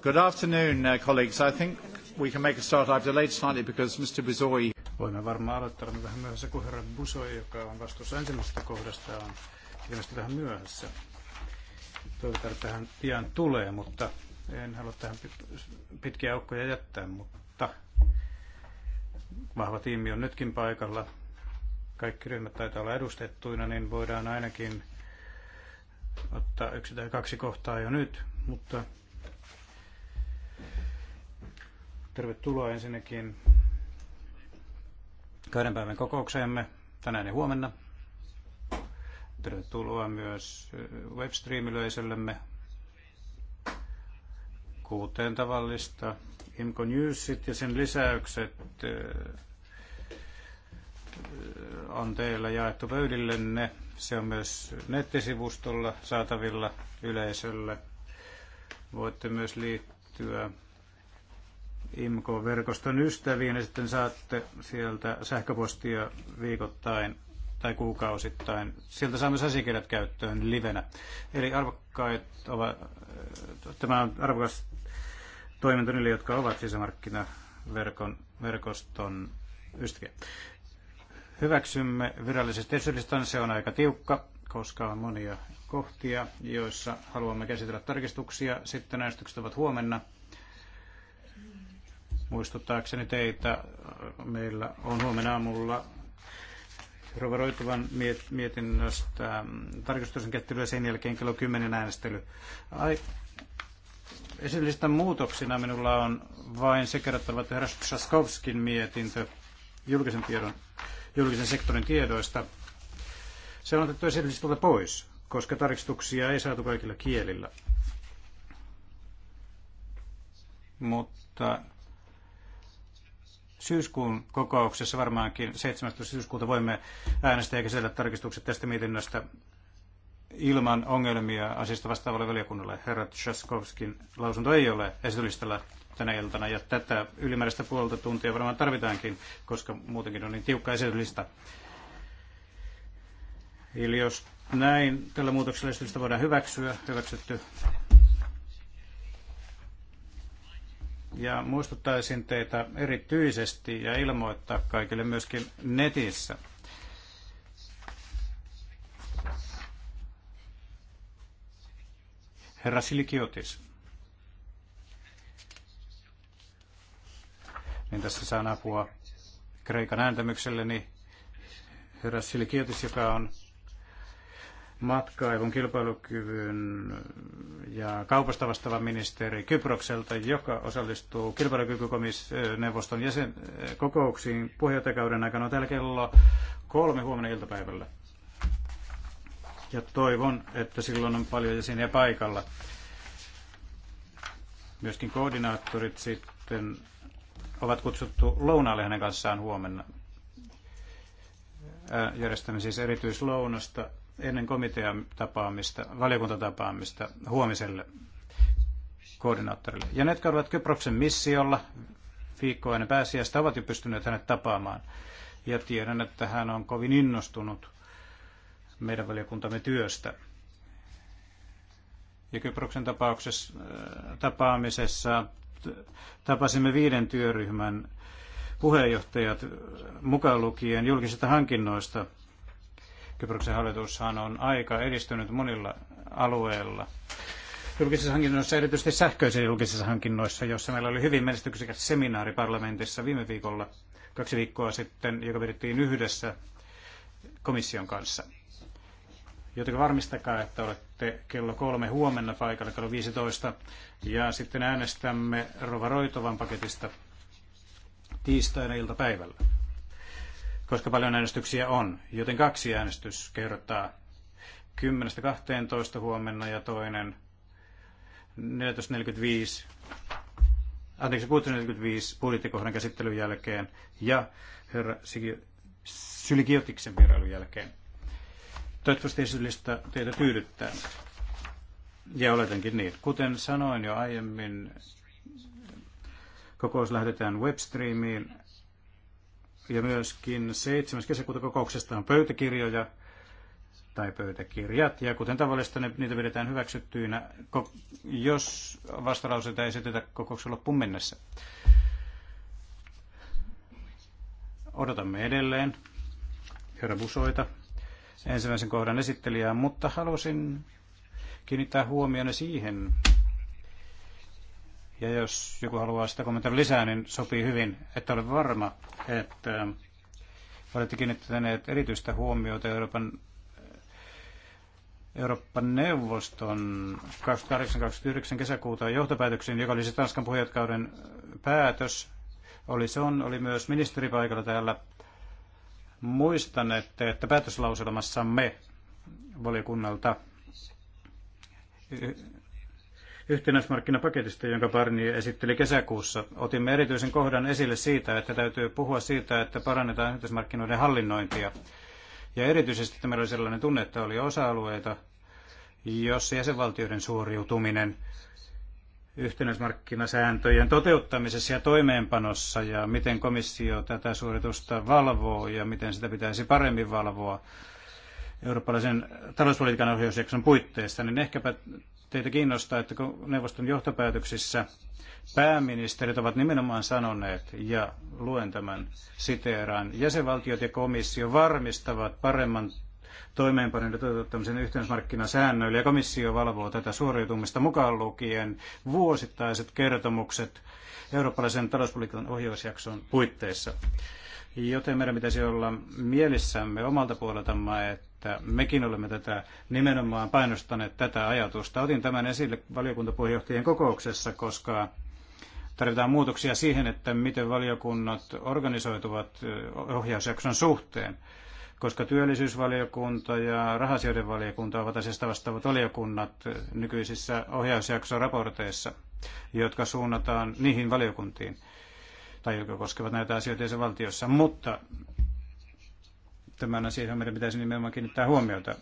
Good afternoon, uh, colleagues. I think we can make a start. I've delayed slightly because Mr. Buzoi... Voimme varmaan aloittaa Olemme vähän myöhässä, kuin herra Buzoi, joka on vastuussa ensimmäisestä kohdasta, on ilmeisesti vähän myöhässä. Toivotaan, että hän pian tulee, mutta en halua tähän pitkiä aukkoja jättää, mutta vahva tiimi on nytkin paikalla. Kaikki ryhmät taitaa olla edustettuina, niin voidaan ainakin ottaa yksi tai kaksi kohtaa jo nyt, mutta Tervetuloa ensinnäkin kahden päivän kokoukseemme tänään ja huomenna. Tervetuloa myös webstream Kuuteen tavallista Imco Newsit ja sen lisäykset on teillä jaettu pöydillenne. Se on myös nettisivustolla saatavilla yleisölle. Voitte myös liittyä IMK-verkoston ystäviin ja sitten saatte sieltä sähköpostia viikoittain tai kuukausittain. Sieltä saa myös asiakirjat käyttöön livenä. Eli arvokkaat ovat, tämä on arvokas toiminta niille, jotka ovat sisämarkkinaverkon verkoston ystäviä. Hyväksymme virallisesti esitystän, se on aika tiukka, koska on monia kohtia, joissa haluamme käsitellä tarkistuksia. Sitten äänestykset ovat huomenna. Muistuttaakseni teitä, meillä on huomenna aamulla Rovaroituvan mietinnöstä mm, tarkistuksen kättelyä sen jälkeen kello 10 äänestely. Ai, esillistä muutoksina minulla on vain se kerrottava, että herra mietintö julkisen, tiedon, julkisen sektorin tiedoista. Se on otettu esityslistalta pois, koska tarkistuksia ei saatu kaikilla kielillä. Mutta syyskuun kokouksessa varmaankin 17. syyskuuta voimme äänestää ja käsitellä tarkistukset tästä mietinnöstä ilman ongelmia asiasta vastaavalle valiokunnalle. Herra Tshaskovskin lausunto ei ole esitellistellä tänä iltana ja tätä ylimääräistä puolta tuntia varmaan tarvitaankin, koska muutenkin on niin tiukka esityslista. Eli jos näin, tällä muutoksella esitystä voidaan hyväksyä, hyväksytty Ja muistuttaisin teitä erityisesti ja ilmoittaa kaikille myöskin netissä. Herra Silikiotis. Niin tässä saan apua Kreikan ääntämykselleni. Herra Silikiotis, joka on matkailun kilpailukyvyn ja kaupasta vastaava ministeri Kyprokselta, joka osallistuu kilpailukykykomisneuvoston jäsenkokouksiin puheenjohtajakauden aikana on tällä kello kolme huomenna iltapäivällä. Ja toivon, että silloin on paljon jäseniä paikalla. Myöskin koordinaattorit sitten ovat kutsuttu lounaalle hänen kanssaan huomenna järjestämme siis erityislounasta ennen komitean tapaamista, valiokuntatapaamista huomiselle koordinaattorille. Ja ne, jotka olivat Kyproksen missiolla viikkoa ennen pääsiäistä, ovat jo pystyneet hänet tapaamaan. Ja tiedän, että hän on kovin innostunut meidän valiokuntamme työstä. Ja Kyproksen tapauksessa, äh, tapaamisessa tapasimme viiden työryhmän puheenjohtajat mukaan lukien julkisista hankinnoista Kyproksen hallitushan on aika edistynyt monilla alueilla. Julkisissa hankinnoissa, erityisesti sähköisissä julkisissa hankinnoissa, jossa meillä oli hyvin menestyksekäs seminaari parlamentissa viime viikolla, kaksi viikkoa sitten, joka pidettiin yhdessä komission kanssa. Joten varmistakaa, että olette kello kolme huomenna paikalla, kello 15. Ja sitten äänestämme roitovan paketista tiistaina iltapäivällä koska paljon äänestyksiä on. Joten kaksi äänestyskertaa 10-12 huomenna ja toinen 14.45, anteeksi 6.45 budjettikohdan käsittelyn jälkeen ja herra Sylikiotiksen vierailun jälkeen. Toivottavasti esitystä teitä tyydyttää. Ja oletankin niin. Kuten sanoin jo aiemmin, kokous lähetetään webstreamiin ja myöskin 7. kesäkuuta kokouksesta on pöytäkirjoja tai pöytäkirjat. Ja kuten tavallista, ne, niitä pidetään hyväksyttyinä, jos vastalauseita esitetä kokouksen loppuun mennessä. Odotamme edelleen herra Busoita, ensimmäisen kohdan esittelijää, mutta halusin kiinnittää huomioon siihen, ja jos joku haluaa sitä kommentoida lisää, niin sopii hyvin, että olen varma, että olette kiinnittäneet erityistä huomiota Euroopan, Euroopan neuvoston 28-29 kesäkuuta johtopäätöksiin, joka oli se siis Tanskan puheenjohtajakauden päätös. Oli se on, oli myös ministeripaikalla täällä. Muistan, että, että päätöslauselmassamme valiokunnalta yhtenäismarkkinapaketista, jonka Parni esitteli kesäkuussa. Otimme erityisen kohdan esille siitä, että täytyy puhua siitä, että parannetaan yhteismarkkinoiden hallinnointia. Ja erityisesti meillä oli sellainen tunne, että oli osa-alueita, jossa jäsenvaltioiden suoriutuminen yhtenäismarkkinasääntöjen toteuttamisessa ja toimeenpanossa ja miten komissio tätä suoritusta valvoo ja miten sitä pitäisi paremmin valvoa eurooppalaisen talouspolitiikan ohjausjakson puitteissa, niin ehkäpä teitä kiinnostaa, että kun neuvoston johtopäätöksissä pääministerit ovat nimenomaan sanoneet, ja luen tämän siteeraan, jäsenvaltiot ja komissio varmistavat paremman toimeenpanon ja toteuttamisen yhteismarkkinasäännöillä, ja komissio valvoo tätä suoriutumista mukaan lukien vuosittaiset kertomukset eurooppalaisen talouspolitiikan ohjausjakson puitteissa. Joten meidän pitäisi olla mielissämme omalta puoleltamme, että että mekin olemme tätä nimenomaan painostaneet tätä ajatusta. Otin tämän esille valiokuntapuheenjohtajien kokouksessa, koska tarvitaan muutoksia siihen, että miten valiokunnat organisoituvat ohjausjakson suhteen, koska työllisyysvaliokunta ja rahasioiden valiokunta ovat asiasta vastaavat valiokunnat nykyisissä ohjausjaksoraporteissa, jotka suunnataan niihin valiokuntiin tai jotka koskevat näitä asioita valtiossa. Mutta tämän asian meidän pitäisi nimenomaan kiinnittää huomiota.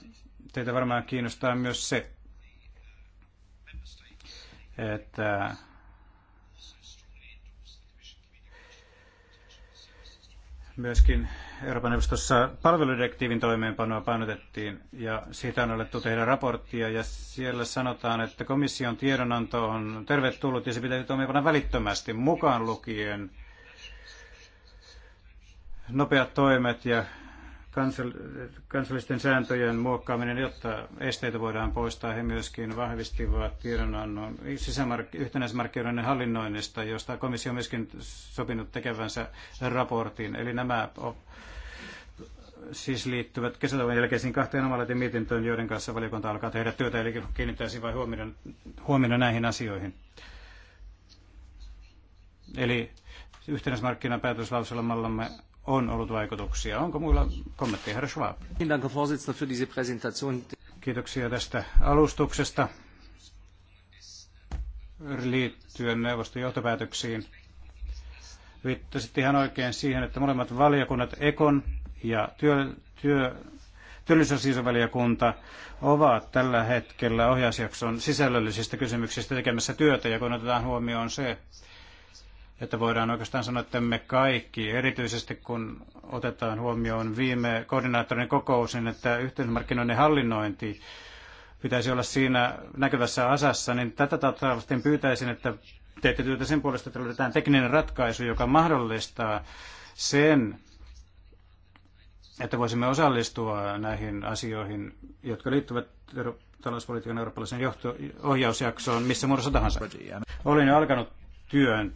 Teitä varmaan kiinnostaa myös se, että myöskin Euroopan neuvostossa palveludirektiivin toimeenpanoa painotettiin ja siitä on alettu tehdä raporttia ja siellä sanotaan, että komission tiedonanto on tervetullut ja se pitäisi toimeenpanna välittömästi mukaan lukien nopeat toimet ja kansallisten sääntöjen muokkaaminen, jotta esteitä voidaan poistaa. He myöskin vahvistivat tiedonannon sisämark- yhtenäismarkkinoiden hallinnoinnista, josta komissio on myöskin sopinut tekevänsä raportin. Eli nämä siis liittyvät kesätauon jälkeisiin kahteen omalaitin mietintöön, joiden kanssa valiokunta alkaa tehdä työtä, eli kiinnittäisi vain huomioon, huomioon näihin asioihin. Eli yhtenäismarkkinapäätöslauselmallamme on ollut vaikutuksia. Onko muilla kommentteja, herra Schwab? Kiitoksia tästä alustuksesta liittyen neuvoston johtopäätöksiin. Viittasit ihan oikein siihen, että molemmat valiokunnat, Ekon ja työ, työ, työllisyysasioiden ovat tällä hetkellä ohjausjakson sisällöllisistä kysymyksistä tekemässä työtä, ja kun otetaan huomioon se, että voidaan oikeastaan sanoa, että me kaikki, erityisesti kun otetaan huomioon viime koordinaattorin kokous, niin että yhteismarkkinoiden hallinnointi pitäisi olla siinä näkyvässä asassa, niin tätä taustalla pyytäisin, että teette työtä sen puolesta, että löydetään tekninen ratkaisu, joka mahdollistaa sen, että voisimme osallistua näihin asioihin, jotka liittyvät talouspolitiikan eurooppalaisen johto- ohjausjaksoon missä muodossa tahansa. Olin jo alkanut työn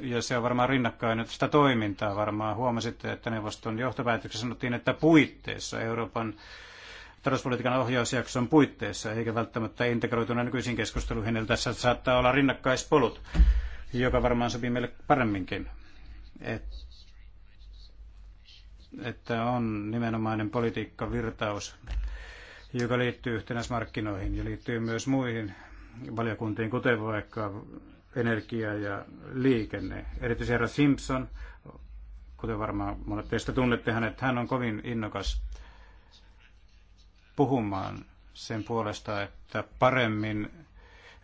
ja se on varmaan rinnakkain sitä toimintaa. Varmaan huomasitte, että neuvoston johtopäätöksessä sanottiin, että puitteissa Euroopan talouspolitiikan ohjausjakson puitteissa, eikä välttämättä integroituna nykyisiin keskusteluihin, eli tässä saattaa olla rinnakkaispolut, joka varmaan sopii meille paremminkin. Et, että on nimenomainen politiikkavirtaus, joka liittyy yhtenäismarkkinoihin ja liittyy myös muihin valiokuntiin, kuten vaikka energia ja liikenne. Erityisesti herra Simpson, kuten varmaan monet teistä tunnette hänet, hän on kovin innokas puhumaan sen puolesta, että paremmin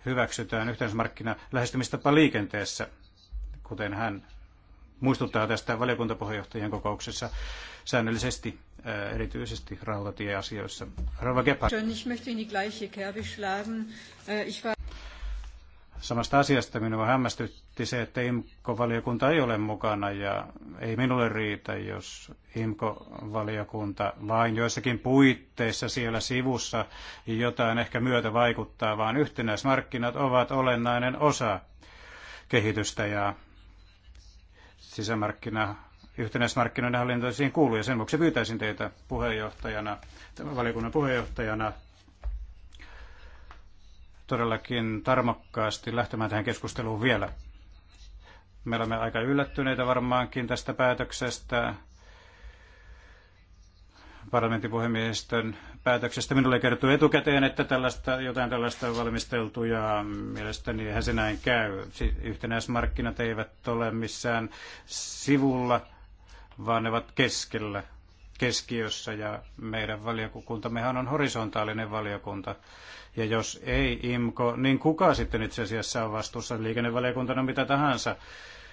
hyväksytään yhteismarkkina lähestymistapa liikenteessä, kuten hän muistuttaa tästä valiokuntapuheenjohtajien kokouksessa säännöllisesti, äh, erityisesti rautatieasioissa. Rauva Gebhardt. Samasta asiasta minua hämmästytti se, että IMKO-valiokunta ei ole mukana ja ei minulle riitä, jos IMKO-valiokunta vain joissakin puitteissa siellä sivussa jotain ehkä myötä vaikuttaa, vaan yhtenäismarkkinat ovat olennainen osa kehitystä ja sisämarkkina yhtenäismarkkinoiden hallintoisiin kuuluu, ja sen vuoksi pyytäisin teitä puheenjohtajana, valiokunnan puheenjohtajana todellakin tarmokkaasti lähtemään tähän keskusteluun vielä. Me olemme aika yllättyneitä varmaankin tästä päätöksestä, parlamentin puhemiehistön päätöksestä. Minulle kerrottu etukäteen, että tällaista, jotain tällaista on valmisteltu ja mielestäni eihän se näin käy. Yhtenäismarkkinat eivät ole missään sivulla, vaan ne ovat keskellä, keskiössä ja meidän valiokuntammehan on horisontaalinen valiokunta ja jos ei IMKO, niin kuka sitten itse asiassa on vastuussa liikennevaliokuntana no mitä tahansa,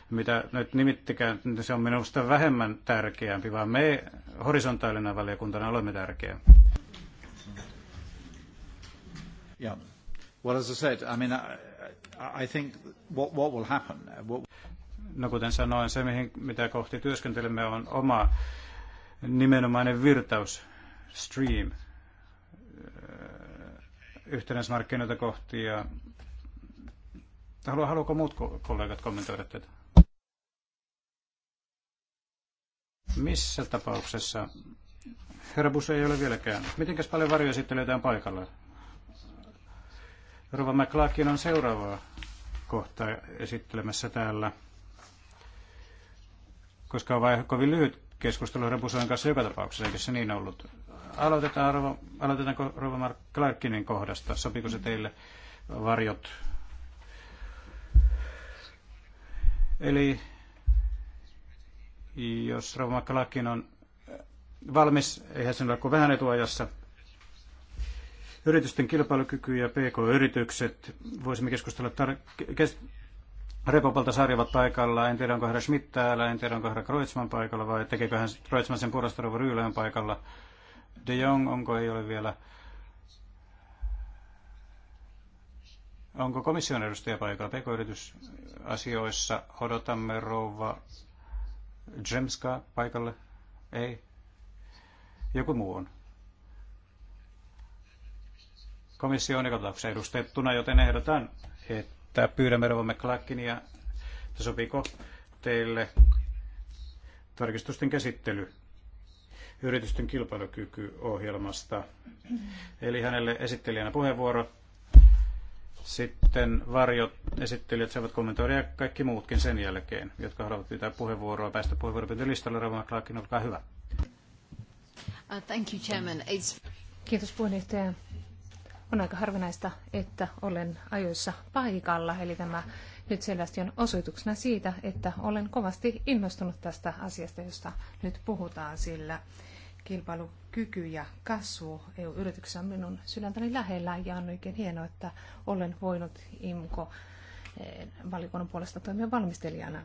mitä nyt nimittikään, niin se on minusta vähemmän tärkeämpi, vaan me horisontaalina valiokuntana olemme tärkeä. Yeah. Well, as I said, I mean, I, I think what, what will happen, what... No kuten sanoin, se mihin, mitä kohti työskentelemme on oma nimenomainen virtaus, stream – yhtenäismarkkinoita kohti. Ja... Haluaa, haluaako muut kollegat kommentoida tätä? Missä tapauksessa? Herra Bush ei ole vieläkään. Mitenkäs paljon varjoja sitten löytää paikalla? Rova McLaughlin on seuraavaa kohtaa esittelemässä täällä, koska on vain kovin lyhyt keskustelu Rebusoin kanssa joka tapauksessa, eikö se niin ollut? Aloitetaan, Rova, aloitetaanko Rova Mark Clarkinin kohdasta? Sopiko se teille varjot? Eli jos Rova Mark Clarkin on äh, valmis, eihän sen ole kuin vähän etuajassa, yritysten kilpailukyky ja PK-yritykset. Voisimme keskustella tar- kes- Repopalta sarjavat paikalla. En tiedä, onko herra Schmidt täällä, en tiedä, onko herra Kreutzmann paikalla vai tekeekö hän Kreutzmann sen puolesta Rova paikalla. De Jong, onko ei ole vielä... Onko komission edustaja paikalla pk-yritysasioissa? Odotamme rouva Jemska paikalle. Ei. Joku muu on. Komissio on ekotapauksessa edustettuna, joten ehdotan, että pyydämme rouva McClackinia. Sopiiko teille tarkistusten käsittely? yritysten kilpailukykyohjelmasta. Eli hänelle esittelijänä puheenvuoro. Sitten varjot esittelijät saavat kommentoida ja kaikki muutkin sen jälkeen, jotka haluavat pitää puheenvuoroa. Päästä puheenvuoropyyntölistalle, Rauhan Klaakin, olkaa hyvä. Uh, thank you, Chairman. It's... Kiitos puheenjohtaja. On aika harvinaista, että olen ajoissa paikalla, eli tämä nyt selvästi on osoituksena siitä, että olen kovasti innostunut tästä asiasta, josta nyt puhutaan, sillä kilpailukyky ja kasvu EU-yrityksessä on minun sydäntäni lähellä ja on oikein hienoa, että olen voinut IMKO eh, valikon puolesta toimia valmistelijana.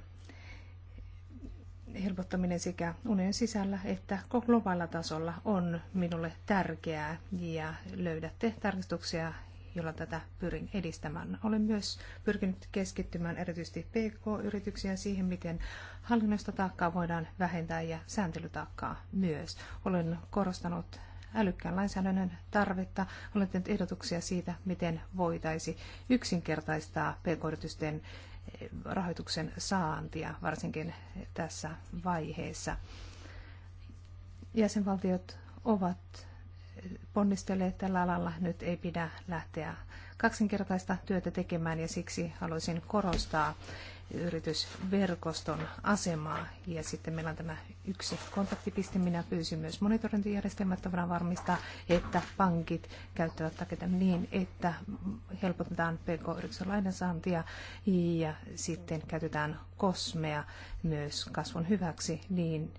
Helpottaminen sekä unen sisällä että globaalilla tasolla on minulle tärkeää ja löydätte tarkistuksia jolla tätä pyrin edistämään. Olen myös pyrkinyt keskittymään erityisesti PK-yrityksiä siihen, miten hallinnosta taakkaa voidaan vähentää ja sääntelytaakkaa myös. Olen korostanut älykkään lainsäädännön tarvetta. Olen tehnyt ehdotuksia siitä, miten voitaisiin yksinkertaistaa pk-yritysten eh, rahoituksen saantia, varsinkin tässä vaiheessa. Jäsenvaltiot ovat ponnistelee tällä alalla. Nyt ei pidä lähteä kaksinkertaista työtä tekemään ja siksi haluaisin korostaa yritysverkoston asemaa. Ja sitten meillä on tämä yksi kontaktipiste. Minä pyysin myös monitorointijärjestelmät tavallaan varmistaa, että pankit käyttävät taketa niin, että helpotetaan pk-yrityksen lainansaantia ja sitten käytetään kosmea myös kasvun hyväksi niin,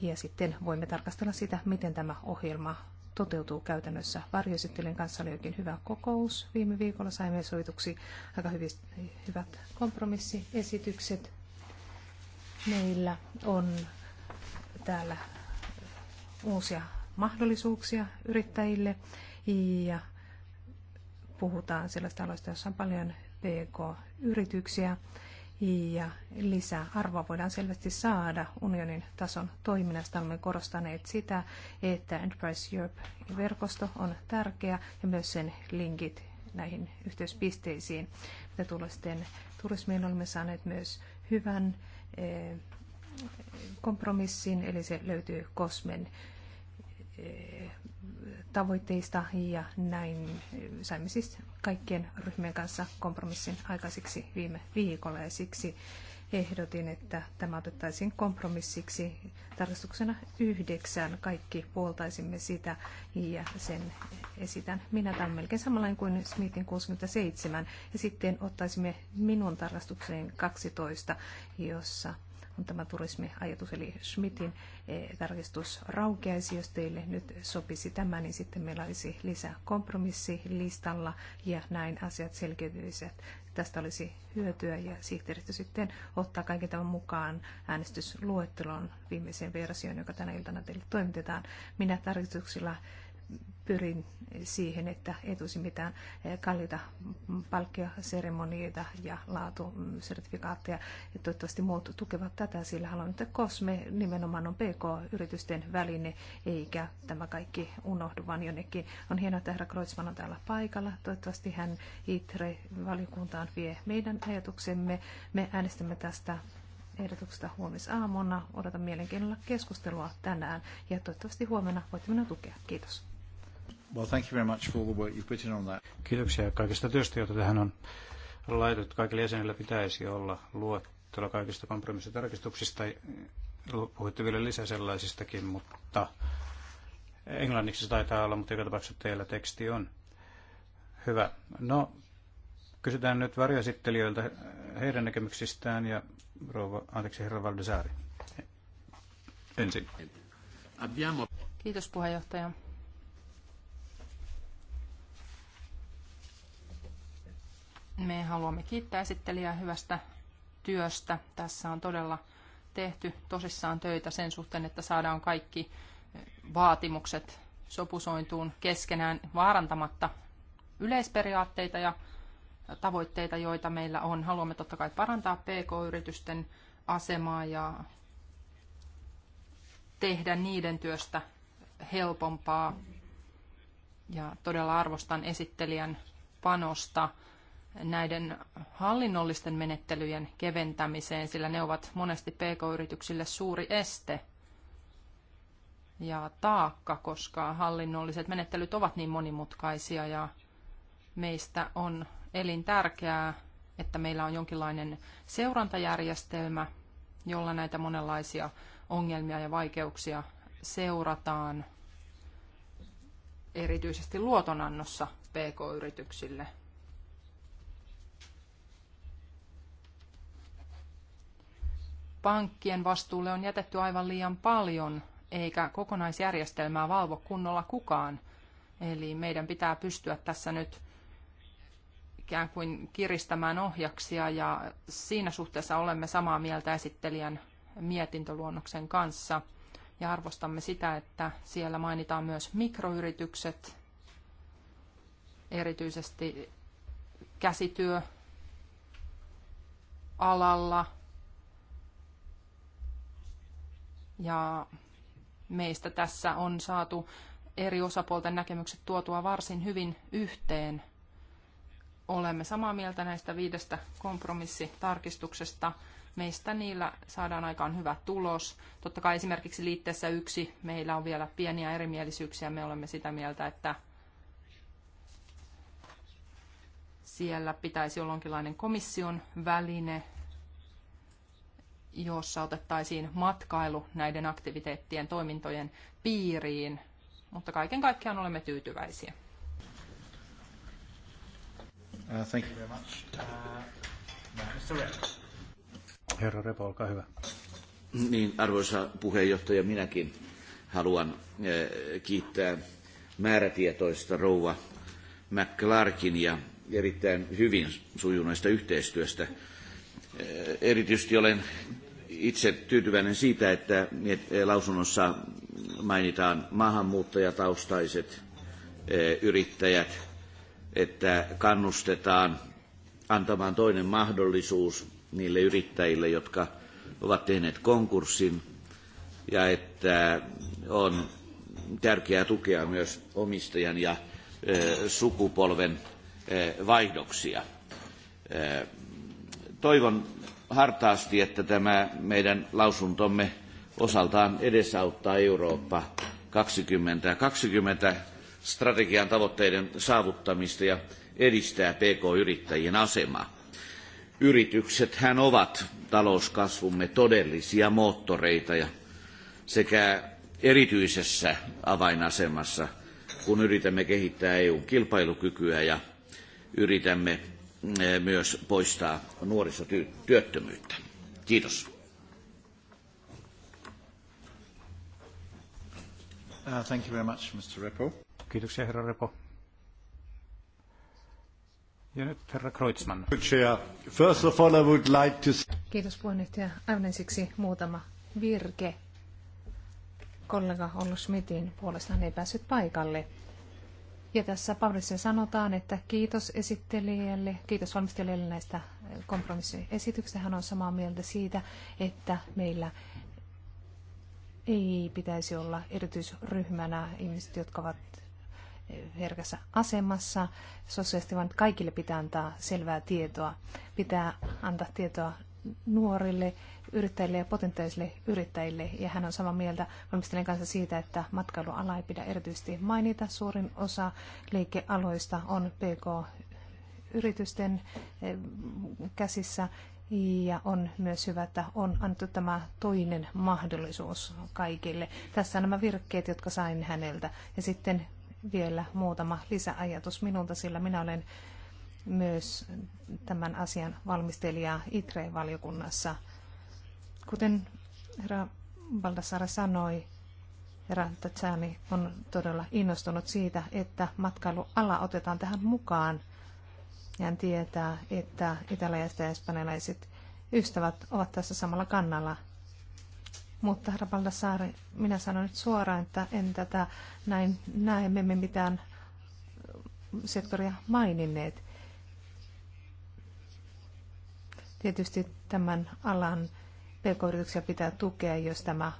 ja sitten voimme tarkastella sitä, miten tämä ohjelma toteutuu käytännössä. Varjoesittelijän kanssa oli jokin hyvä kokous. Viime viikolla saimme soituksi aika hyvist, hyvät kompromissiesitykset. Meillä on täällä uusia mahdollisuuksia yrittäjille ja puhutaan sellaista aloista, jossa on paljon pk-yrityksiä ja lisää arvoa voidaan selvästi saada unionin tason toiminnasta. Olemme korostaneet sitä, että Enterprise Europe-verkosto on tärkeä ja myös sen linkit näihin yhteyspisteisiin. Mitä tulee sitten turismiin, olemme saaneet myös hyvän eh, kompromissin, eli se löytyy Kosmen eh, tavoitteista ja näin eh, saimme siis kaikkien ryhmien kanssa kompromissin aikaiseksi viime viikolla ja siksi ehdotin, että tämä otettaisiin kompromissiksi tarkastuksena yhdeksään. Kaikki puoltaisimme sitä ja sen esitän. Minä tämän melkein samanlainen kuin Smithin 67 ja sitten ottaisimme minun tarkastukseen 12, jossa tämä turismiajatus, eli Schmidtin eh, tarkistus raukeaisi. Jos teille nyt sopisi tämä, niin sitten meillä olisi lisää kompromissi listalla ja näin asiat selkeytyisivät. Tästä olisi hyötyä ja sihteeristö sitten ottaa kaiken tämän mukaan äänestysluettelon viimeiseen versioon, joka tänä iltana teille toimitetaan. Minä tarkistuksilla pyrin siihen, että ei tulisi mitään kalliita palkkioseremonioita ja laatusertifikaatteja. Ja toivottavasti muut tukevat tätä, sillä haluan, että COSME nimenomaan on PK-yritysten väline, eikä tämä kaikki unohdu vaan jonnekin. On hienoa, että herra Kreutzmann on täällä paikalla. Toivottavasti hän ITRE-valiokuntaan vie meidän ajatuksemme. Me äänestämme tästä ehdotuksesta huomisaamuna. Odotan mielenkiinnolla keskustelua tänään ja toivottavasti huomenna voitte minua tukea. Kiitos. Well, thank you very much for all the work you've put in on that. Kiitoksia kaikesta työstä, jota tähän on laitettu. Kaikille jäsenillä pitäisi olla luettelo kaikista kompromissitarkistuksista. Puhuitte vielä lisää sellaisistakin, mutta englanniksi se taitaa olla, mutta joka tapauksessa teillä teksti on. Hyvä. No, kysytään nyt varjoesittelijöiltä heidän näkemyksistään ja rouva, anteeksi, herra Valdesari. Ensin. Kiitos puheenjohtaja. Me haluamme kiittää esittelijää hyvästä työstä. Tässä on todella tehty tosissaan töitä sen suhteen, että saadaan kaikki vaatimukset sopusointuun keskenään vaarantamatta yleisperiaatteita ja tavoitteita, joita meillä on. Haluamme totta kai parantaa pk-yritysten asemaa ja tehdä niiden työstä helpompaa. Ja todella arvostan esittelijän panosta näiden hallinnollisten menettelyjen keventämiseen, sillä ne ovat monesti pk-yrityksille suuri este ja taakka, koska hallinnolliset menettelyt ovat niin monimutkaisia ja meistä on elintärkeää, että meillä on jonkinlainen seurantajärjestelmä, jolla näitä monenlaisia ongelmia ja vaikeuksia seurataan erityisesti luotonannossa pk-yrityksille – pankkien vastuulle on jätetty aivan liian paljon, eikä kokonaisjärjestelmää valvo kunnolla kukaan. Eli meidän pitää pystyä tässä nyt ikään kuin kiristämään ohjaksia ja siinä suhteessa olemme samaa mieltä esittelijän mietintöluonnoksen kanssa ja arvostamme sitä, että siellä mainitaan myös mikroyritykset, erityisesti käsityö alalla Ja meistä tässä on saatu eri osapuolten näkemykset tuotua varsin hyvin yhteen. Olemme samaa mieltä näistä viidestä kompromissitarkistuksesta. Meistä niillä saadaan aikaan hyvä tulos. Totta kai esimerkiksi liitteessä yksi meillä on vielä pieniä erimielisyyksiä. Me olemme sitä mieltä, että siellä pitäisi olla jonkinlainen komission väline, jossa otettaisiin matkailu näiden aktiviteettien toimintojen piiriin, mutta kaiken kaikkiaan olemme tyytyväisiä. Uh, thank you very much. Uh, Mr. Rep. Herra Repo, olkaa hyvä. Niin, arvoisa puheenjohtaja, minäkin haluan uh, kiittää määrätietoista rouva McClarkin ja erittäin hyvin sujuneesta yhteistyöstä. Uh, erityisesti olen itse tyytyväinen siitä, että lausunnossa mainitaan maahanmuuttajataustaiset e, yrittäjät, että kannustetaan antamaan toinen mahdollisuus niille yrittäjille, jotka ovat tehneet konkurssin, ja että on tärkeää tukea myös omistajan ja e, sukupolven e, vaihdoksia. Toivon hartaasti, että tämä meidän lausuntomme osaltaan edesauttaa Eurooppa 2020 strategian tavoitteiden saavuttamista ja edistää PK-yrittäjien asemaa. Yrityksethän ovat talouskasvumme todellisia moottoreita ja sekä erityisessä avainasemassa, kun yritämme kehittää EUn kilpailukykyä ja yritämme Eh, myös poistaa nuorisotyöttömyyttä. Kiitos. Uh, thank you very much, Mr. Repo. Kiitoksia, herra Repo. Ja nyt herra Kreutzmann. First of all, I would like to... Kiitos puheenjohtaja. Aivan ensiksi muutama virke. Kollega Ollo Smithin puolestaan ei päässyt paikalle. Ja tässä Pavlissa sanotaan, että kiitos esittelijälle, kiitos valmistelijalle näistä kompromissiesityksistä. Hän on samaa mieltä siitä, että meillä ei pitäisi olla erityisryhmänä ihmiset, jotka ovat eh, herkässä asemassa. Sosiaalisesti vaan kaikille pitää antaa selvää tietoa. Pitää antaa tietoa nuorille yrittäjille ja potentiaalisille yrittäjille. Ja hän on samaa mieltä valmistelijan kanssa siitä, että matkailuala ei pidä erityisesti mainita. Suurin osa liikealoista on PK-yritysten eh, käsissä ja on myös hyvä, että on annettu tämä toinen mahdollisuus kaikille. Tässä nämä virkkeet, jotka sain häneltä. Ja sitten vielä muutama lisäajatus minulta, sillä minä olen myös tämän asian valmistelija ITRE-valiokunnassa. Kuten herra Baldassare sanoi, herra Tatsani on todella innostunut siitä, että matkailuala otetaan tähän mukaan. Hän tietää, että italialaiset ja espanjalaiset ystävät ovat tässä samalla kannalla. Mutta herra Baldassare, minä sanon nyt suoraan, että en tätä näin näe, me emme mitään sektoria maininneet. Tietysti tämän alan pk pitää tukea, jos tämä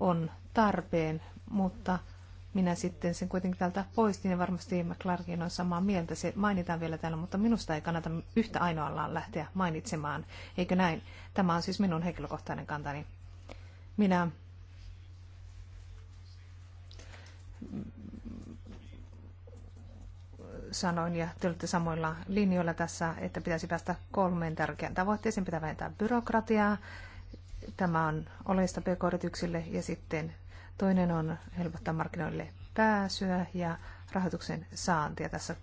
on tarpeen, mutta minä sitten sen kuitenkin täältä poistin ja varmasti McClarkin on samaa mieltä. Se mainitaan vielä täällä, mutta minusta ei kannata yhtä ainoallaan lähteä mainitsemaan. Eikö näin? Tämä on siis minun henkilökohtainen kantani. Minä sanoin, ja te olette samoilla linjoilla tässä, että pitäisi päästä kolmeen tärkeään tavoitteeseen. Pitää vähentää byrokratiaa. Tämä on oleista pk ja sitten toinen on helpottaa markkinoille pääsyä ja rahoituksen saantia. Tässä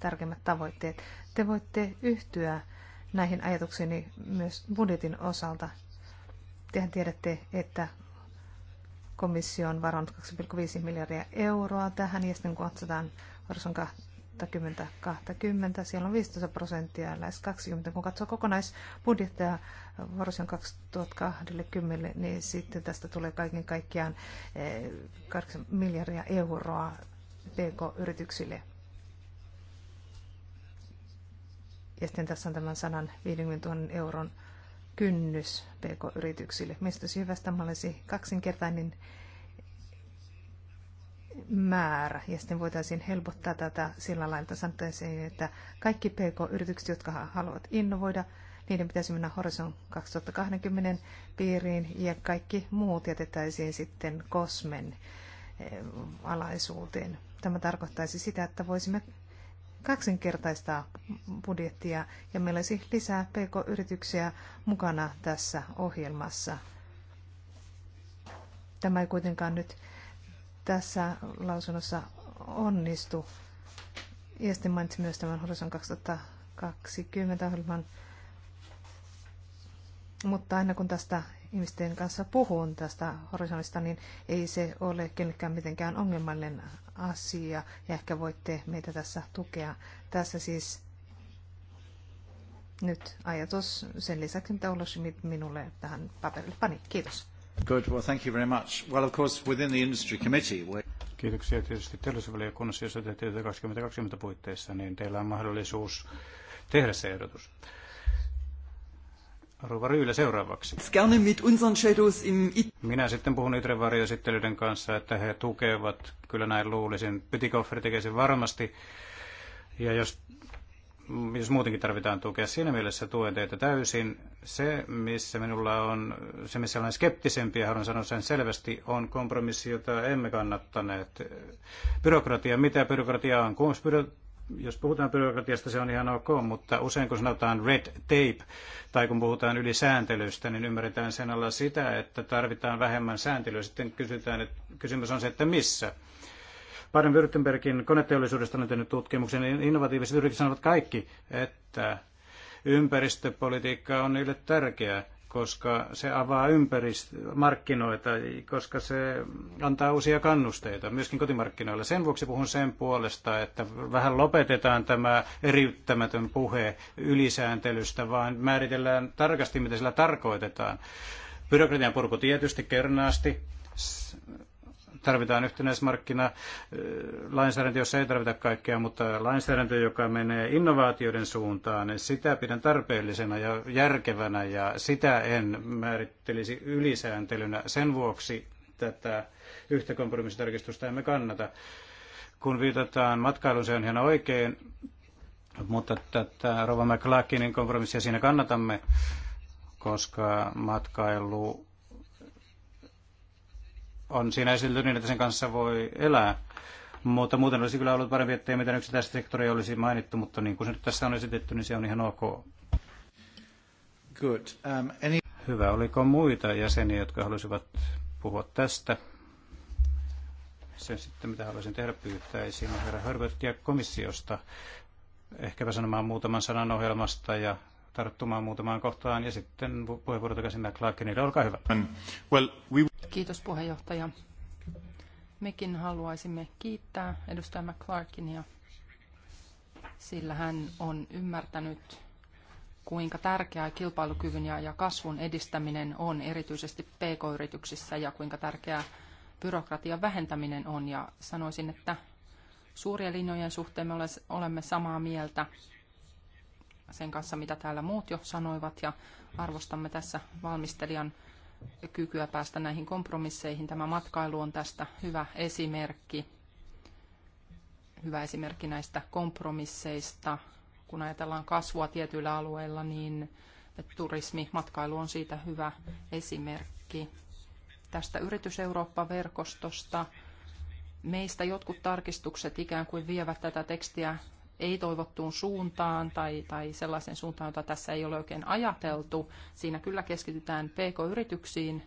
tärkeimmät tavoitteet. Te voitte yhtyä näihin ajatuksiini myös budjetin osalta. Tehän tiedätte, että komissio on varannut 2,5 miljardia euroa tähän, ja sitten kun katsotaan 20-20, Siellä on 15 prosenttia, lähes 20. Kun katsoo kokonaisbudjettia vuosien 2020, niin sitten tästä tulee kaiken kaikkiaan 8 eh, miljardia euroa pk-yrityksille. Ja sitten tässä on tämän 150 000 euron kynnys pk-yrityksille. Mistä hyvästä olisi kaksinkertainen niin määrä. Ja sitten voitaisiin helpottaa tätä sillä lailla, että että kaikki PK-yritykset, jotka haluavat innovoida, niiden pitäisi mennä Horizon 2020 piiriin ja kaikki muut jätettäisiin sitten Kosmen eh, alaisuuteen. Tämä tarkoittaisi sitä, että voisimme kaksinkertaistaa budjettia ja meillä olisi lisää pk-yrityksiä mukana tässä ohjelmassa. Tämä ei kuitenkaan nyt tässä lausunnossa onnistu. Ja sitten mainitsin myös tämän Horizon 2020 ohjelman. Mutta aina kun tästä ihmisten kanssa puhun tästä horisontista, niin ei se ole kenenkään mitenkään ongelmallinen asia. Ja ehkä voitte meitä tässä tukea. Tässä siis nyt ajatus sen lisäksi, mitä Olo minulle tähän paperille pani. Kiitos. Good. Well, thank you very much. Well, of course, within the industry committee, we... Kiitoksia tietysti teollisuusvaliokunnassa, jos teette 2020 puitteissa, niin teillä on mahdollisuus tehdä se ehdotus. Rova Ryylä seuraavaksi. Minä sitten puhun Itren varjoesittelyiden kanssa, että he tukevat, kyllä näin luulisin. Pytikoffer tekee sen varmasti. Ja jos jos muutenkin tarvitaan tukea. Siinä mielessä tuen teitä täysin. Se, missä minulla on, se missä olen skeptisempi ja haluan sanoa sen selvästi, on kompromissi, jota emme kannattaneet. Byrokratia, mitä byrokratia on? Kun jos puhutaan byrokratiasta, se on ihan ok, mutta usein kun sanotaan red tape tai kun puhutaan yli sääntelystä, niin ymmärretään sen alla sitä, että tarvitaan vähemmän sääntelyä. Sitten kysytään, että kysymys on se, että missä. Baden-Württembergin koneteollisuudesta on tehnyt tutkimuksen, niin innovatiiviset yritykset sanovat kaikki, että ympäristöpolitiikka on niille tärkeää, koska se avaa ympärist- markkinoita, koska se antaa uusia kannusteita myöskin kotimarkkinoilla. Sen vuoksi puhun sen puolesta, että vähän lopetetaan tämä eriyttämätön puhe ylisääntelystä, vaan määritellään tarkasti, mitä sillä tarkoitetaan. Byrokratian purku tietysti kernaasti, tarvitaan yhtenäismarkkina äh, lainsäädäntö, jossa ei tarvita kaikkea, mutta lainsäädäntö, joka menee innovaatioiden suuntaan, niin sitä pidän tarpeellisena ja järkevänä ja sitä en määrittelisi ylisääntelynä. Sen vuoksi tätä yhtä kompromissitarkistusta emme kannata. Kun viitataan matkailuun, se on ihan oikein, mutta tätä Rova McLackinin kompromissia siinä kannatamme, koska matkailu on siinä esitelty niin, että sen kanssa voi elää. Mutta muuten olisi kyllä ollut parempi, ei mitään yksittäistä sektoria olisi mainittu, mutta niin kuin se nyt tässä on esitetty, niin se on ihan ok. Good. Um, any... Hyvä. Oliko muita jäseniä, jotka halusivat puhua tästä? Sen sitten, mitä haluaisin tehdä, pyytäisin herra Herbert ja komissiosta ehkäpä sanomaan muutaman sanan ohjelmasta ja tarttumaan muutamaan kohtaan ja sitten puheenvuoro takaisin McLarkinille. Olkaa hyvä. Kiitos puheenjohtaja. Mekin haluaisimme kiittää edustaja McClarkinia, sillä hän on ymmärtänyt, kuinka tärkeää kilpailukyvyn ja kasvun edistäminen on erityisesti pk-yrityksissä ja kuinka tärkeää byrokratian vähentäminen on. Ja sanoisin, että suurien linjojen suhteen me olemme samaa mieltä sen kanssa, mitä täällä muut jo sanoivat, ja arvostamme tässä valmistelijan kykyä päästä näihin kompromisseihin. Tämä matkailu on tästä hyvä esimerkki, hyvä esimerkki näistä kompromisseista. Kun ajatellaan kasvua tietyillä alueilla, niin turismi, matkailu on siitä hyvä esimerkki. Tästä Yritys Eurooppa-verkostosta meistä jotkut tarkistukset ikään kuin vievät tätä tekstiä ei-toivottuun suuntaan tai, tai sellaisen suuntaan, jota tässä ei ole oikein ajateltu. Siinä kyllä keskitytään pk-yrityksiin,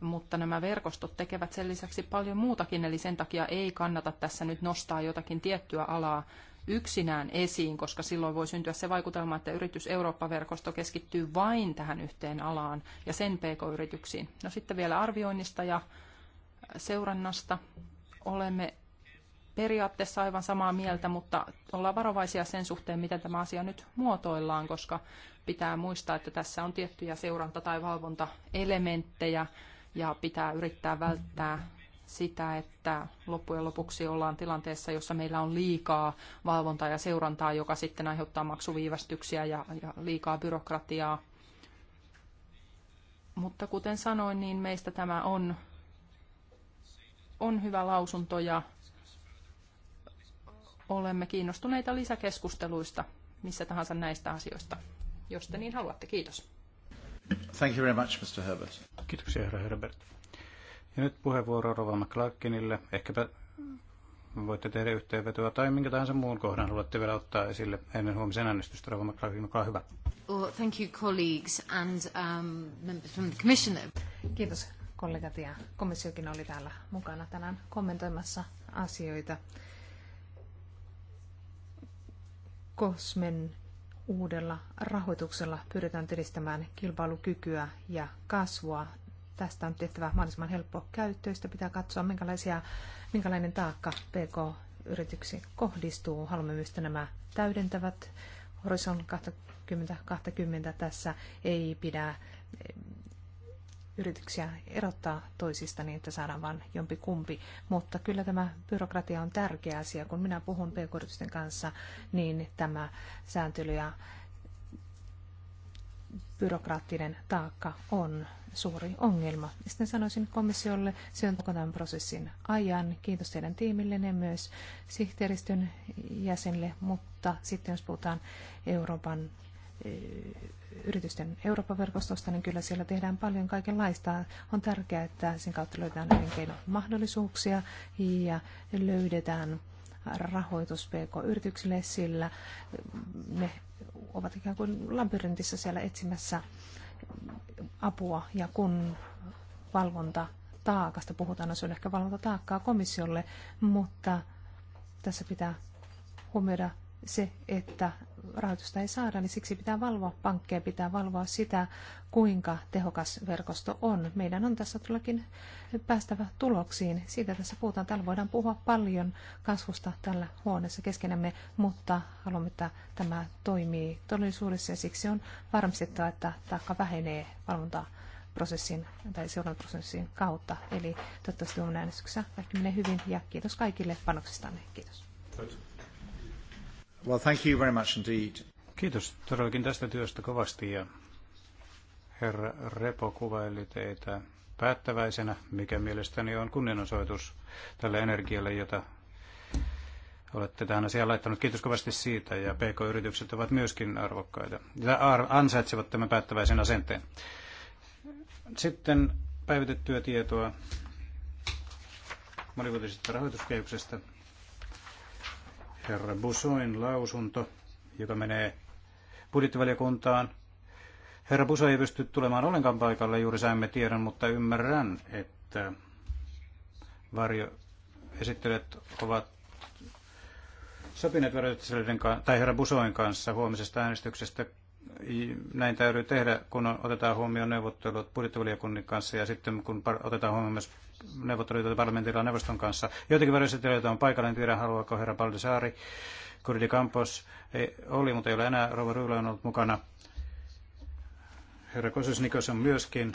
mutta nämä verkostot tekevät sen lisäksi paljon muutakin, eli sen takia ei kannata tässä nyt nostaa jotakin tiettyä alaa yksinään esiin, koska silloin voi syntyä se vaikutelma, että yritys Eurooppa-verkosto keskittyy vain tähän yhteen alaan ja sen pk-yrityksiin. No sitten vielä arvioinnista ja seurannasta. Olemme periaatteessa aivan samaa mieltä, mutta ollaan varovaisia sen suhteen, miten tämä asia nyt muotoillaan, koska pitää muistaa, että tässä on tiettyjä seuranta- tai valvontaelementtejä ja pitää yrittää välttää sitä, että loppujen lopuksi ollaan tilanteessa, jossa meillä on liikaa valvontaa ja seurantaa, joka sitten aiheuttaa maksuviivästyksiä ja, ja liikaa byrokratiaa. Mutta kuten sanoin, niin meistä tämä on, on hyvä lausunto ja olemme kiinnostuneita lisäkeskusteluista missä tahansa näistä asioista, jos te niin haluatte. Kiitos. Thank you very much, Mr. Herbert. Kiitoksia, herra Herbert. Ja nyt puheenvuoro Rova McClarkinille. Ehkäpä voitte tehdä yhteenvetoa tai minkä tahansa muun kohdan haluatte vielä ottaa esille ennen huomisen äänestystä. Rova McClarkin, olkaa hyvä. Well, thank you colleagues and um, members from the commission. Kiitos kollegat ja komissiokin oli täällä mukana tänään kommentoimassa asioita Kosmen uudella rahoituksella pyritään edistämään kilpailukykyä ja kasvua. Tästä on tehtävä mahdollisimman helppo käyttöistä. Pitää katsoa, minkälaisia, minkälainen taakka PK-yrityksiin kohdistuu. Haluamme myös nämä täydentävät Horizon 2020 tässä ei pidä yrityksiä erottaa toisista niin, että saadaan vain jompi kumpi. Mutta kyllä tämä byrokratia on tärkeä asia. Kun minä puhun pk kanssa, niin tämä sääntely ja byrokraattinen taakka on suuri ongelma. Sitten sanoisin komissiolle koko tämän prosessin ajan. Kiitos teidän ja myös sihteeristön jäsenille, mutta sitten jos puhutaan Euroopan eh, yritysten Euroopan verkostosta, niin kyllä siellä tehdään paljon kaikenlaista. On tärkeää, että sen kautta löydetään elinkeinomahdollisuuksia ja löydetään rahoitus PK-yrityksille, sillä ne ovat ikään kuin labyrintissä siellä etsimässä apua ja kun valvonta taakasta puhutaan, niin se on ehkä valvonta taakkaa komissiolle, mutta tässä pitää huomioida se, että rahoitusta ei saada, niin siksi pitää valvoa pankkeja, pitää valvoa sitä, kuinka tehokas verkosto on. Meidän on tässä tullakin päästävä tuloksiin. Siitä tässä puhutaan. Täällä voidaan puhua paljon kasvusta tällä huoneessa keskenämme, mutta haluamme, että tämä toimii todellisuudessa ja siksi on varmistettava, että taakka vähenee valvontaa prosessin tai seurantaprosessin kautta. Eli toivottavasti on äänestyksessä kaikki menee hyvin ja kiitos kaikille panoksistanne. Kiitos. Well, thank you very much indeed. Kiitos todellakin tästä työstä kovasti ja herra Repo kuvaili teitä päättäväisenä, mikä mielestäni on kunnianosoitus tälle energialle, jota olette tähän asiaan laittanut. Kiitos kovasti siitä ja PK-yritykset ovat myöskin arvokkaita ja ansaitsevat tämän päättäväisen asenteen. Sitten päivitettyä tietoa monivuotisesta rahoituskehyksestä herra Busoin lausunto, joka menee budjettivaliokuntaan. Herra Buso ei pysty tulemaan ollenkaan paikalle, juuri saimme tiedon, mutta ymmärrän, että varjoesittelijät ovat sopineet varjoesittelijöiden tai herra Busoin kanssa huomisesta äänestyksestä. Näin täytyy tehdä, kun otetaan huomioon neuvottelut budjettivaliokunnin kanssa ja sitten kun otetaan huomioon myös neuvotteluita parlamentilla neuvoston kanssa. Joitakin varjoesittelijöitä on paikalla, en tiedä haluaako herra Kuri Kurdi Campos ei, oli, mutta ei ole enää. Rova Ryylä on ollut mukana. Herra Kosusnikos on myöskin.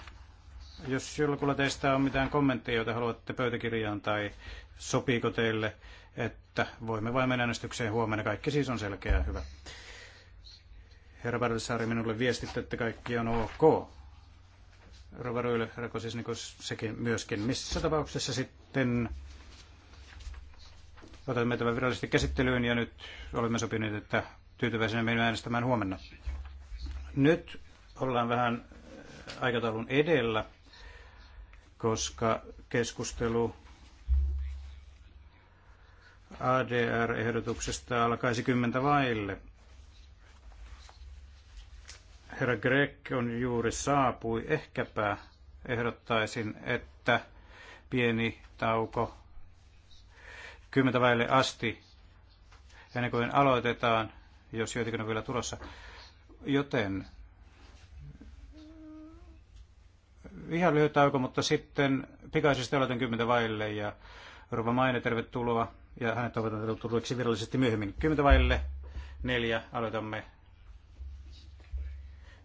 Jos jollakulla teistä on mitään kommenttia, joita haluatte pöytäkirjaan tai sopiiko teille, että voimme vain mennä äänestykseen huomenna. Kaikki siis on ja hyvä. Herra Bardelsaari, minulle viestitte, että kaikki on ok. Rova Ryyle, Rakosis, niin sekin myöskin. Missä tapauksessa sitten otamme tämän virallisesti käsittelyyn ja nyt olemme sopineet, että tyytyväisenä menemme äänestämään huomenna. Nyt ollaan vähän aikataulun edellä, koska keskustelu ADR-ehdotuksesta alkaisi kymmentä vaille – Herra Grek on juuri saapui. Ehkäpä ehdottaisin, että pieni tauko kymmentä väille asti ennen kuin aloitetaan, jos joitakin on vielä tulossa. Joten ihan lyhyt tauko, mutta sitten pikaisesti aloitan kymmentä vaille ja Rova Maine, tervetuloa. Ja hänet toivotan tervetulleeksi virallisesti myöhemmin. Kymmentä vaille neljä aloitamme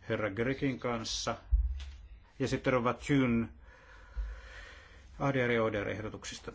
herra Grekin kanssa. Ja sitten ovat June ADR-ehdotuksista.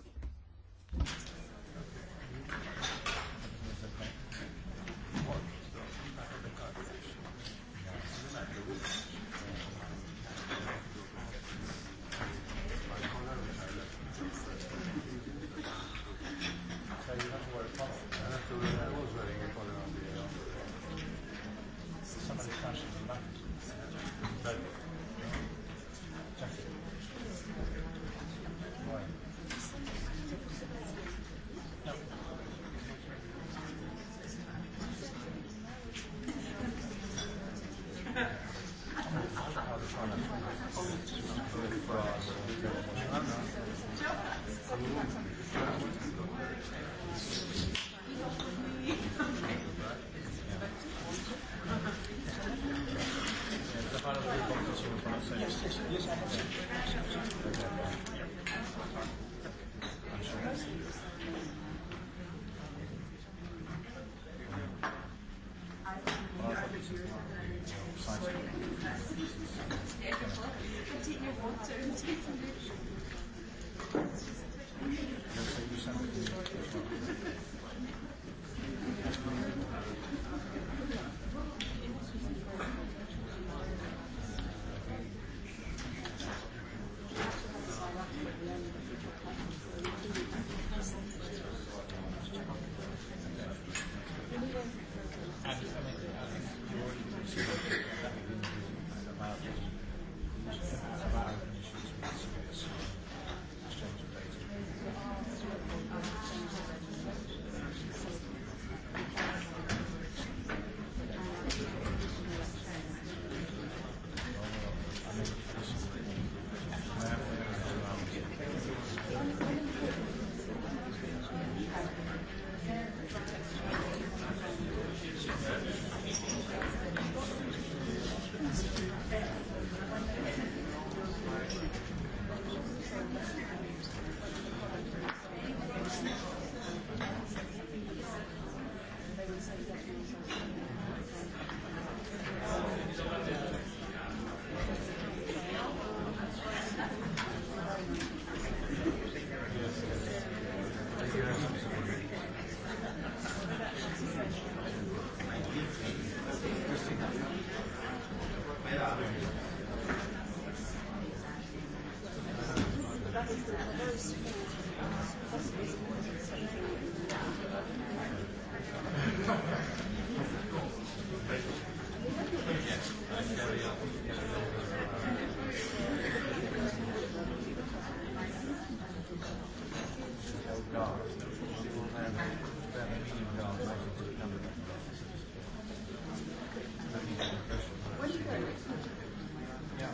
Yeah.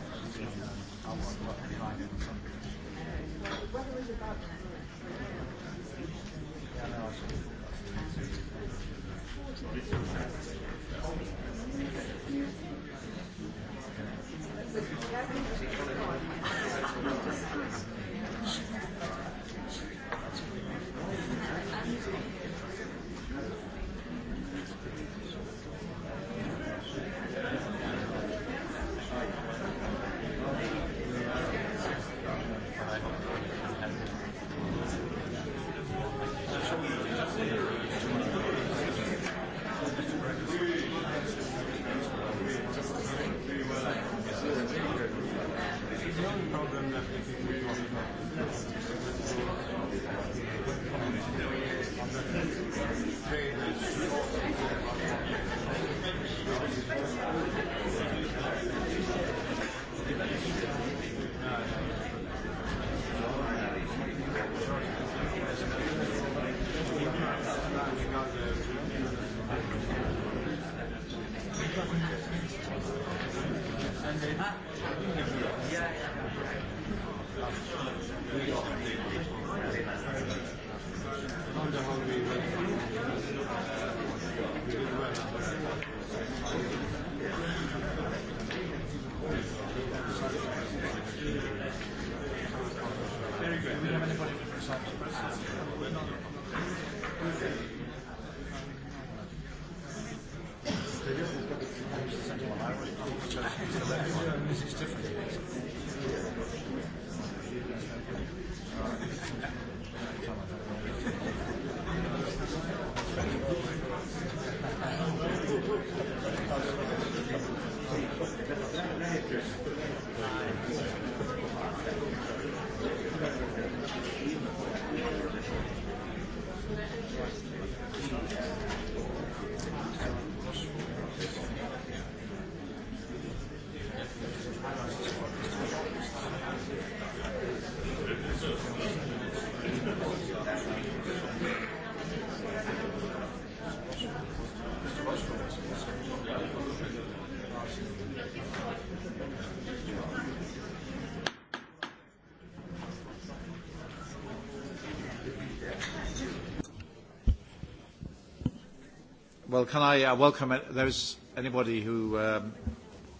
Well, can I uh, welcome uh, those anybody who um,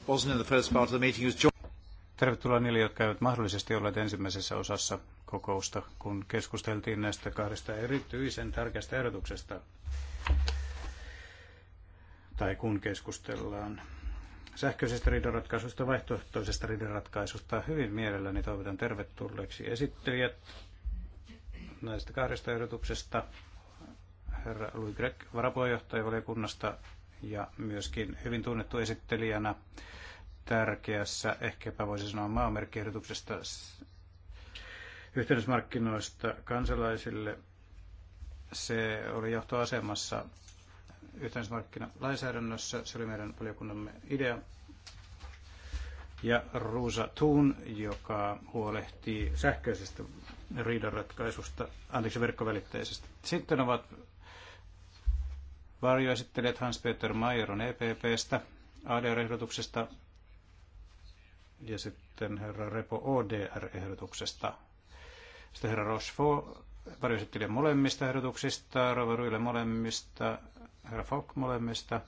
wasn't in the first part of the meeting who's joined? Tervetuloa niille, jotka eivät mahdollisesti olleet ensimmäisessä osassa kokousta, kun keskusteltiin näistä kahdesta erityisen tärkeästä ehdotuksesta. Tai kun keskustellaan sähköisestä riidanratkaisusta, vaihtoehtoisesta riidanratkaisusta. Hyvin mielelläni toivotan tervetulleeksi esittelijät näistä kahdesta ehdotuksesta herra Louis Gregg varapuheenjohtajavaliokunnasta ja myöskin hyvin tunnettu esittelijänä tärkeässä, ehkäpä voisi sanoa maamerkkiehdotuksesta yhteydysmarkkinoista kansalaisille. Se oli johtoasemassa yhteydysmarkkinalainsäädännössä. Se oli meidän valiokunnamme idea. Ja Ruusa Thun, joka huolehtii sähköisestä riidanratkaisusta, anteeksi verkkovälitteisestä. Sitten ovat Varjoesittelijät Hans-Peter Mayer on EPPstä, ADR-ehdotuksesta ja sitten herra Repo ODR-ehdotuksesta. Sitten herra Rochefort varjoesittelijä molemmista ehdotuksista, Rova Ruille molemmista, herra Fock molemmista.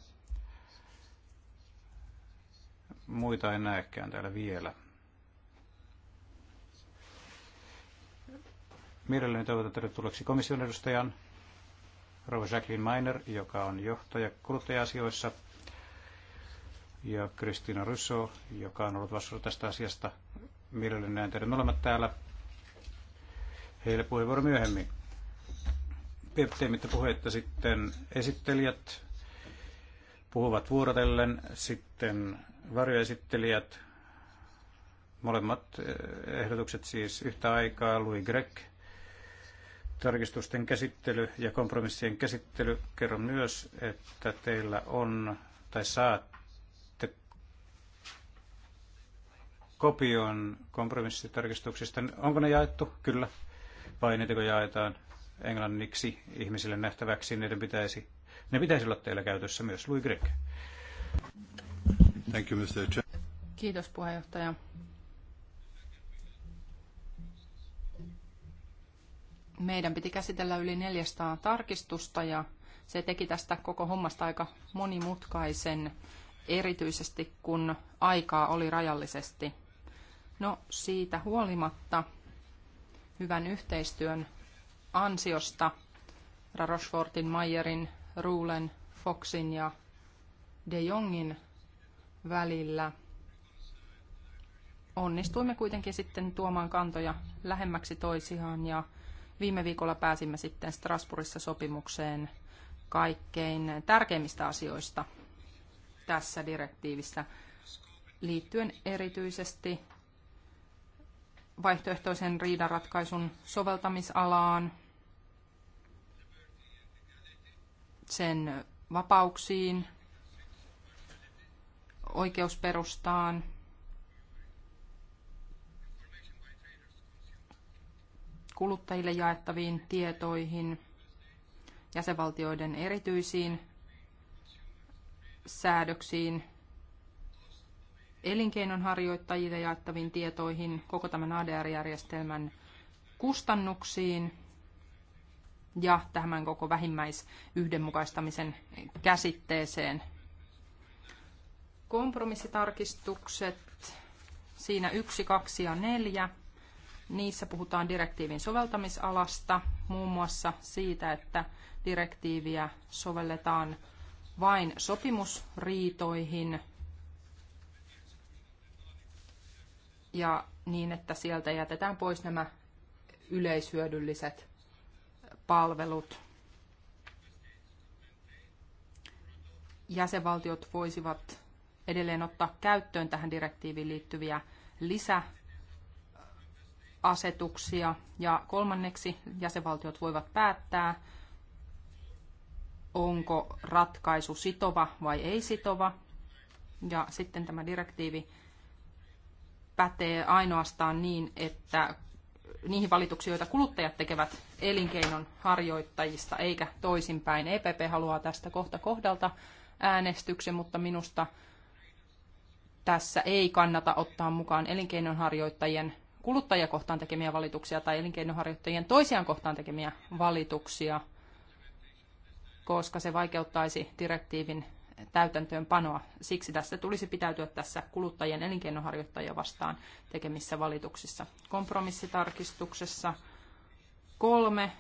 Muita en näekään täällä vielä. Mielelläni toivotan tervetulleeksi komission edustajan. Rova Jacqueline Miner, joka on johtaja kuluttaja-asioissa, ja Kristina Russo, joka on ollut vastuussa tästä asiasta. Mielelläni näen teidän molemmat täällä. Heille puheenvuoro myöhemmin. Teemittä puhetta sitten esittelijät puhuvat vuorotellen, sitten varjoesittelijät, molemmat eh, ehdotukset siis yhtä aikaa, Louis Gregg tarkistusten käsittely ja kompromissien käsittely. Kerron myös, että teillä on tai saatte kopion kompromissitarkistuksista. Onko ne jaettu? Kyllä. Vai niitä kun jaetaan englanniksi ihmisille nähtäväksi, niiden pitäisi, ne pitäisi olla teillä käytössä myös. Louis Thank you, Mr. Chair. Kiitos puheenjohtaja. Meidän piti käsitellä yli 400 tarkistusta ja se teki tästä koko hommasta aika monimutkaisen, erityisesti kun aikaa oli rajallisesti. No siitä huolimatta, hyvän yhteistyön ansiosta, Rarosfortin, Mayerin, Ruulen, Foxin ja De Jongin välillä. Onnistuimme kuitenkin sitten tuomaan kantoja lähemmäksi toisiaan ja viime viikolla pääsimme sitten Strasbourgissa sopimukseen kaikkein tärkeimmistä asioista tässä direktiivissä liittyen erityisesti vaihtoehtoisen riidanratkaisun soveltamisalaan, sen vapauksiin, oikeusperustaan – kuluttajille jaettaviin tietoihin, jäsenvaltioiden erityisiin säädöksiin, elinkeinonharjoittajille jaettaviin tietoihin, koko tämän ADR-järjestelmän kustannuksiin ja tämän koko vähimmäisyhdenmukaistamisen käsitteeseen. Kompromissitarkistukset siinä yksi kaksi ja neljä Niissä puhutaan direktiivin soveltamisalasta, muun muassa siitä, että direktiiviä sovelletaan vain sopimusriitoihin ja niin, että sieltä jätetään pois nämä yleishyödylliset palvelut. Jäsenvaltiot voisivat edelleen ottaa käyttöön tähän direktiiviin liittyviä lisä asetuksia. Ja kolmanneksi jäsenvaltiot voivat päättää, onko ratkaisu sitova vai ei sitova. Ja sitten tämä direktiivi pätee ainoastaan niin, että niihin valituksiin, joita kuluttajat tekevät elinkeinon harjoittajista, eikä toisinpäin. EPP haluaa tästä kohta kohdalta äänestyksen, mutta minusta tässä ei kannata ottaa mukaan elinkeinonharjoittajien kuluttajia kohtaan tekemiä valituksia tai elinkeinoharjoittajien toisiaan kohtaan tekemiä valituksia, koska se vaikeuttaisi direktiivin täytäntöönpanoa. Siksi tässä tulisi pitäytyä tässä kuluttajien elinkeinoharjoittajia vastaan tekemissä valituksissa. Kompromissitarkistuksessa kolme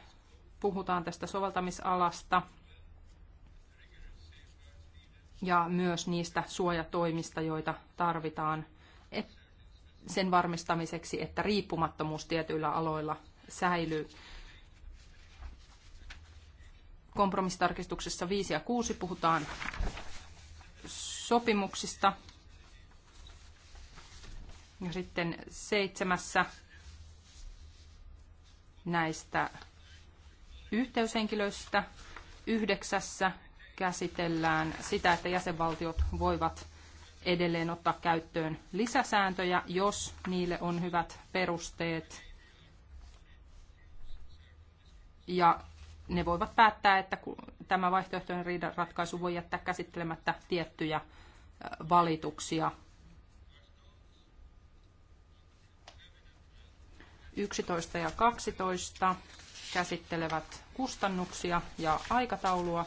puhutaan tästä soveltamisalasta ja myös niistä suojatoimista, joita tarvitaan, et, sen varmistamiseksi, että riippumattomuus tietyillä aloilla säilyy. Kompromissitarkistuksessa 5 ja 6 puhutaan sopimuksista. Ja sitten seitsemässä näistä yhteyshenkilöistä. Yhdeksässä käsitellään sitä, että jäsenvaltiot voivat edelleen ottaa käyttöön lisäsääntöjä, jos niille on hyvät perusteet. Ja ne voivat päättää, että tämä vaihtoehtoinen ratkaisu voi jättää käsittelemättä tiettyjä valituksia. 11 ja 12 käsittelevät kustannuksia ja aikataulua,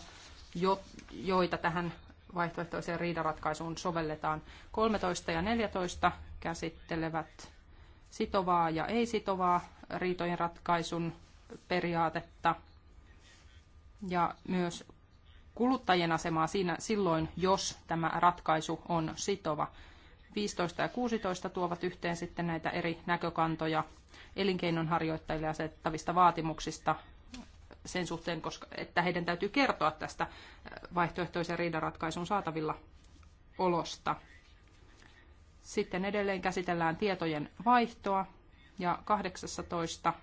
joita tähän vaihtoehtoiseen riidaratkaisuun sovelletaan. 13 ja 14 käsittelevät sitovaa ja ei-sitovaa riitojen ratkaisun periaatetta ja myös kuluttajien asemaa siinä, silloin, jos tämä ratkaisu on sitova. 15 ja 16 tuovat yhteen sitten näitä eri näkökantoja elinkeinonharjoittajille asettavista vaatimuksista sen suhteen, koska, että heidän täytyy kertoa tästä äh, vaihtoehtoisen riidanratkaisun saatavilla olosta. Sitten edelleen käsitellään tietojen vaihtoa ja 18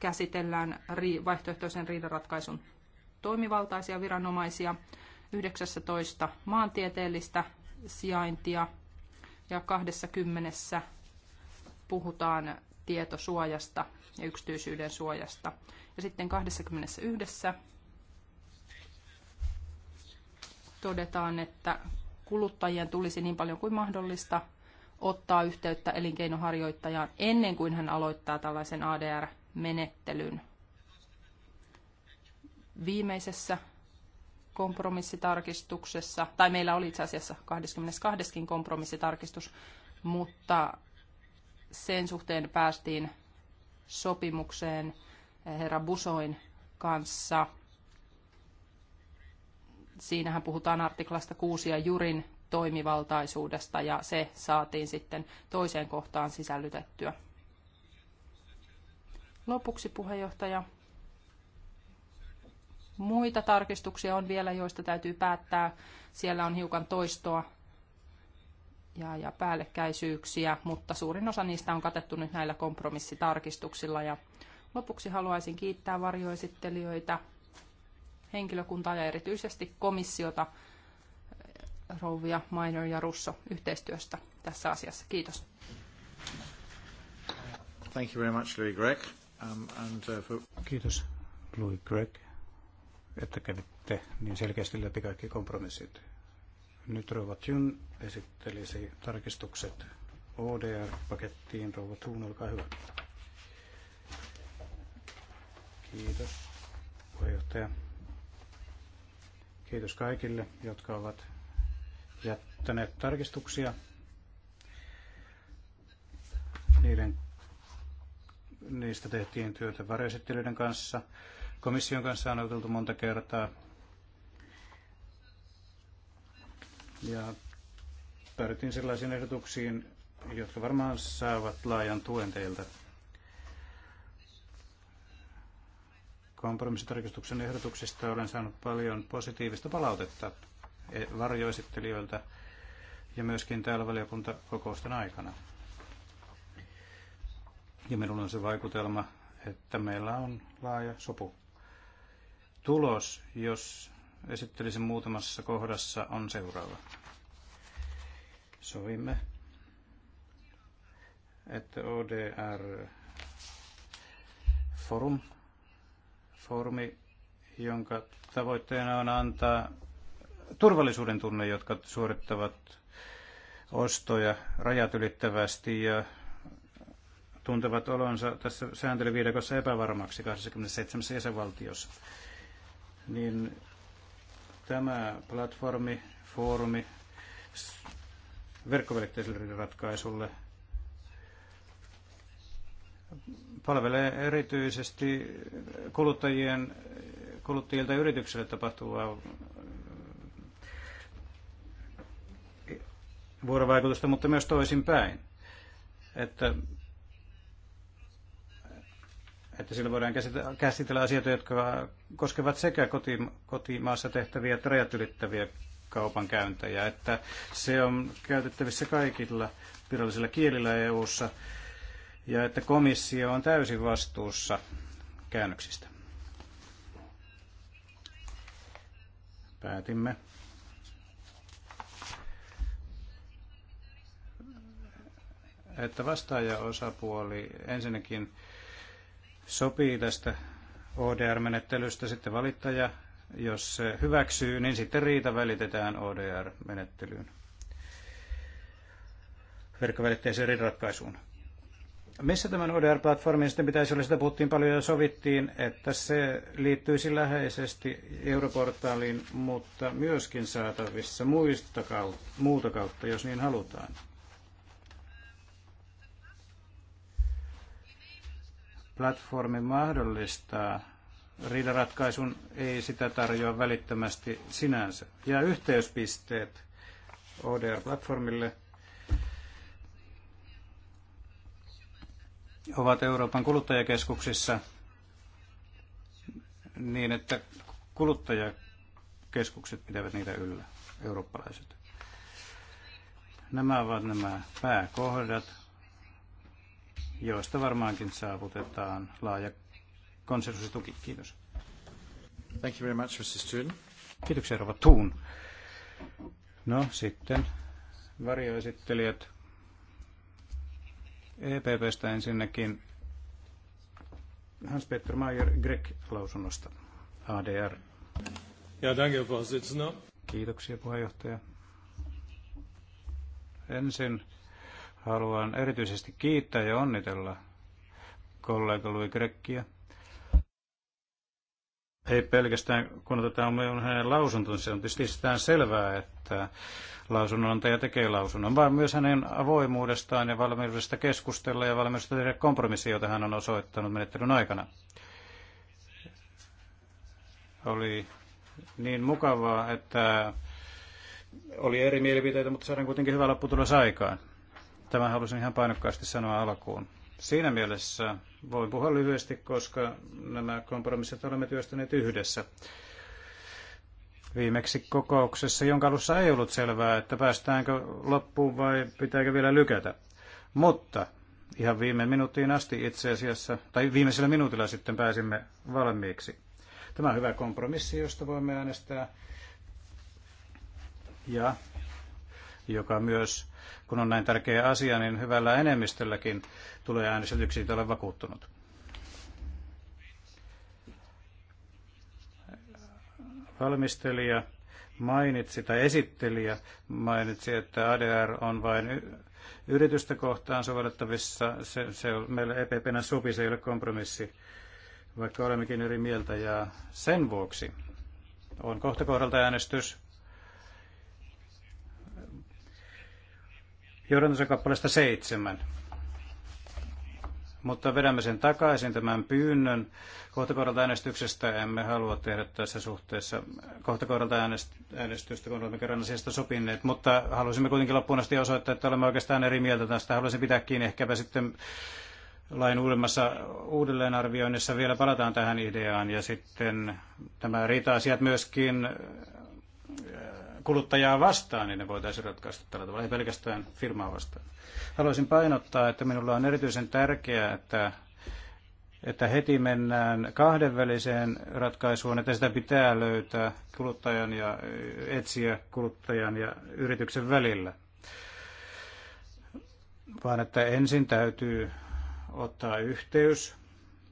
käsitellään vaihtoehtoisen riidanratkaisun toimivaltaisia viranomaisia, 19 maantieteellistä sijaintia ja 20 puhutaan tietosuojasta ja yksityisyyden suojasta. Ja sitten 21 todetaan, että kuluttajien tulisi niin paljon kuin mahdollista ottaa yhteyttä elinkeinoharjoittajaan ennen kuin hän aloittaa tällaisen ADR-menettelyn. Viimeisessä kompromissitarkistuksessa, tai meillä oli itse asiassa 22. kompromissitarkistus, mutta sen suhteen päästiin sopimukseen herra Busoin kanssa. Siinähän puhutaan artiklasta 6 ja Jurin toimivaltaisuudesta ja se saatiin sitten toiseen kohtaan sisällytettyä. Lopuksi puheenjohtaja. Muita tarkistuksia on vielä, joista täytyy päättää. Siellä on hiukan toistoa ja, ja päällekkäisyyksiä, mutta suurin osa niistä on katettu nyt näillä kompromissitarkistuksilla. Ja lopuksi haluaisin kiittää varjoesittelijöitä, henkilökuntaa ja erityisesti komissiota, eh, Rouvia, Minor ja Russo yhteistyöstä tässä asiassa. Kiitos. Thank you very much, Louis Gregg. Um, and, uh, for... Kiitos, Louis Gregg, että kävitte niin selkeästi läpi kaikki kompromissit. Nyt Rova Tyn esittelisi tarkistukset ODR-pakettiin. Rova Tuun, olkaa hyvä. Kiitos puheenjohtaja. Kiitos kaikille, jotka ovat jättäneet tarkistuksia. Niiden, niistä tehtiin työtä varjoesittelyiden kanssa. Komission kanssa on oteltu monta kertaa. Ja päädyttiin sellaisiin ehdotuksiin, jotka varmaan saavat laajan tuen teiltä. Kompromissitarkistuksen ehdotuksista olen saanut paljon positiivista palautetta e- varjoesittelijöiltä ja myöskin täällä valiokuntakokousten aikana. Ja minulla on se vaikutelma, että meillä on laaja sopu. Tulos, jos esittelisin muutamassa kohdassa, on seuraava. Sovimme, että ODR Forum, foorumi, jonka tavoitteena on antaa turvallisuuden tunne, jotka suorittavat ostoja rajat ylittävästi ja tuntevat olonsa tässä sääntelyviidakossa epävarmaksi 27 jäsenvaltiossa, niin Tämä platformi, foorumi verkkovälitteiselle ratkaisulle palvelee erityisesti kuluttajien, kuluttajilta yritykselle tapahtuvaa vuorovaikutusta, mutta myös toisinpäin. Että että sillä voidaan käsitellä asioita, jotka koskevat sekä kotimaassa tehtäviä että rajat ylittäviä kaupankäyntejä, että se on käytettävissä kaikilla virallisilla kielillä EU:ssa ja että komissio on täysin vastuussa käännöksistä. Päätimme. että vastaaja osapuoli ensinnäkin sopii tästä ODR-menettelystä sitten valittaja. Jos se hyväksyy, niin sitten riita välitetään ODR-menettelyyn. Verkkovälitteeseen riidanratkaisuun. Missä tämän ODR-platformin sitten pitäisi olla? Sitä puhuttiin paljon ja sovittiin, että se liittyisi läheisesti Europortaaliin, mutta myöskin saatavissa muista kautta, muuta kautta, jos niin halutaan. platformi mahdollistaa riidaratkaisun, ei sitä tarjoa välittömästi sinänsä. Ja yhteyspisteet ODR-platformille ovat Euroopan kuluttajakeskuksissa niin, että kuluttajakeskukset pitävät niitä yllä, eurooppalaiset. Nämä ovat nämä pääkohdat joista varmaankin saavutetaan laaja konsensustuki. Kiitos. Thank you very much, Mr. Thun. Kiitoksia, Rova Thun. No sitten varjoesittelijät. EPPstä ensinnäkin Hans-Peter Mayer Greg lausunnosta ADR. Ja, danke, Kiitoksia puheenjohtaja. Ensin Haluan erityisesti kiittää ja onnitella kollega Louis Grekkiä. Ei pelkästään, kun otetaan minun hänen lausuntonsa, on tietysti sitä selvää, että lausunnonantaja tekee lausunnon, vaan myös hänen avoimuudestaan ja valmiudesta keskustella ja valmiudesta tehdä kompromissi, jota hän on osoittanut menettelyn aikana. Oli niin mukavaa, että oli eri mielipiteitä, mutta saadaan kuitenkin hyvä lopputulos aikaan. Tämä halusin ihan painokkaasti sanoa alkuun. Siinä mielessä voin puhua lyhyesti, koska nämä kompromissit olemme työstäneet yhdessä. Viimeksi kokouksessa, jonka alussa ei ollut selvää, että päästäänkö loppuun vai pitääkö vielä lykätä. Mutta ihan viime minuuttiin asti itse asiassa, tai viimeisellä minuutilla sitten pääsimme valmiiksi. Tämä on hyvä kompromissi, josta voimme äänestää ja joka myös kun on näin tärkeä asia, niin hyvällä enemmistölläkin tulee äänestetyksi, siitä olen vakuuttunut. Valmistelija mainitsi tai esittelijä mainitsi, että ADR on vain yritystä kohtaan sovellettavissa. Se, se on meille EPPnä sopi, se ei ole kompromissi, vaikka olemmekin eri mieltä. Ja sen vuoksi on kohta kohdalta äänestys johdantonsa kappaleesta seitsemän. Mutta vedämme sen takaisin tämän pyynnön. Kohtakohdalta äänestyksestä emme halua tehdä tässä suhteessa kohtakohdalta äänestystä, kun olemme kerran asiasta sopineet, mutta halusimme kuitenkin loppuun asti osoittaa, että olemme oikeastaan eri mieltä tästä. Haluaisin pitää kiinni ehkäpä sitten lain uudemmassa uudelleenarvioinnissa vielä palataan tähän ideaan ja sitten tämä riita-asiat myöskin kuluttajaa vastaan, niin ne voitaisiin ratkaista tällä tavalla, ei pelkästään firmaa vastaan. Haluaisin painottaa, että minulla on erityisen tärkeää, että että heti mennään kahdenväliseen ratkaisuun, että sitä pitää löytää kuluttajan ja etsiä kuluttajan ja yrityksen välillä. Vaan että ensin täytyy ottaa yhteys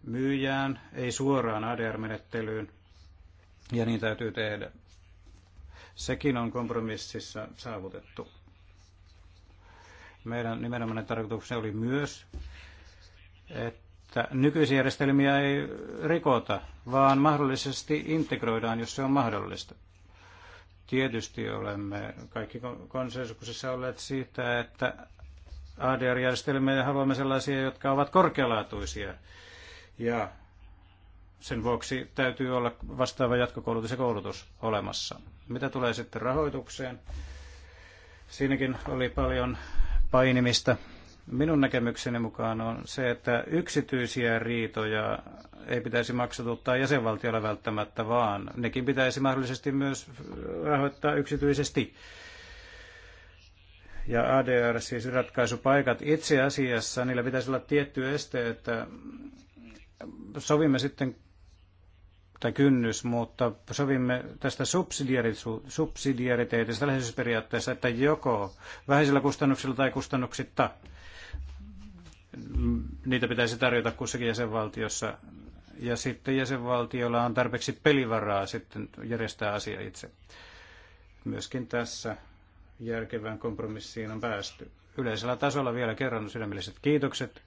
myyjään, ei suoraan ADR-menettelyyn, ja niin täytyy tehdä. Sekin on kompromississa saavutettu. Meidän nimenomainen tarkoituksena oli myös, että nykyisiä järjestelmiä ei rikota, vaan mahdollisesti integroidaan, jos se on mahdollista. Tietysti olemme kaikki konsensuksessa olleet siitä, että ADR-järjestelmiä haluamme sellaisia, jotka ovat korkealaatuisia ja sen vuoksi täytyy olla vastaava jatkokoulutus ja koulutus olemassa. Mitä tulee sitten rahoitukseen? Siinäkin oli paljon painimista. Minun näkemykseni mukaan on se, että yksityisiä riitoja ei pitäisi maksatuttaa jäsenvaltiolla välttämättä, vaan nekin pitäisi mahdollisesti myös rahoittaa yksityisesti ja ADR, siis ratkaisupaikat. Itse asiassa niillä pitäisi olla tietty este, että sovimme sitten tai kynnys, mutta sovimme tästä subsidiariteetista läheisyysperiaatteessa, että joko vähäisillä kustannuksilla tai kustannuksitta niitä pitäisi tarjota kussakin jäsenvaltiossa. Ja sitten jäsenvaltiolla on tarpeeksi pelivaraa sitten järjestää asia itse. Myöskin tässä järkevään kompromissiin on päästy. Yleisellä tasolla vielä kerran sydämelliset kiitokset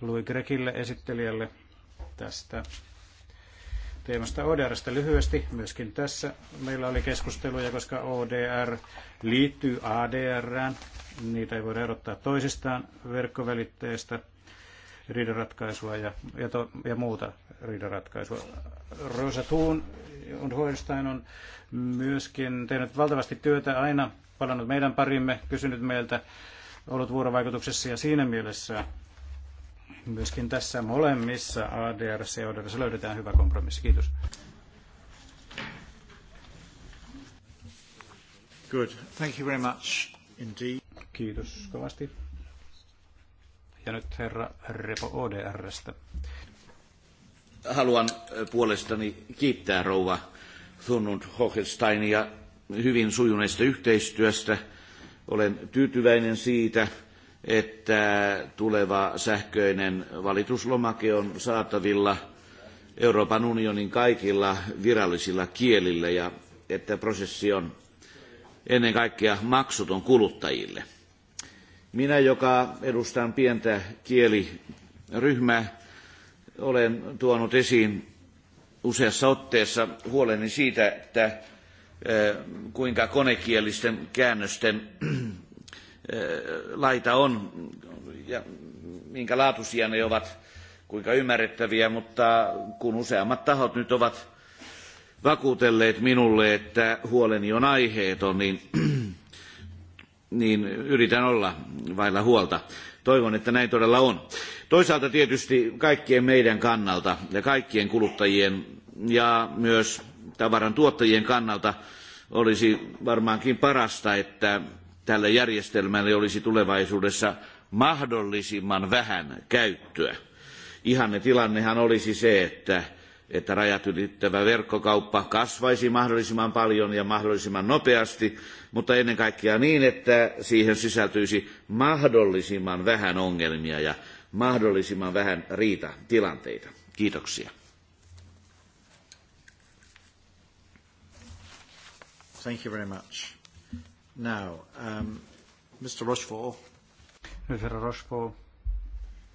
Louis Grekille esittelijälle tästä teemasta ODRstä lyhyesti. Myöskin tässä meillä oli keskusteluja, koska ODR liittyy ADRään. Niitä ei voida erottaa toisistaan verkkovälitteestä riidaratkaisua ja, ja, to, ja muuta riidaratkaisua. Rosa Thun on Hohenstein on myöskin tehnyt valtavasti työtä aina, palannut meidän parimme, kysynyt meiltä, ollut vuorovaikutuksessa ja siinä mielessä myöskin tässä molemmissa ADR ja ODR löydetään hyvä kompromissi. Kiitos. Good. Thank you very much indeed. Kiitos kovasti. Ja nyt herra Repo ODRstä. Haluan puolestani kiittää rouva Thunnund Hohensteinia hyvin sujuneesta yhteistyöstä. Olen tyytyväinen siitä, että tuleva sähköinen valituslomake on saatavilla Euroopan unionin kaikilla virallisilla kielillä ja että prosessi on ennen kaikkea maksuton kuluttajille. Minä, joka edustan pientä kieliryhmää, olen tuonut esiin useassa otteessa huoleni siitä, että eh, kuinka konekielisten käännösten laita on ja minkä laatuisia ne ovat, kuinka ymmärrettäviä, mutta kun useammat tahot nyt ovat vakuutelleet minulle, että huoleni on aiheeton, niin, niin yritän olla vailla huolta. Toivon, että näin todella on. Toisaalta tietysti kaikkien meidän kannalta ja kaikkien kuluttajien ja myös tavaran tuottajien kannalta olisi varmaankin parasta, että tälle järjestelmälle olisi tulevaisuudessa mahdollisimman vähän käyttöä. Ihanne tilannehan olisi se, että, että rajat ylittävä verkkokauppa kasvaisi mahdollisimman paljon ja mahdollisimman nopeasti, mutta ennen kaikkea niin, että siihen sisältyisi mahdollisimman vähän ongelmia ja mahdollisimman vähän riitatilanteita. Kiitoksia. Thank you very much. Now, um, Mr. Rochefort. Nyt herra Rochefort,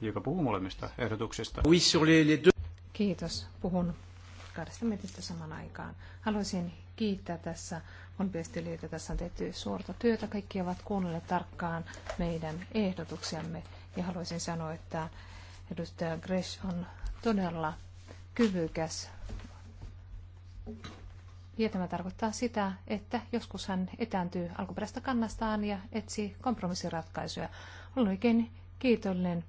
joka puhuu molemmista ehdotuksista. Kiitos. Puhun kahdesta mietistä saman aikaan. Haluaisin kiittää tässä että Tässä on tehty suorta työtä. Kaikki ovat kuunnelleet tarkkaan meidän ehdotuksiamme. Ja haluaisin sanoa, että edustaja Gresh on todella kyvykäs ja tämä tarkoittaa sitä, että joskus hän etääntyy alkuperäistä kannastaan ja etsii kompromissiratkaisuja. Olen oikein kiitollinen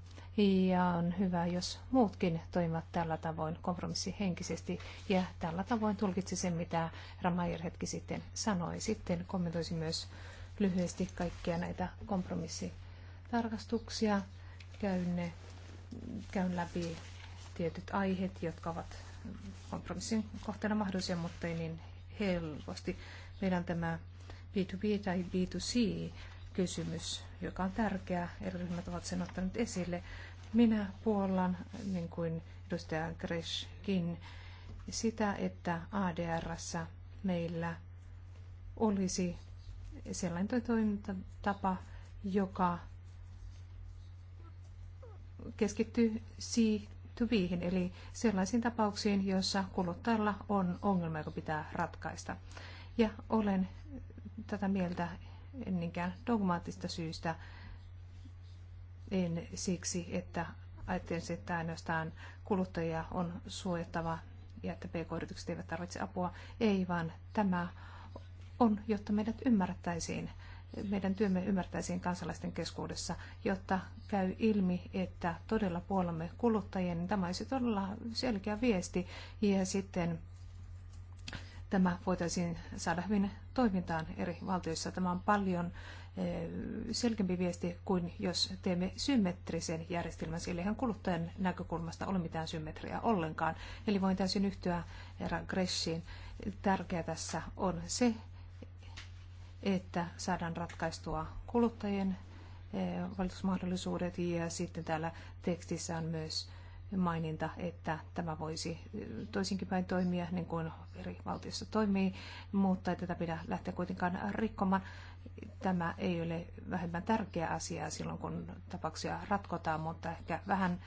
ja on hyvä, jos muutkin toimivat tällä tavoin kompromissihenkisesti ja tällä tavoin tulkitsi sen, mitä Ramayer hetki sitten sanoi. Sitten kommentoisi myös lyhyesti kaikkia näitä kompromissitarkastuksia. Käyn, ne, käyn läpi tietyt aiheet, jotka ovat kompromissin kohteena mahdollisia, mutta ei niin helposti. Meillä on tämä B2B tai B2C kysymys, joka on tärkeä. Eri ryhmät ovat sen ottaneet esille. Minä puollan, niin kuin edustaja Greshkin, sitä, että adr meillä olisi sellainen toimintatapa, joka keskittyy to be, eli sellaisiin tapauksiin, joissa kuluttajalla on ongelma, joka pitää ratkaista. Ja olen tätä mieltä ennenkään dogmaattista syystä, en siksi, että ajattelisin, että ainoastaan kuluttajia on suojattava ja että pk-yritykset eivät tarvitse apua. Ei, vaan tämä on, jotta meidät ymmärrettäisiin meidän työmme ymmärtäisiin kansalaisten keskuudessa, jotta käy ilmi, että todella puolamme kuluttajien. Niin tämä olisi todella selkeä viesti ja sitten tämä voitaisiin saada hyvin toimintaan eri valtioissa. Tämä on paljon eh, selkeämpi viesti kuin jos teemme symmetrisen järjestelmän, sillä eihän kuluttajan näkökulmasta ole mitään symmetriaa ollenkaan. Eli voin täysin yhtyä Gressiin. Tärkeää tässä on se, että saadaan ratkaistua kuluttajien eh, valitusmahdollisuudet ja sitten täällä tekstissä on myös maininta, että tämä voisi eh, toisinkin päin toimia niin kuin eri valtiossa toimii, mutta ei tätä pidä lähteä kuitenkaan rikkomaan. Tämä ei ole vähemmän tärkeä asia silloin, kun tapauksia ratkotaan, mutta ehkä vähän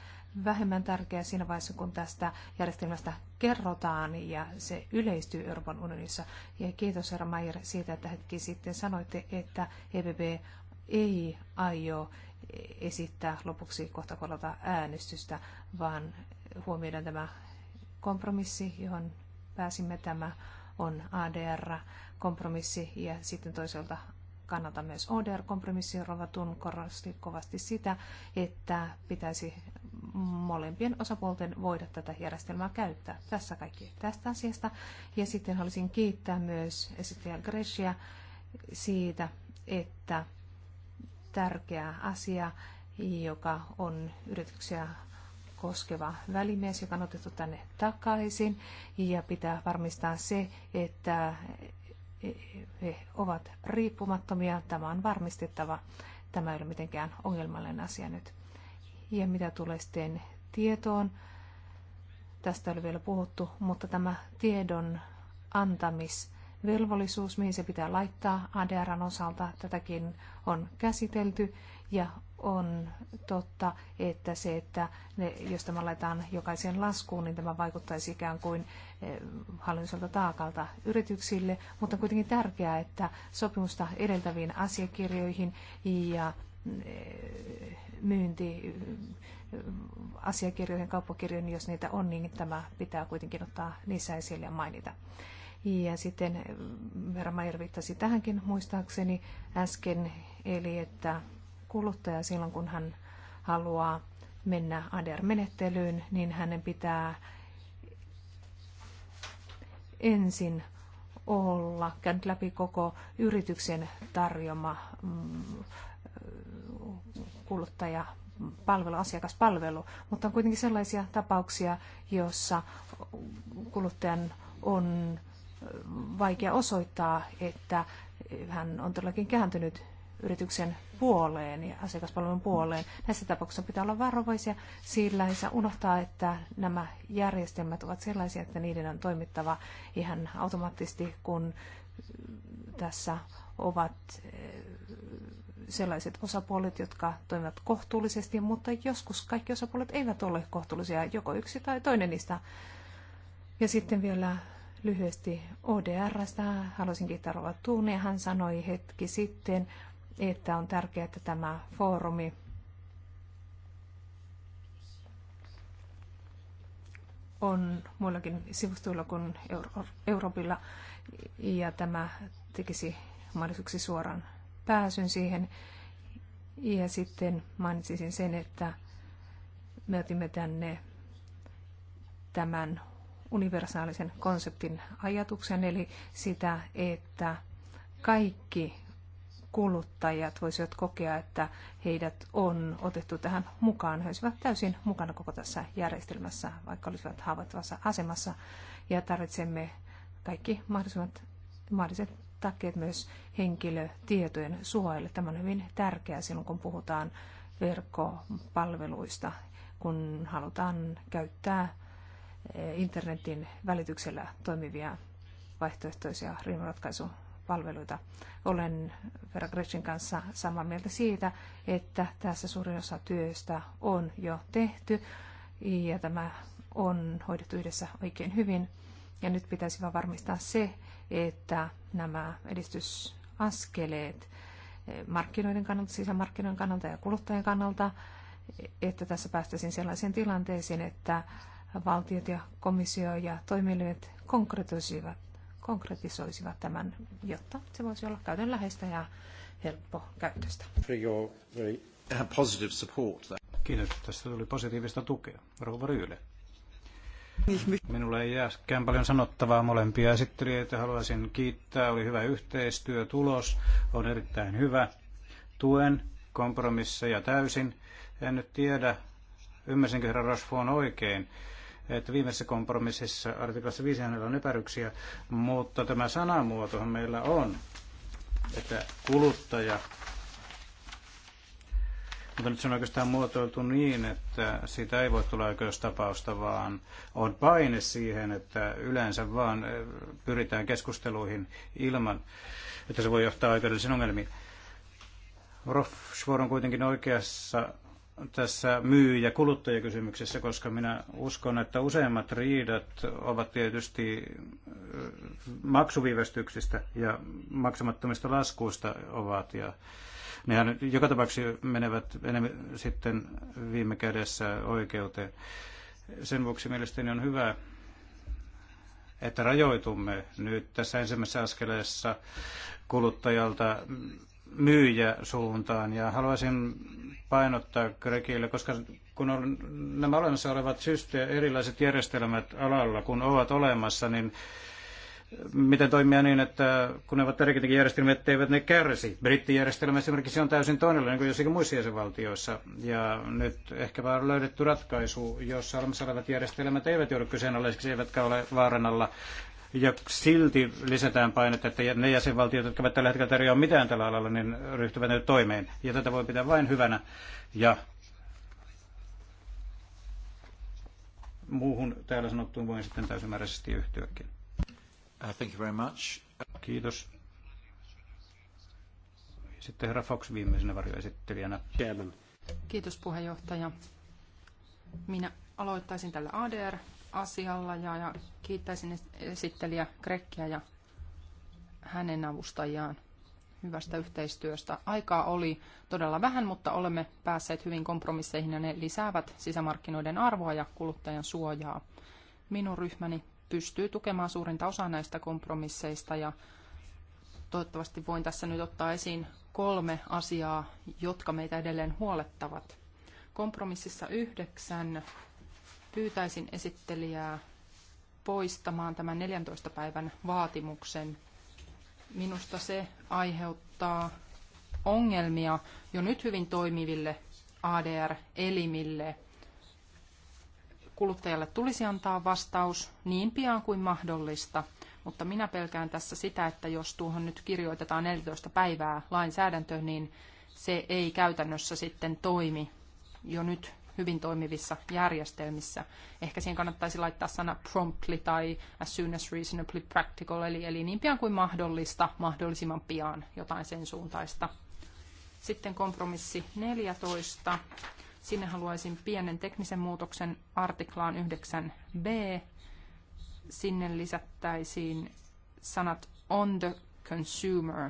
vähemmän tärkeä siinä vaiheessa, kun tästä järjestelmästä kerrotaan ja se yleistyy Euroopan unionissa. Ja kiitos herra Mayer siitä, että hetki sitten sanoitte, että EBB ei aio esittää lopuksi kohta äänestystä, vaan huomioidaan tämä kompromissi, johon pääsimme. Tämä on ADR-kompromissi ja sitten toisaalta kannalta myös ODR-kompromissi. Rova Tun korosti kovasti sitä, että pitäisi molempien osapuolten voida tätä järjestelmää käyttää. Tässä kaikki tästä asiasta. Ja sitten haluaisin kiittää myös esittäjä Gresia siitä, että tärkeä asia, joka on yrityksiä koskeva välimies, joka on otettu tänne takaisin. Ja pitää varmistaa se, että he ovat riippumattomia. Tämä on varmistettava. Tämä ei ole mitenkään ongelmallinen asia nyt. Ja mitä tulee sitten tietoon, tästä oli vielä puhuttu, mutta tämä tiedon antamisvelvollisuus, mihin se pitää laittaa ADRn osalta, tätäkin on käsitelty ja on totta, että se, että ne, jos tämä laitetaan jokaisen laskuun, niin tämä vaikuttaisi ikään kuin eh, hallinnolliselta taakalta yrityksille, mutta on kuitenkin tärkeää, että sopimusta edeltäviin asiakirjoihin ja eh, myynti eh, asiakirjoihin, kauppakirjoihin, jos niitä on, niin tämä pitää kuitenkin ottaa niissä esille ja mainita. Ja sitten Vera Maier viittasi tähänkin muistaakseni äsken, eli että kuluttaja silloin, kun hän haluaa mennä ADR-menettelyyn, niin hänen pitää ensin olla käynyt läpi koko yrityksen tarjoma mm, kuluttaja palvelu, asiakaspalvelu, mutta on kuitenkin sellaisia tapauksia, joissa kuluttajan on vaikea osoittaa, että hän on todellakin kääntynyt yrityksen puoleen ja asiakaspalvelun puoleen. Näissä tapauksissa pitää olla varovaisia, sillä ei saa unohtaa, että nämä järjestelmät ovat sellaisia, että niiden on toimittava ihan automaattisesti, kun tässä ovat eh, sellaiset osapuolet, jotka toimivat kohtuullisesti, mutta joskus kaikki osapuolet eivät ole kohtuullisia, joko yksi tai toinen niistä. Ja sitten vielä lyhyesti ODRstä. Haluaisin kiittää Rova Tuunia. Hän sanoi hetki sitten että on tärkeää, että tämä foorumi on muillakin sivustoilla kuin Euroopilla ja tämä tekisi mahdolliseksi suoran pääsyn siihen. Ja sitten mainitsisin sen, että me otimme tänne tämän universaalisen konseptin ajatuksen, eli sitä, että kaikki kuluttajat voisivat kokea, että heidät on otettu tähän mukaan. He olisivat täysin mukana koko tässä järjestelmässä, vaikka olisivat haavoittuvassa asemassa. Ja tarvitsemme kaikki mahdollisimmat, mahdolliset takkeet myös henkilötietojen suojalle. Tämä on hyvin tärkeää silloin, kun puhutaan verkkopalveluista, kun halutaan käyttää eh, internetin välityksellä toimivia vaihtoehtoisia riimunratkaisumalleja palveluita. Olen Vera Gretchen kanssa samaa mieltä siitä, että tässä suurin osa työstä on jo tehty ja tämä on hoidettu yhdessä oikein hyvin. Ja nyt pitäisi vain varmistaa se, että nämä edistysaskeleet eh, markkinoiden kannalta, sisämarkkinoiden kannalta ja kuluttajien kannalta, eh, että tässä päästäisiin sellaiseen tilanteeseen, että valtiot ja komissio ja toimijat konkretisoivat konkretisoisivat tämän, jotta se voisi olla läheistä ja helppo käytöstä. Uh, Kiitos, tästä tuli positiivista tukea. Rouva Ryyle. Minulle ei jääkään paljon sanottavaa molempia esittelijöitä. Haluaisin kiittää. Oli hyvä yhteistyö. Tulos on erittäin hyvä. Tuen kompromisseja täysin. En nyt tiedä, ymmärsinkö herra Rosfoon oikein että viimeisessä kompromississa artiklassa 5 hänellä on epäryksiä, mutta tämä sanamuotohan meillä on, että kuluttaja mutta nyt se on oikeastaan muotoiltu niin, että siitä ei voi tulla oikeustapausta, vaan on paine siihen, että yleensä vaan eh, pyritään keskusteluihin ilman, että se voi johtaa oikeudellisiin ongelmiin. Rochefort on kuitenkin oikeassa tässä myy- ja kuluttajakysymyksessä, koska minä uskon, että useimmat riidat ovat tietysti maksuviivästyksistä ja maksamattomista laskuista ovat. Ja nehän joka tapauksessa menevät enemmän sitten viime kädessä oikeuteen. Sen vuoksi mielestäni on hyvä, että rajoitumme nyt tässä ensimmäisessä askeleessa kuluttajalta myyjäsuuntaan. Ja haluaisin painottaa Grekille, koska kun on nämä olemassa olevat systeemit, erilaiset järjestelmät alalla, kun ovat olemassa, niin miten toimia niin, että kun ne ovat tärkeitäkin järjestelmiä, etteivät ne kärsi. Brittijärjestelmä esimerkiksi on täysin toinen niin kuin jossakin muissa jäsenvaltioissa. Ja nyt ehkä vaan on löydetty ratkaisu, jossa olemassa olevat järjestelmät eivät joudu kyseenalaisiksi, eivätkä ole vaaran alla ja silti lisätään painetta, että ne jäsenvaltiot, jotka eivät tällä hetkellä tarjoa mitään tällä alalla, niin ryhtyvät nyt toimeen. Ja tätä voi pitää vain hyvänä ja muuhun täällä sanottuun voin sitten täysimääräisesti yhtyäkin. Uh, thank you very much. Kiitos. Sitten herra Fox viimeisenä varjoesittelijänä. Chairman. Kiitos puheenjohtaja. Minä aloittaisin tällä ADR asialla ja, ja kiittäisin esittelijä Krekkiä ja hänen avustajiaan hyvästä yhteistyöstä. Aikaa oli todella vähän, mutta olemme päässeet hyvin kompromisseihin ja ne lisäävät sisämarkkinoiden arvoa ja kuluttajan suojaa. Minun ryhmäni pystyy tukemaan suurinta osaa näistä kompromisseista ja toivottavasti voin tässä nyt ottaa esiin kolme asiaa, jotka meitä edelleen huolettavat. Kompromississa yhdeksän Pyytäisin esittelijää poistamaan tämän 14 päivän vaatimuksen. Minusta se aiheuttaa ongelmia jo nyt hyvin toimiville ADR-elimille. Kuluttajalle tulisi antaa vastaus niin pian kuin mahdollista, mutta minä pelkään tässä sitä, että jos tuohon nyt kirjoitetaan 14 päivää lainsäädäntöön, niin se ei käytännössä sitten toimi. Jo nyt hyvin toimivissa järjestelmissä. Ehkä siihen kannattaisi laittaa sana promptly tai as soon as reasonably practical, eli, eli niin pian kuin mahdollista, mahdollisimman pian jotain sen suuntaista. Sitten kompromissi 14. Sinne haluaisin pienen teknisen muutoksen artiklaan 9b. Sinne lisättäisiin sanat on the consumer.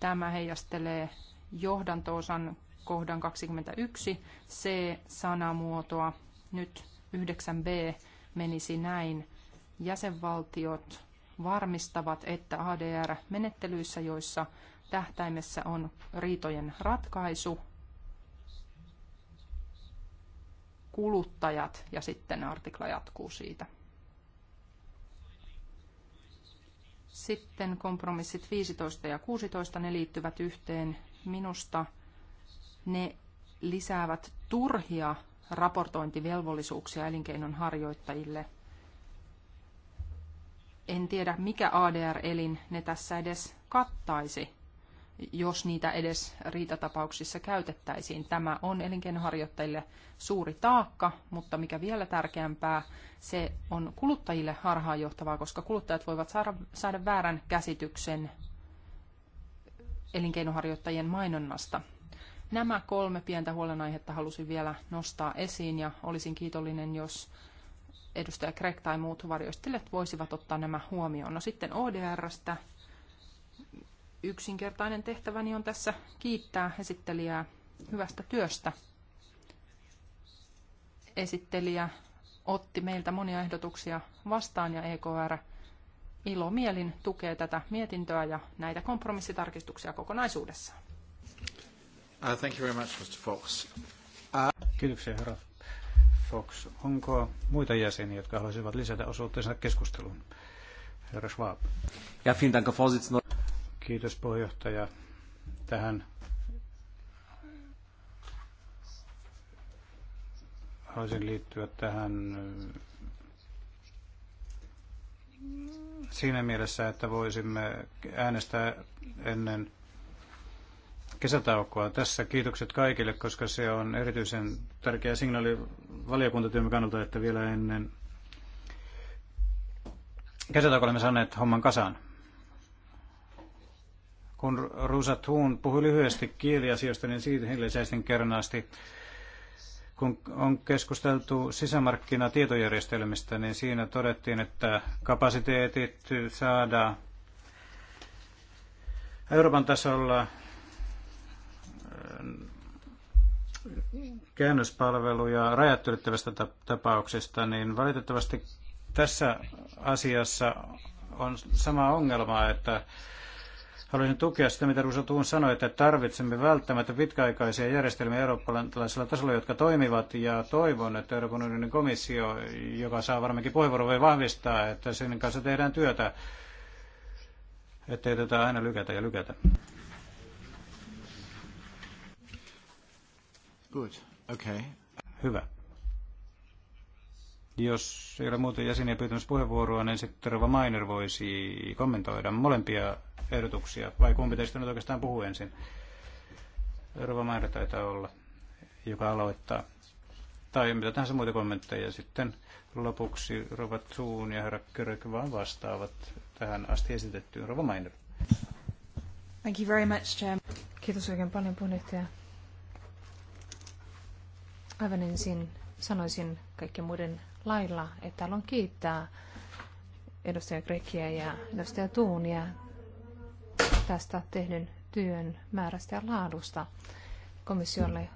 Tämä heijastelee johdantoosan kohdan 21 C-sanamuotoa. Nyt 9b menisi näin. Jäsenvaltiot varmistavat, että ADR-menettelyissä, joissa tähtäimessä on riitojen ratkaisu, kuluttajat ja sitten artikla jatkuu siitä. Sitten kompromissit 15 ja 16, ne liittyvät yhteen. Minusta ne lisäävät turhia raportointivelvollisuuksia elinkeinon harjoittajille. En tiedä, mikä ADR-elin ne tässä edes kattaisi, jos niitä edes riitatapauksissa käytettäisiin. Tämä on elinkeinoharjoittajille suuri taakka, mutta mikä vielä tärkeämpää, se on kuluttajille harhaanjohtavaa, koska kuluttajat voivat saada, saada väärän käsityksen elinkeinoharjoittajien mainonnasta. Nämä kolme pientä huolenaihetta halusin vielä nostaa esiin ja olisin kiitollinen, jos edustaja Greg tai muut varjoistelijat voisivat ottaa nämä huomioon. No sitten ODRstä yksinkertainen tehtäväni on tässä kiittää esittelijää hyvästä työstä. Esittelijä otti meiltä monia ehdotuksia vastaan ja EKR ilomielin tukee tätä mietintöä ja näitä kompromissitarkistuksia kokonaisuudessaan. Uh, thank you very much, Mr. Fox. Uh... Kiitoksia, herra Fox. Onko muita jäseniä, jotka haluaisivat lisätä osuutensa keskusteluun? Herra Schwab. Ja, Dank, Kiitos puheenjohtaja tähän haluaisin liittyä tähän äh, siinä mielessä, että voisimme äänestää ennen kesätaukoa tässä. Kiitokset kaikille, koska se on erityisen tärkeä signaali valiokuntatyömme kannalta, että vielä ennen kesätaukoa olemme saaneet homman kasaan. Kun Rusa Thun puhui lyhyesti kieliasioista, niin siitä hiljaisesti kernaasti kun on keskusteltu sisämarkkinatietojärjestelmistä, niin siinä todettiin, että kapasiteetit saadaan Euroopan tasolla käännöspalveluja rajat ylittävistä tapauksista, niin valitettavasti tässä asiassa on sama ongelma, että haluaisin tukea sitä, mitä Ruso Tuun sanoi, että tarvitsemme välttämättä pitkäaikaisia järjestelmiä eurooppalaisella tasolla, jotka toimivat, ja toivon, että Euroopan unionin komissio, joka saa varmaankin puheenvuoron, voi vahvistaa, että sen kanssa tehdään työtä, ettei tätä aina lykätä ja lykätä. Good. Okay. Hyvä. Jos ei ole muuta jäseniä pyytämässä puheenvuoroa, niin sitten Rova Mainer voisi kommentoida molempia ehdotuksia. Vai kumpi teistä nyt oikeastaan puhuu ensin? Rova Mainer taitaa olla, joka aloittaa. Tai mitä tahansa muita kommentteja. Sitten lopuksi Rova Thun ja herra Kyrök vaan vastaavat tähän asti esitettyyn. Rova Mainer. Thank you very much, Kiitos oikein paljon puheenjohtaja. Aivan ensin sanoisin kaikkien muiden lailla, että haluan kiittää edustaja Grekkiä ja edustaja Tuunia tästä tehdyn työn määrästä ja laadusta. Komissiolle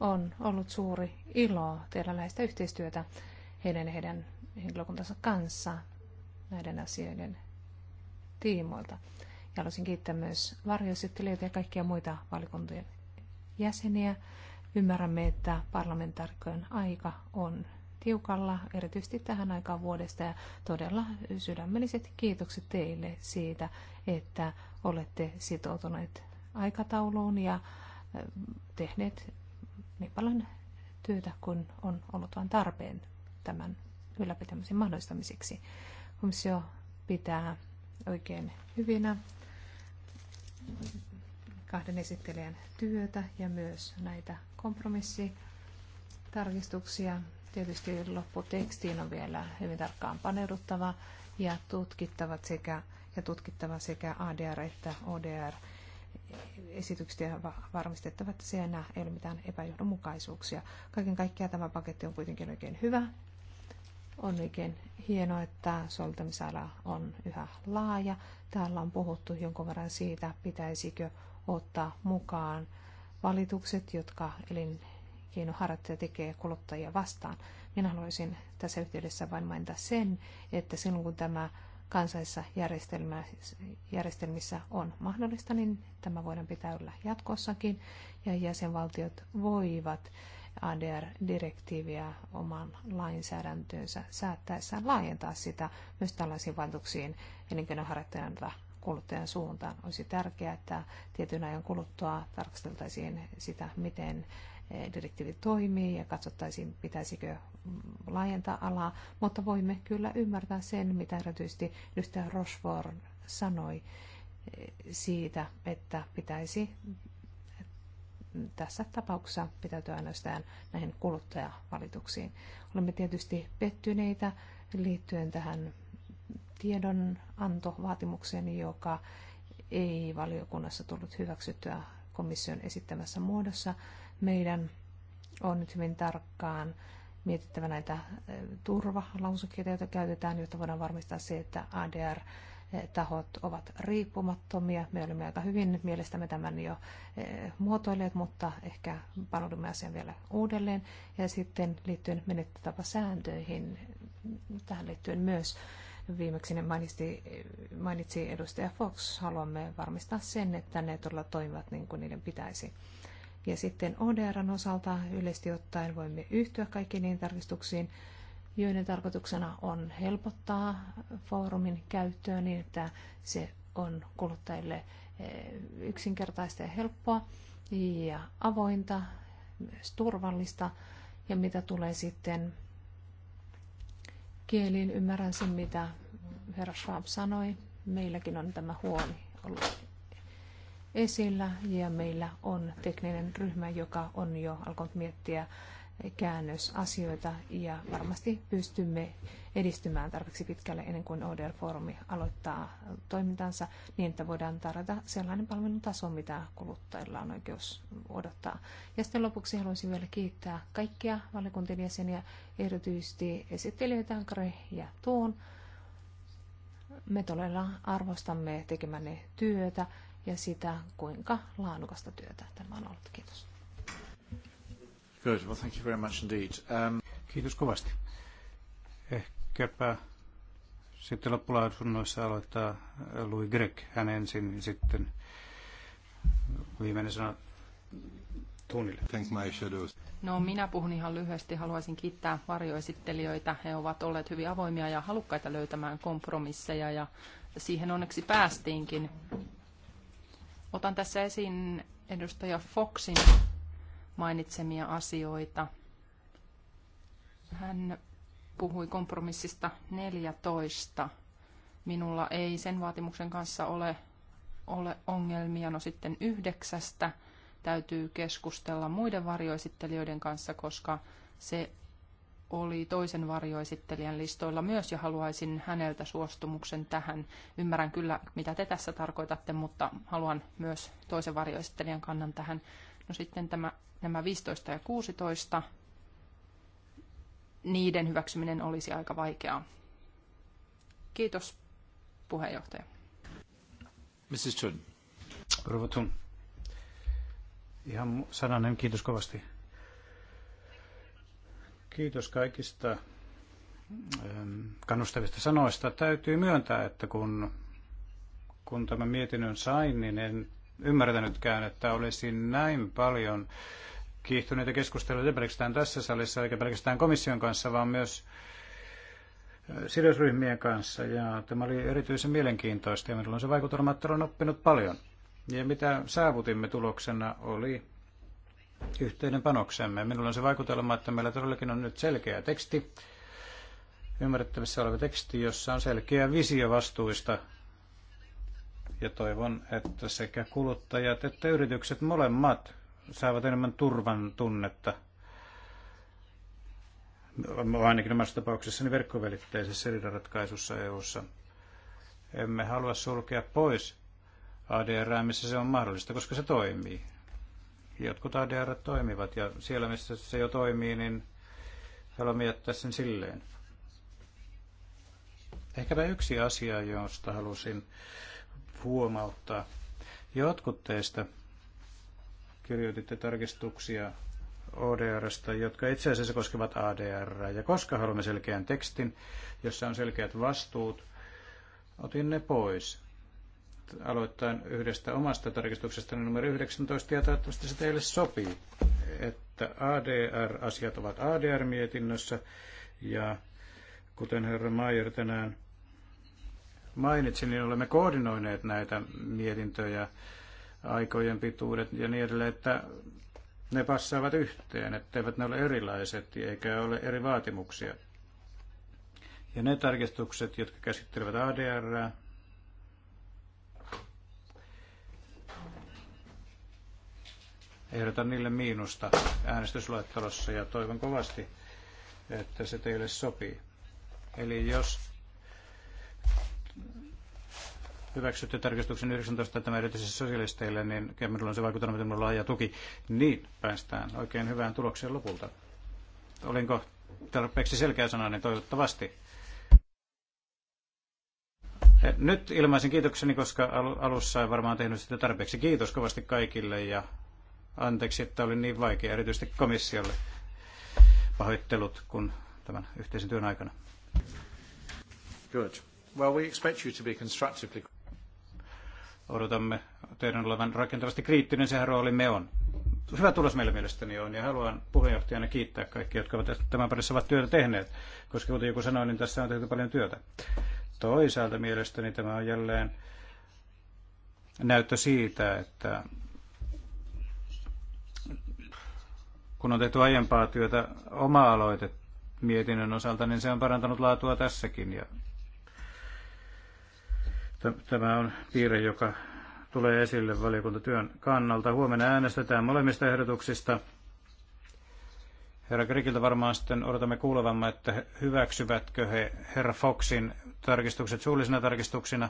on ollut suuri ilo tehdä läheistä yhteistyötä heidän ja heidän henkilökuntansa kanssa näiden asioiden tiimoilta. Ja haluaisin kiittää myös varjoesittelijöitä ja kaikkia muita valikuntien jäseniä Ymmärrämme, että parlamentaarikkojen aika on tiukalla, erityisesti tähän aikaan vuodesta. Ja todella sydämelliset kiitokset teille siitä, että olette sitoutuneet aikatauluun ja tehneet niin paljon työtä kuin on ollut vain tarpeen tämän ylläpitämisen mahdollistamiseksi. Komissio pitää oikein hyvinä kahden esittelijän työtä ja myös näitä kompromissitarkistuksia. Tietysti lopputekstiin on vielä hyvin tarkkaan paneuduttava ja tutkittava sekä, ja tutkittava sekä ADR että ODR esitykset ja varmistettava, että siellä enää ei ole mitään epäjohdonmukaisuuksia. Kaiken kaikkiaan tämä paketti on kuitenkin oikein hyvä. On oikein hienoa, että soveltamisala on yhä laaja. Täällä on puhuttu jonkun verran siitä, pitäisikö ottaa mukaan valitukset, jotka elinkeinoharjoittaja tekee kuluttajia vastaan. Minä haluaisin tässä yhteydessä vain mainita sen, että silloin kun tämä kansallisessa järjestelmissä on mahdollista, niin tämä voidaan pitää yllä jatkossakin. Ja jäsenvaltiot voivat ADR-direktiiviä oman lainsäädäntöönsä säättäessään laajentaa sitä myös tällaisiin valituksiin elinkeinoharjoittajalta kuluttajan suuntaan. Olisi tärkeää, että tietyn ajan kuluttua tarkasteltaisiin sitä, miten eh, direktiivi toimii ja katsottaisiin, pitäisikö mm, laajentaa alaa, mutta voimme kyllä ymmärtää sen, mitä erityisesti ystävä Rochefort sanoi eh, siitä, että pitäisi mm, tässä tapauksessa pitäytyä ainoastaan näihin kuluttajavalituksiin. Olemme tietysti pettyneitä liittyen tähän tiedonantovaatimukseni, joka ei valiokunnassa tullut hyväksyttyä komission esittämässä muodossa. Meidän on nyt hyvin tarkkaan mietittävä näitä turvalausukkeita, joita käytetään, jotta voidaan varmistaa se, että ADR tahot ovat riippumattomia. Me olimme aika hyvin mielestämme tämän jo muotoilleet, mutta ehkä panoudumme asian vielä uudelleen. Ja sitten liittyen sääntöihin. tähän liittyen myös Viimeksi ne mainitsi, mainitsi edustaja Fox. Haluamme varmistaa sen, että ne todella toimivat niin kuin niiden pitäisi. Ja sitten ODRn osalta yleisesti ottaen voimme yhtyä kaikkiin niihin tarkistuksiin, joiden tarkoituksena on helpottaa foorumin käyttöä niin, että se on kuluttajille eh, yksinkertaista ja helppoa ja avointa, myös turvallista. Ja mitä tulee sitten kieliin. Ymmärrän sen, mitä herra Schwab sanoi. Meilläkin on tämä huoli ollut esillä ja meillä on tekninen ryhmä, joka on jo alkanut miettiä käännösasioita ja varmasti pystymme edistymään tarpeeksi pitkälle ennen kuin ODR-foorumi aloittaa toimintansa niin, että voidaan tarjota sellainen palvelutaso, mitä kuluttajilla on oikeus odottaa. Ja sitten lopuksi haluaisin vielä kiittää kaikkia valiokuntien jäseniä, erityisesti esittelijöitä Ankari ja Tuun. Me todella arvostamme tekemänne työtä ja sitä, kuinka laadukasta työtä tämä on ollut. Kiitos. Good. Well, thank you very much indeed. Um... Kiitos kovasti. Ehkäpä sitten loppulausunnoissa aloittaa Louis Greg. Hän ensin ja sitten viimeinen sana tunnille. Thank my shadows. No minä puhun ihan lyhyesti. Haluaisin kiittää varjoesittelijöitä. He ovat olleet hyvin avoimia ja halukkaita löytämään kompromisseja ja siihen onneksi päästiinkin. Otan tässä esiin edustaja Foxin mainitsemia asioita. Hän puhui kompromissista 14. Minulla ei sen vaatimuksen kanssa ole, ole ongelmia. No sitten yhdeksästä täytyy keskustella muiden varjoesittelijöiden kanssa, koska se oli toisen varjoesittelijän listoilla myös ja haluaisin häneltä suostumuksen tähän. Ymmärrän kyllä, mitä te tässä tarkoitatte, mutta haluan myös toisen varjoesittelijän kannan tähän. No sitten tämä, nämä 15 ja 16, niiden hyväksyminen olisi aika vaikeaa. Kiitos puheenjohtaja. Mrs. Chun. Rova Thun. Ihan sananen, kiitos kovasti. Kiitos kaikista kannustavista sanoista. Täytyy myöntää, että kun, kun tämän mietinnön sain, niin en ymmärtänytkään, että olisi näin paljon kiihtyneitä keskusteluja pelkästään tässä salissa, eikä pelkästään komission kanssa, vaan myös äh, sidosryhmien kanssa. Ja tämä oli erityisen mielenkiintoista ja minulla on se vaikutelma, että olen oppinut paljon. Ja mitä saavutimme tuloksena oli yhteinen panoksemme. Minulla on se vaikutelma, että meillä todellakin on nyt selkeä teksti, ymmärrettävissä oleva teksti, jossa on selkeä visio vastuista ja toivon, että sekä kuluttajat että yritykset molemmat saavat enemmän turvan tunnetta ainakin omassa tapauksessani niin verkkovälitteisessä riidanratkaisussa EU-ssa. Emme halua sulkea pois ADR, missä se on mahdollista, koska se toimii. Jotkut ADR toimivat ja siellä, missä se jo toimii, niin haluamme jättää sen silleen. Ehkäpä yksi asia, josta halusin huomauttaa. Jotkut teistä kirjoititte tarkistuksia ODRstä, jotka itse asiassa koskevat ADR. Ja koska haluamme selkeän tekstin, jossa on selkeät vastuut, otin ne pois. Aloittain yhdestä omasta tarkistuksesta niin numero 19, ja toivottavasti se teille sopii, että ADR-asiat ovat ADR-mietinnössä, ja kuten herra Maier tänään mainitsin, niin olemme koordinoineet näitä mietintöjä, aikojen pituudet ja niin edelleen, että ne passaavat yhteen, etteivät ne ole erilaiset eikä ole eri vaatimuksia. Ja ne tarkistukset, jotka käsittelevät ADR, ehdotan niille miinusta äänestysluettelossa ja toivon kovasti, että se teille sopii. Eli jos hyväksytty tarkistuksen 19 tämä erityisesti sosialisteille, niin kyllä minulla on se vaikuttanut, että minulla on laaja tuki, niin päästään oikein hyvään tulokseen lopulta. Olinko tarpeeksi selkeä sana, niin toivottavasti. Eh, nyt ilmaisen kiitokseni, koska alussa en varmaan tehnyt sitä tarpeeksi. Kiitos kovasti kaikille ja anteeksi, että oli niin vaikea, erityisesti komissiolle pahoittelut kun tämän yhteisen työn aikana. Good. Well, we expect you to be constructively. Odotamme teidän olevan rakentavasti kriittinen, sehän me on. Hyvä tulos meillä mielestäni on ja haluan puheenjohtajana kiittää kaikkia, jotka ovat tämän parissa ovat työtä tehneet, koska kuten joku sanoi, niin tässä on tehty paljon työtä. Toisaalta mielestäni tämä on jälleen näyttö siitä, että kun on tehty aiempaa työtä oma-aloite mietinnön osalta, niin se on parantanut laatua tässäkin. Ja Tämä on piirre, joka tulee esille valiokuntatyön kannalta. Huomenna äänestetään molemmista ehdotuksista. Herra Grigiltä varmaan sitten odotamme kuulevamme, että hyväksyvätkö he herra Foxin tarkistukset suullisina tarkistuksina.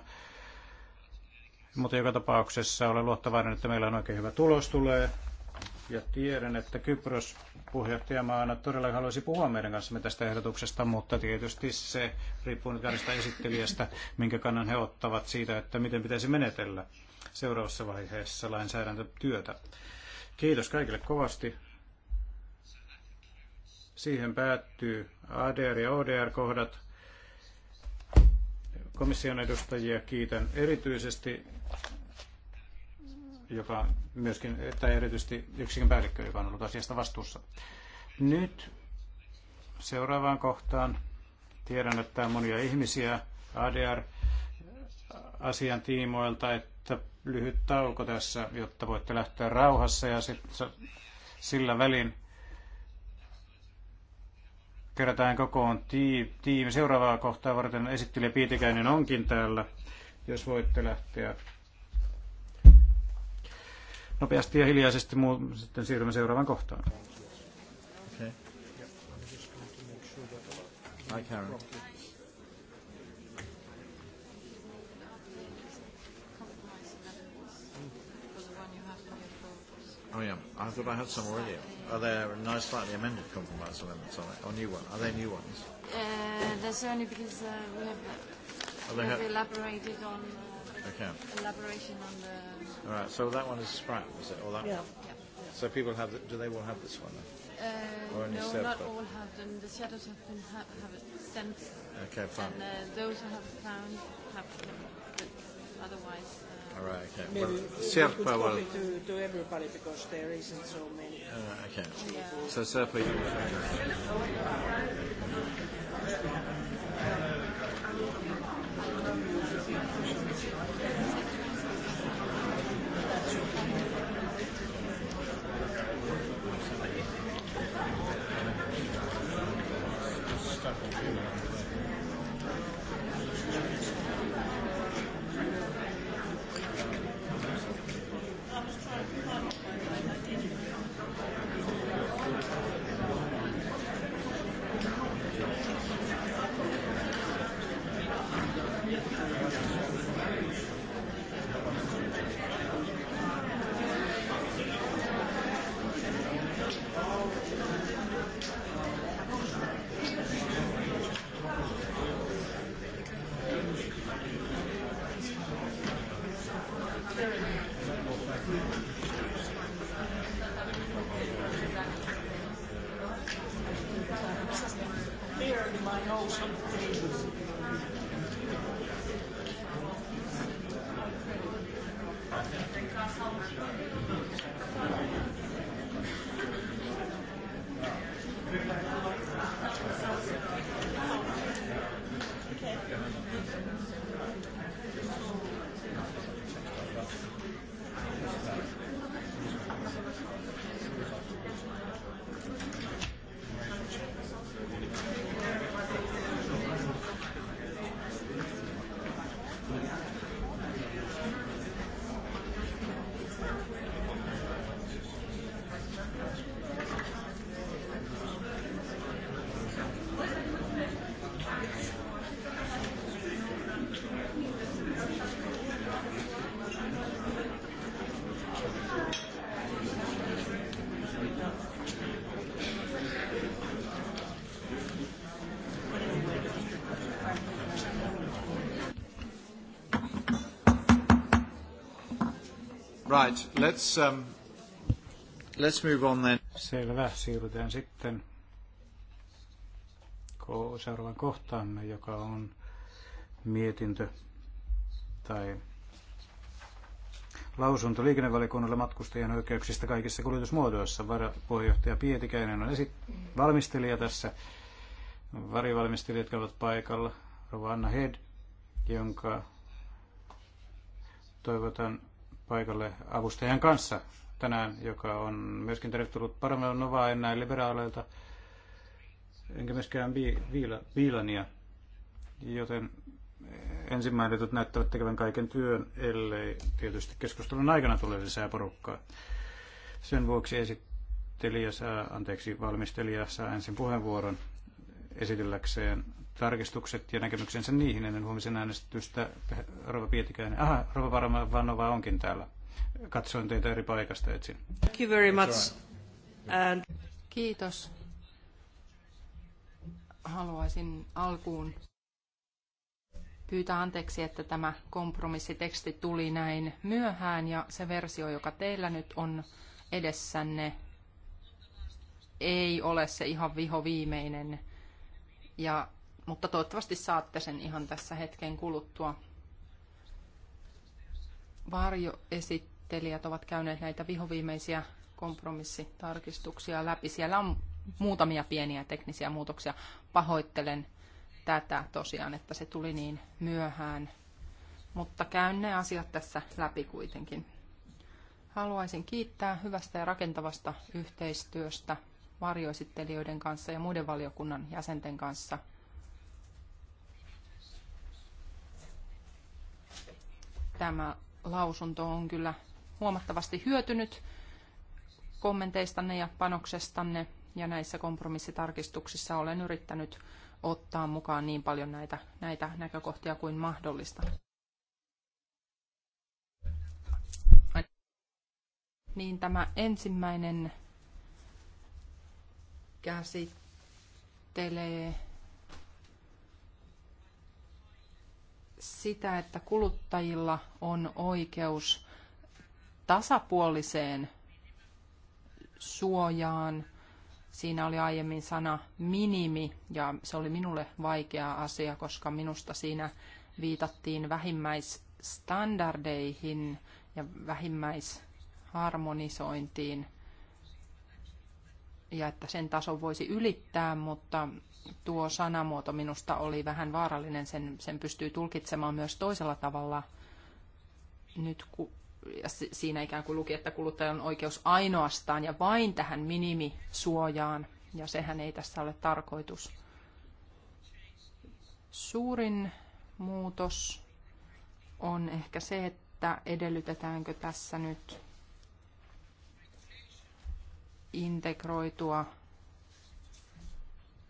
Mutta joka tapauksessa olen luottavainen, että meillä on oikein hyvä tulos tulee. Ja tiedän, että Kypros puheenjohtajamaana todella haluaisi puhua meidän kanssamme tästä ehdotuksesta, mutta tietysti se riippuu nyt esittelijästä, minkä kannan he ottavat siitä, että miten pitäisi menetellä seuraavassa vaiheessa lainsäädäntötyötä. Kiitos kaikille kovasti. Siihen päättyy ADR ja ODR-kohdat. Komission edustajia kiitän erityisesti joka myöskin, tai erityisesti yksikön päällikkö, joka on ollut asiasta vastuussa. Nyt seuraavaan kohtaan. Tiedän, että on monia ihmisiä ADR-asian tiimoilta, että lyhyt tauko tässä, jotta voitte lähteä rauhassa ja sitten sillä välin kerätään kokoon tiimi. Seuraavaa kohtaa varten esittelijä Piitikäinen onkin täällä, jos voitte lähteä nopeasti ja hiljaisesti, muu, sitten siirrymme seuraavaan kohtaan. Okay. Hi, Oh yeah, I thought I had some already. Are there no slightly amended compromise amendments on it, or new ones? Are they new ones? Uh, that's only because uh, we have, we have, have elaborated on. Uh, Okay. Elaboration on the. All right. So that one is scrap, is it? Or that? Yeah. One? yeah. So people have. The, do they all have this one then? Uh, no, not but... all have them. The shadows have been ha- have it sent. Okay, fine. And uh, those who have found have them, but otherwise. Uh, all right. Okay. Maybe well, Serpa will. To, to everybody because there isn't so many. Uh, okay. Yeah. So Serpa, you. let's, um, let's move on then. Selvä, siirrytään sitten seuraavaan kohtaamme, joka on mietintö tai lausunto liikennevalikunnalle matkustajien oikeuksista kaikissa kuljetusmuodoissa. Varapuheenjohtaja Pietikäinen on esit- valmistelija tässä. Varivalmistelijat, jotka ovat paikalla. Rovanna Head, jonka toivotan paikalle avustajan kanssa tänään, joka on myöskin tervetullut Parmela Novaa en näin liberaaleilta, enkä myöskään Viilania, joten ensimmäiset näyttävät tekevän kaiken työn, ellei tietysti keskustelun aikana tule lisää porukkaa. Sen vuoksi esittelijä saa, anteeksi, valmistelija saa ensin puheenvuoron esitelläkseen tarkistukset ja näkemyksensä niihin ennen huomisen äänestystä. Rova Pietikäinen. Aha, Rova Varma onkin täällä. Katsoin teitä eri paikasta etsin. Thank you very much. And... Kiitos. Haluaisin alkuun pyytää anteeksi, että tämä kompromissiteksti tuli näin myöhään ja se versio, joka teillä nyt on edessänne, ei ole se ihan viho viimeinen. Ja mutta toivottavasti saatte sen ihan tässä hetken kuluttua. Varjoesittelijät ovat käyneet näitä vihoviimeisiä kompromissitarkistuksia läpi. Siellä on muutamia pieniä teknisiä muutoksia. Pahoittelen tätä tosiaan, että se tuli niin myöhään. Mutta käyn ne asiat tässä läpi kuitenkin. Haluaisin kiittää hyvästä ja rakentavasta yhteistyöstä varjoesittelijöiden kanssa ja muiden valiokunnan jäsenten kanssa – Tämä lausunto on kyllä huomattavasti hyötynyt kommenteistanne ja panoksestanne ja näissä kompromissitarkistuksissa olen yrittänyt ottaa mukaan niin paljon näitä, näitä näkökohtia kuin mahdollista. Niin tämä ensimmäinen käsittelee sitä, että kuluttajilla on oikeus tasapuoliseen suojaan. Siinä oli aiemmin sana minimi ja se oli minulle vaikea asia, koska minusta siinä viitattiin vähimmäisstandardeihin ja vähimmäisharmonisointiin ja että sen taso voisi ylittää, mutta tuo sanamuoto minusta oli vähän vaarallinen. Sen, sen pystyy tulkitsemaan myös toisella tavalla. Nyt ku, ja siinä ikään kuin luki, että kuluttaja on oikeus ainoastaan ja vain tähän minimisuojaan. Ja sehän ei tässä ole tarkoitus. Suurin muutos on ehkä se, että edellytetäänkö tässä nyt integroitua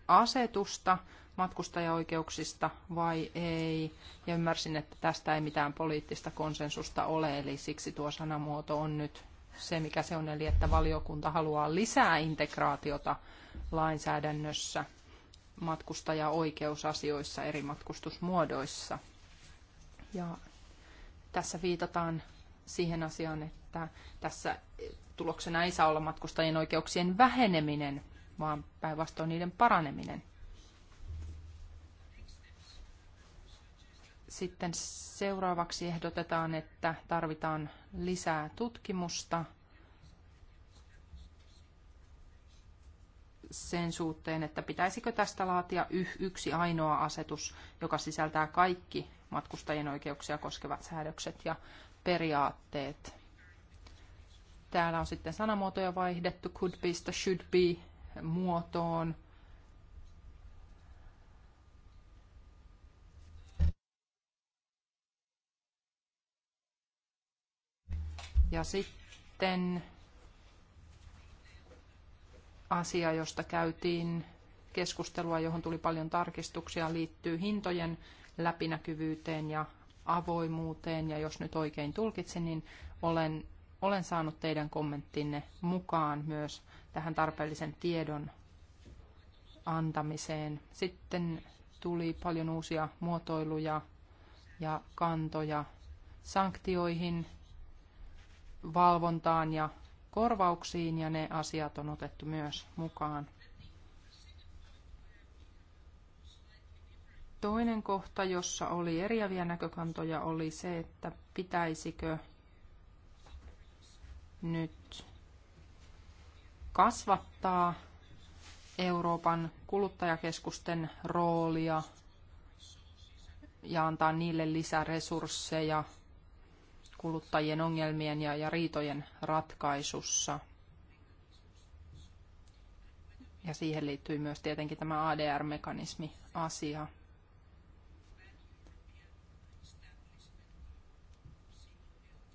asetusta matkustajaoikeuksista vai ei. Ja ymmärsin, että tästä ei mitään poliittista konsensusta ole, eli siksi tuo sanamuoto on nyt se, mikä se on, eli että valiokunta haluaa lisää integraatiota lainsäädännössä matkustajaoikeusasioissa eri matkustusmuodoissa. Ja tässä viitataan siihen asiaan, että tässä tuloksena ei saa olla matkustajien oikeuksien väheneminen, vaan päinvastoin niiden paraneminen. Sitten seuraavaksi ehdotetaan, että tarvitaan lisää tutkimusta sen suhteen, että pitäisikö tästä laatia yksi ainoa asetus, joka sisältää kaikki matkustajien oikeuksia koskevat säädökset ja periaatteet. Täällä on sitten sanamuotoja vaihdettu could be, should be muotoon. Ja sitten asia, josta käytiin keskustelua, johon tuli paljon tarkistuksia, liittyy hintojen läpinäkyvyyteen ja avoimuuteen. Ja jos nyt oikein tulkitsin, niin olen, olen saanut teidän kommenttinne mukaan myös tähän tarpeellisen tiedon antamiseen. Sitten tuli paljon uusia muotoiluja ja kantoja sanktioihin, valvontaan ja korvauksiin ja ne asiat on otettu myös mukaan. Toinen kohta, jossa oli eriäviä näkökantoja, oli se, että pitäisikö nyt kasvattaa Euroopan kuluttajakeskusten roolia ja antaa niille lisäresursseja kuluttajien ongelmien ja, ja riitojen ratkaisussa. Ja siihen liittyy myös tietenkin tämä ADR-mekanismi-asia.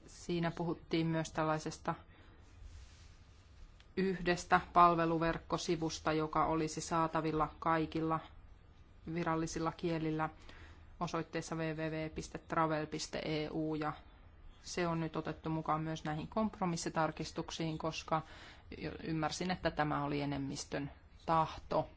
Siinä puhuttiin myös tällaisesta yhdestä palveluverkkosivusta, joka olisi saatavilla kaikilla virallisilla kielillä osoitteessa www.travel.eu ja se on nyt otettu mukaan myös näihin kompromissitarkistuksiin, koska ymmärsin, että tämä oli enemmistön tahto.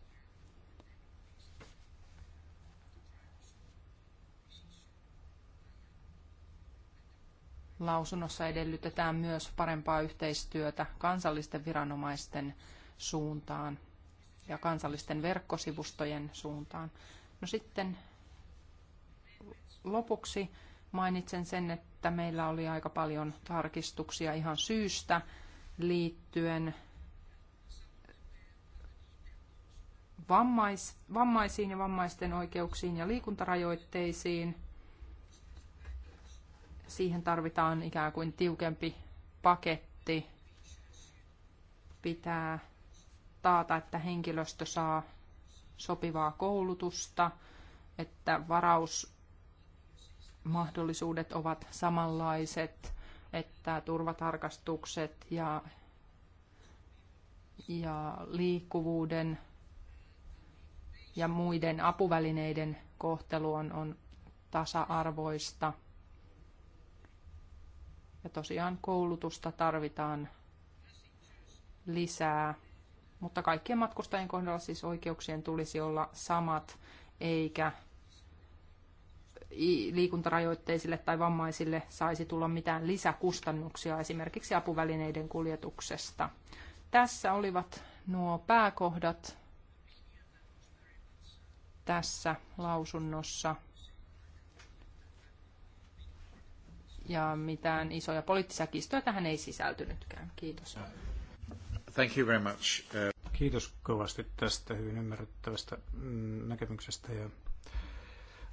Lausunnossa edellytetään myös parempaa yhteistyötä kansallisten viranomaisten suuntaan ja kansallisten verkkosivustojen suuntaan. No sitten lopuksi mainitsen sen, että meillä oli aika paljon tarkistuksia ihan syystä liittyen vammais, vammaisiin ja vammaisten oikeuksiin ja liikuntarajoitteisiin siihen tarvitaan ikään kuin tiukempi paketti. Pitää taata, että henkilöstö saa sopivaa koulutusta, että varausmahdollisuudet ovat samanlaiset, että turvatarkastukset ja, ja liikkuvuuden ja muiden apuvälineiden kohtelu on, on tasa-arvoista – ja tosiaan koulutusta tarvitaan lisää, mutta kaikkien matkustajien kohdalla siis oikeuksien tulisi olla samat, eikä liikuntarajoitteisille tai vammaisille saisi tulla mitään lisäkustannuksia esimerkiksi apuvälineiden kuljetuksesta. Tässä olivat nuo pääkohdat tässä lausunnossa. ja mitään isoja poliittisia kistoja tähän ei sisältynytkään. Kiitos. Thank you very much. Uh, Kiitos kovasti tästä hyvin ymmärrettävästä mm, näkemyksestä ja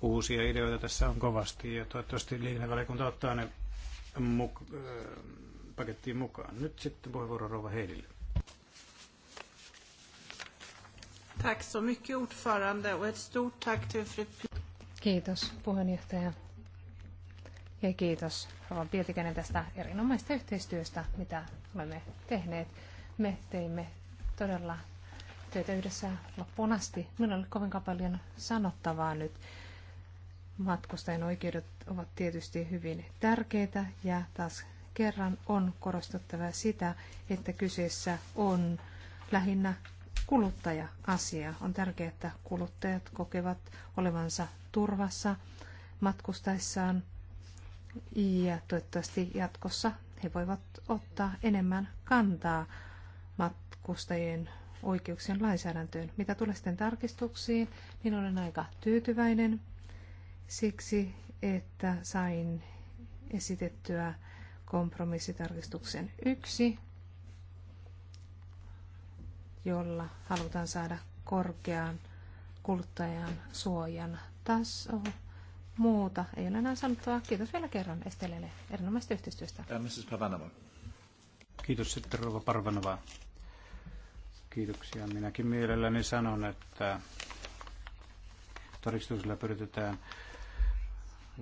uusia ideoita tässä on kovasti ja toivottavasti liikennevaliokunta ottaa ne muk- äh, pakettiin mukaan. Nyt sitten puheenvuoro Rova Heidille. Tack så mycket ordförande och ett stort tack till Kiitos puheenjohtaja ja kiitos Rova Pietikäinen tästä erinomaista yhteistyöstä, mitä olemme tehneet. Me teimme todella työtä yhdessä loppuun asti. Minulla oli kovin paljon sanottavaa nyt. Matkustajan oikeudet ovat tietysti hyvin tärkeitä ja taas kerran on korostettava sitä, että kyseessä on lähinnä kuluttaja-asia. On tärkeää, että kuluttajat kokevat olevansa turvassa matkustaessaan ja toivottavasti jatkossa he voivat ottaa enemmän kantaa matkustajien oikeuksien lainsäädäntöön. Mitä tulee sitten tarkistuksiin, niin olen aika tyytyväinen siksi, että sain esitettyä kompromissitarkistuksen yksi, jolla halutaan saada korkean kuluttajan suojan taso muuta ei ole enää sanottavaa. Kiitos vielä kerran Estelelle erinomaisesta yhteistyöstä. Äh, Mrs. Pavanova. Kiitos sitten Rova Parvanova. Kiitoksia. Minäkin mielelläni sanon, että todistuksella pyritetään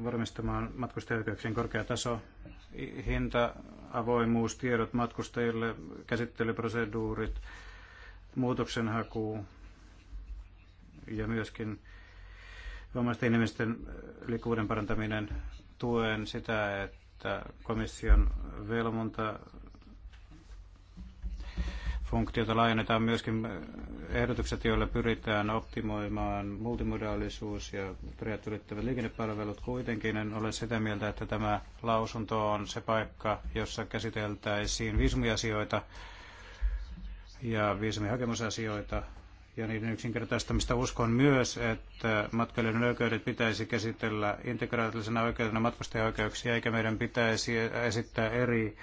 varmistamaan matkustajaoikeuksien korkea taso, hinta, avoimuus, tiedot matkustajille, käsittelyproseduurit, muutoksenhaku ja myöskin Vammaisten ihmisten liikkuvuuden parantaminen tuen sitä, että komission velmonta funktiota laajennetaan myöskin ehdotukset, joilla pyritään optimoimaan multimodaalisuus ja rajat ylittävät liikennepalvelut. Kuitenkin en ole sitä mieltä, että tämä lausunto on se paikka, jossa käsiteltäisiin viisumiasioita ja viisumihakemusasioita ja niiden yksinkertaistamista. Uskon myös, että matkailijoiden oikeudet pitäisi käsitellä integraatilisena oikeutena matkustajaoikeuksia, eikä meidän pitäisi esittää eri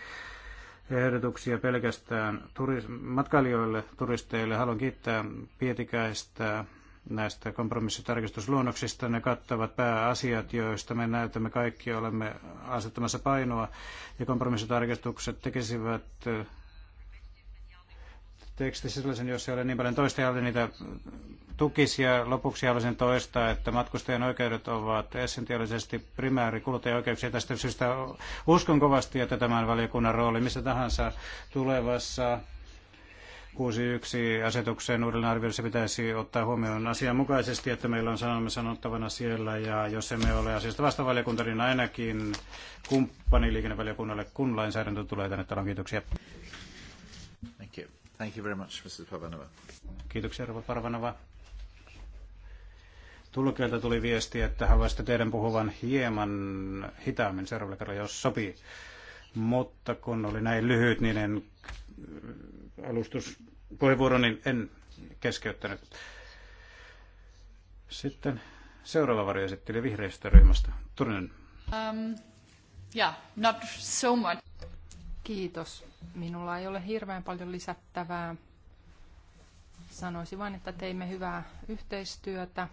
ehdotuksia pelkästään turis- matkailijoille, turisteille. Haluan kiittää Pietikäistä näistä kompromissitarkistusluonnoksista. Ne kattavat pääasiat, joista me näytämme kaikki olemme asettamassa painoa. Ja kompromissitarkistukset tekisivät tekstissä sellaisen, jos ei ole niin paljon toista, niitä tukisi. Ja lopuksi haluaisin toistaa, että matkustajan oikeudet ovat essentiaalisesti primääri kuluttajaoikeuksia. Tästä syystä uskon kovasti, että tämän valiokunnan rooli missä tahansa tulevassa 61 asetuksen arvioissa pitäisi ottaa huomioon asianmukaisesti, että meillä on sanomme sanottavana siellä ja jos emme ole asiasta vastavaliokunta, niin ainakin kumppani liikennevaliokunnalle, kun lainsäädäntö tulee tänne taloon. Kiitoksia. Thank you. Thank you very much, Mrs. Parvanova. Kiitoksia, Rova Parvanova. Tulkijoilta tuli viesti, että haluaisitte teidän puhuvan hieman hitaammin seuraavalla kerralla, jos sopii. Mutta kun oli näin lyhyt, niin en äh, alustuspuheenvuoro, niin en keskeyttänyt. Sitten seuraava esitteli vihreistä ryhmästä. Turunen. Um, yeah, not so much. Kiitos. Minulla ei ole hirveän paljon lisättävää. Sanoisin vain, että teimme hyvää yhteistyötä.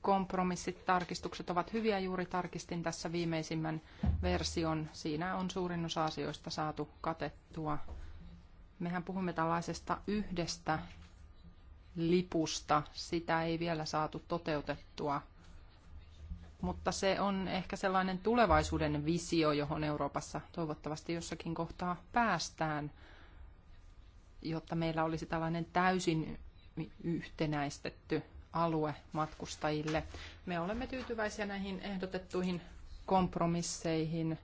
Kompromissit, tarkistukset ovat hyviä. Juuri tarkistin tässä viimeisimmän version. Siinä on suurin osa asioista saatu katettua. Mehän puhumme tällaisesta yhdestä lipusta. Sitä ei vielä saatu toteutettua mutta se on ehkä sellainen tulevaisuuden visio, johon Euroopassa toivottavasti jossakin kohtaa päästään, jotta meillä olisi tällainen täysin yhtenäistetty alue matkustajille. Me olemme tyytyväisiä näihin ehdotettuihin kompromisseihin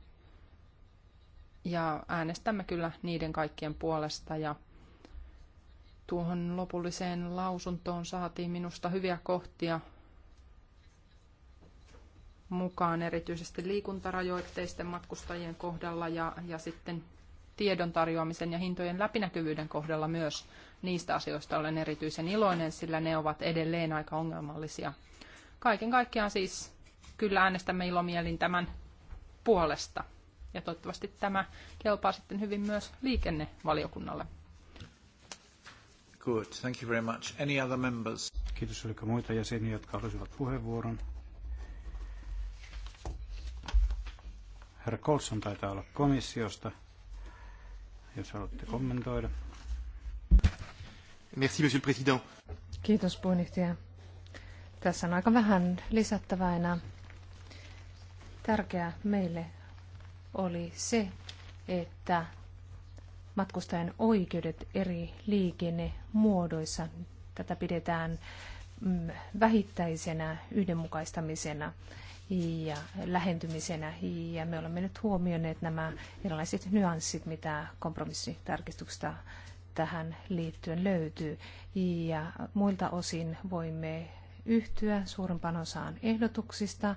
ja äänestämme kyllä niiden kaikkien puolesta ja tuohon lopulliseen lausuntoon saatiin minusta hyviä kohtia mukaan erityisesti liikuntarajoitteisten matkustajien kohdalla ja, ja sitten tiedon tarjoamisen ja hintojen läpinäkyvyyden kohdalla myös niistä asioista olen erityisen iloinen, sillä ne ovat edelleen aika ongelmallisia. Kaiken kaikkiaan siis kyllä äänestämme ilomielin tämän puolesta. Ja toivottavasti tämä kelpaa sitten hyvin myös liikennevaliokunnalle. Good. Thank you very much. Any other members? Kiitos. Oliko muita jäseniä, jotka haluaisivat puheenvuoron? Herra Colson taitaa olla komissiosta, jos haluatte kommentoida. Merci, monsieur le président. Kiitos puheenjohtaja. Tässä on aika vähän lisättävää enää. Tärkeää meille oli se, että matkustajan oikeudet eri liikennemuodoissa, tätä pidetään mm, vähittäisenä yhdenmukaistamisena ja lähentymisenä. Ja me olemme nyt huomioineet nämä erilaiset nyanssit, mitä kompromissitarkistuksesta tähän liittyen löytyy. Ja muilta osin voimme yhtyä suurimpaan osaan ehdotuksista.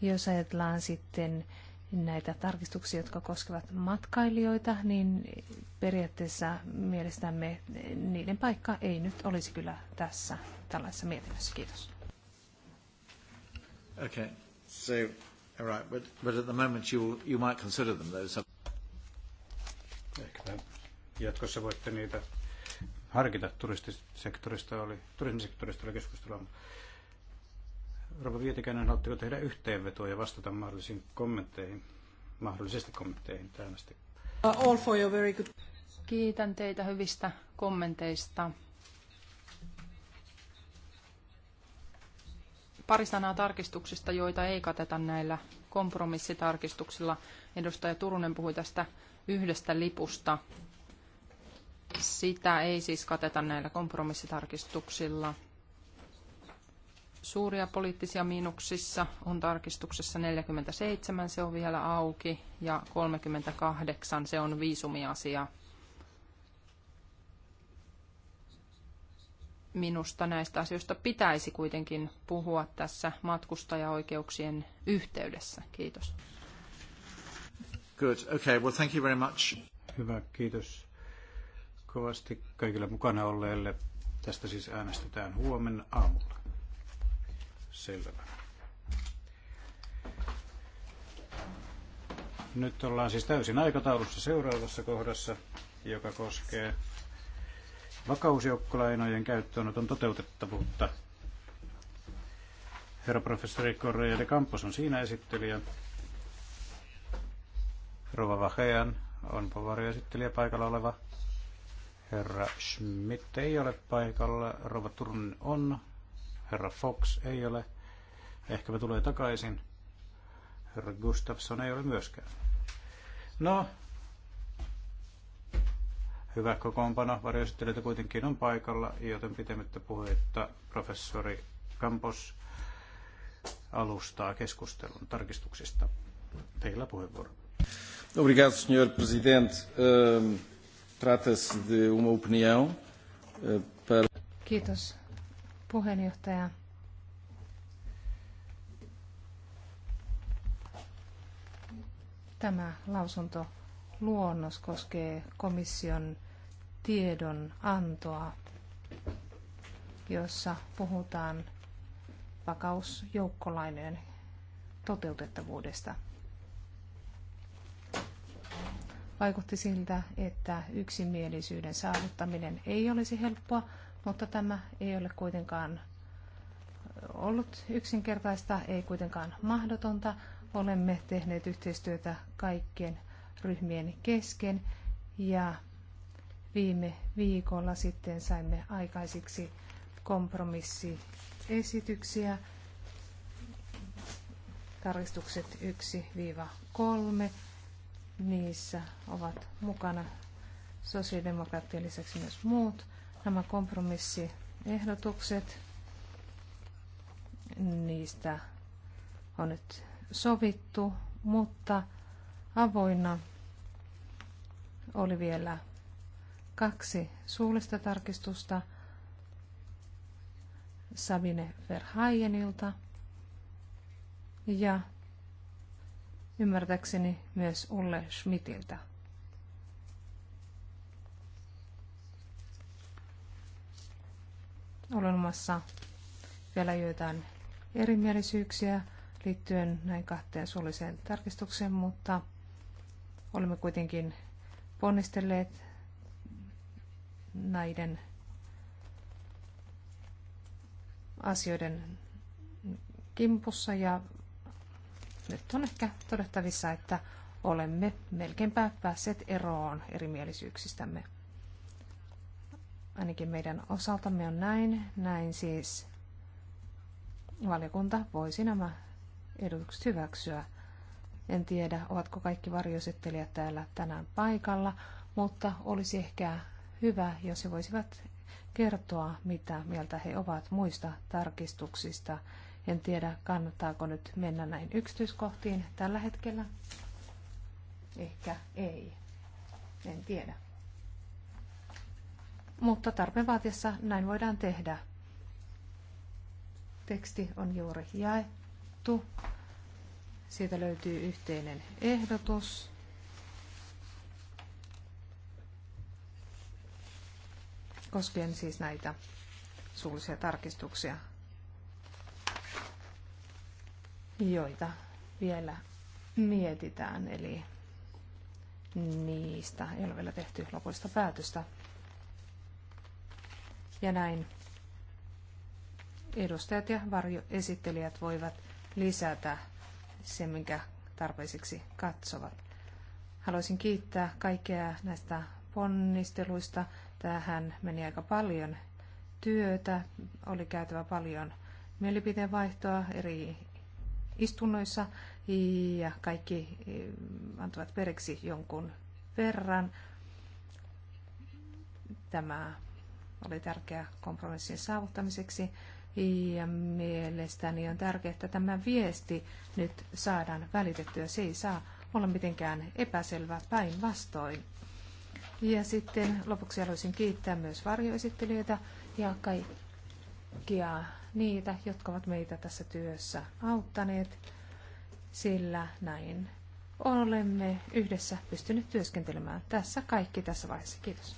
Jos ajatellaan sitten näitä tarkistuksia, jotka koskevat matkailijoita, niin periaatteessa mielestämme niiden paikka ei nyt olisi kyllä tässä tällaisessa mietinnössä. Kiitos. Okay. So, all right, but, but at the moment you, you might consider them those. Ehkä jatkossa voitte niitä harkita. Turistisektorista oli, turismisektorista oli keskustelua. Rova Vietikäinen, haluatteko tehdä yhteenvetoa ja vastata mahdollisiin kommentteihin, mahdollisesti kommentteihin tähän asti? Uh, all for your very good. Kiitän teitä hyvistä kommenteista. Pari sanaa tarkistuksista, joita ei kateta näillä kompromissitarkistuksilla. Edustaja Turunen puhui tästä yhdestä lipusta. Sitä ei siis kateta näillä kompromissitarkistuksilla. Suuria poliittisia miinuksissa on tarkistuksessa 47, se on vielä auki, ja 38, se on viisumiasia. minusta näistä asioista pitäisi kuitenkin puhua tässä matkustajaoikeuksien yhteydessä. Kiitos. Good. Okay. Well, thank you very much. Hyvä, kiitos kovasti kaikille mukana olleille. Tästä siis äänestetään huomenna aamulla. Selvä. Nyt ollaan siis täysin aikataulussa seuraavassa kohdassa, joka koskee Vakausjoukkolainojen käyttöönoton toteutettavuutta. Herra professori Correa de Campos on siinä esittelijä. Rova Vahean on varjoesittelijä paikalla oleva. Herra Schmidt ei ole paikalla. Rova Turun on. Herra Fox ei ole. Ehkä me tulee takaisin. Herra Gustafsson ei ole myöskään. No, Hyvä kokoonpano varjoesittelijöitä kuitenkin on paikalla, joten pitemmittä puheitta professori Campos alustaa keskustelun tarkistuksista. Teillä puheenvuoro. Obrigado, senhor presidente. Um, Trata-se de uma opinião eh, para... Kiitos, puheenjohtaja. Tämä lausunto luonnos koskee komission tiedon antoa, jossa puhutaan vakausjoukkolainojen toteutettavuudesta. Vaikutti siltä, että yksimielisyyden saavuttaminen ei olisi helppoa, mutta tämä ei ole kuitenkaan ollut yksinkertaista, ei kuitenkaan mahdotonta. Olemme tehneet yhteistyötä kaikkien ryhmien kesken ja Viime viikolla sitten saimme aikaisiksi kompromissiesityksiä. Tarkistukset 1-3. Niissä ovat mukana sosiaalidemokraattien lisäksi myös muut. Nämä kompromissiehdotukset, niistä on nyt sovittu, mutta avoinna oli vielä kaksi suullista tarkistusta Sabine Verhaienilta ja ymmärtäkseni myös Ulle Schmidtiltä. olemassa vielä joitain erimielisyyksiä liittyen näin kahteen suulliseen tarkistukseen, mutta olemme kuitenkin ponnistelleet näiden asioiden kimpussa ja nyt on ehkä todettavissa, että olemme melkeinpä päässeet eroon erimielisyyksistämme. Ainakin meidän osaltamme on näin. Näin siis valiokunta voisi nämä ehdotukset hyväksyä. En tiedä, ovatko kaikki varjoesittelijät täällä tänään paikalla, mutta olisi ehkä hyvä, jos he voisivat kertoa, mitä mieltä he ovat muista tarkistuksista. En tiedä, kannattaako nyt mennä näin yksityiskohtiin tällä hetkellä. Ehkä ei. En tiedä. Mutta tarpeen vaatiessa näin voidaan tehdä. Teksti on juuri jaettu. Siitä löytyy yhteinen ehdotus. koskien siis näitä suullisia tarkistuksia, joita vielä mietitään, eli niistä ei ole vielä tehty lopullista päätöstä. Ja näin edustajat ja varjoesittelijät voivat lisätä se, minkä tarpeisiksi katsovat. Haluaisin kiittää kaikkea näistä ponnisteluista Tähän meni aika paljon työtä, oli käytävä paljon mielipiteenvaihtoa eri istunnoissa ja kaikki eh, antavat periksi jonkun verran. Tämä oli tärkeä kompromissin saavuttamiseksi ja mielestäni on tärkeää, että tämä viesti nyt saadaan välitettyä. Se ei saa olla mitenkään epäselvä päinvastoin. Ja sitten lopuksi haluaisin kiittää myös varjoesittelijöitä ja kaikkia niitä, jotka ovat meitä tässä työssä auttaneet, sillä näin olemme yhdessä pystyneet työskentelemään. Tässä kaikki tässä vaiheessa. Kiitos.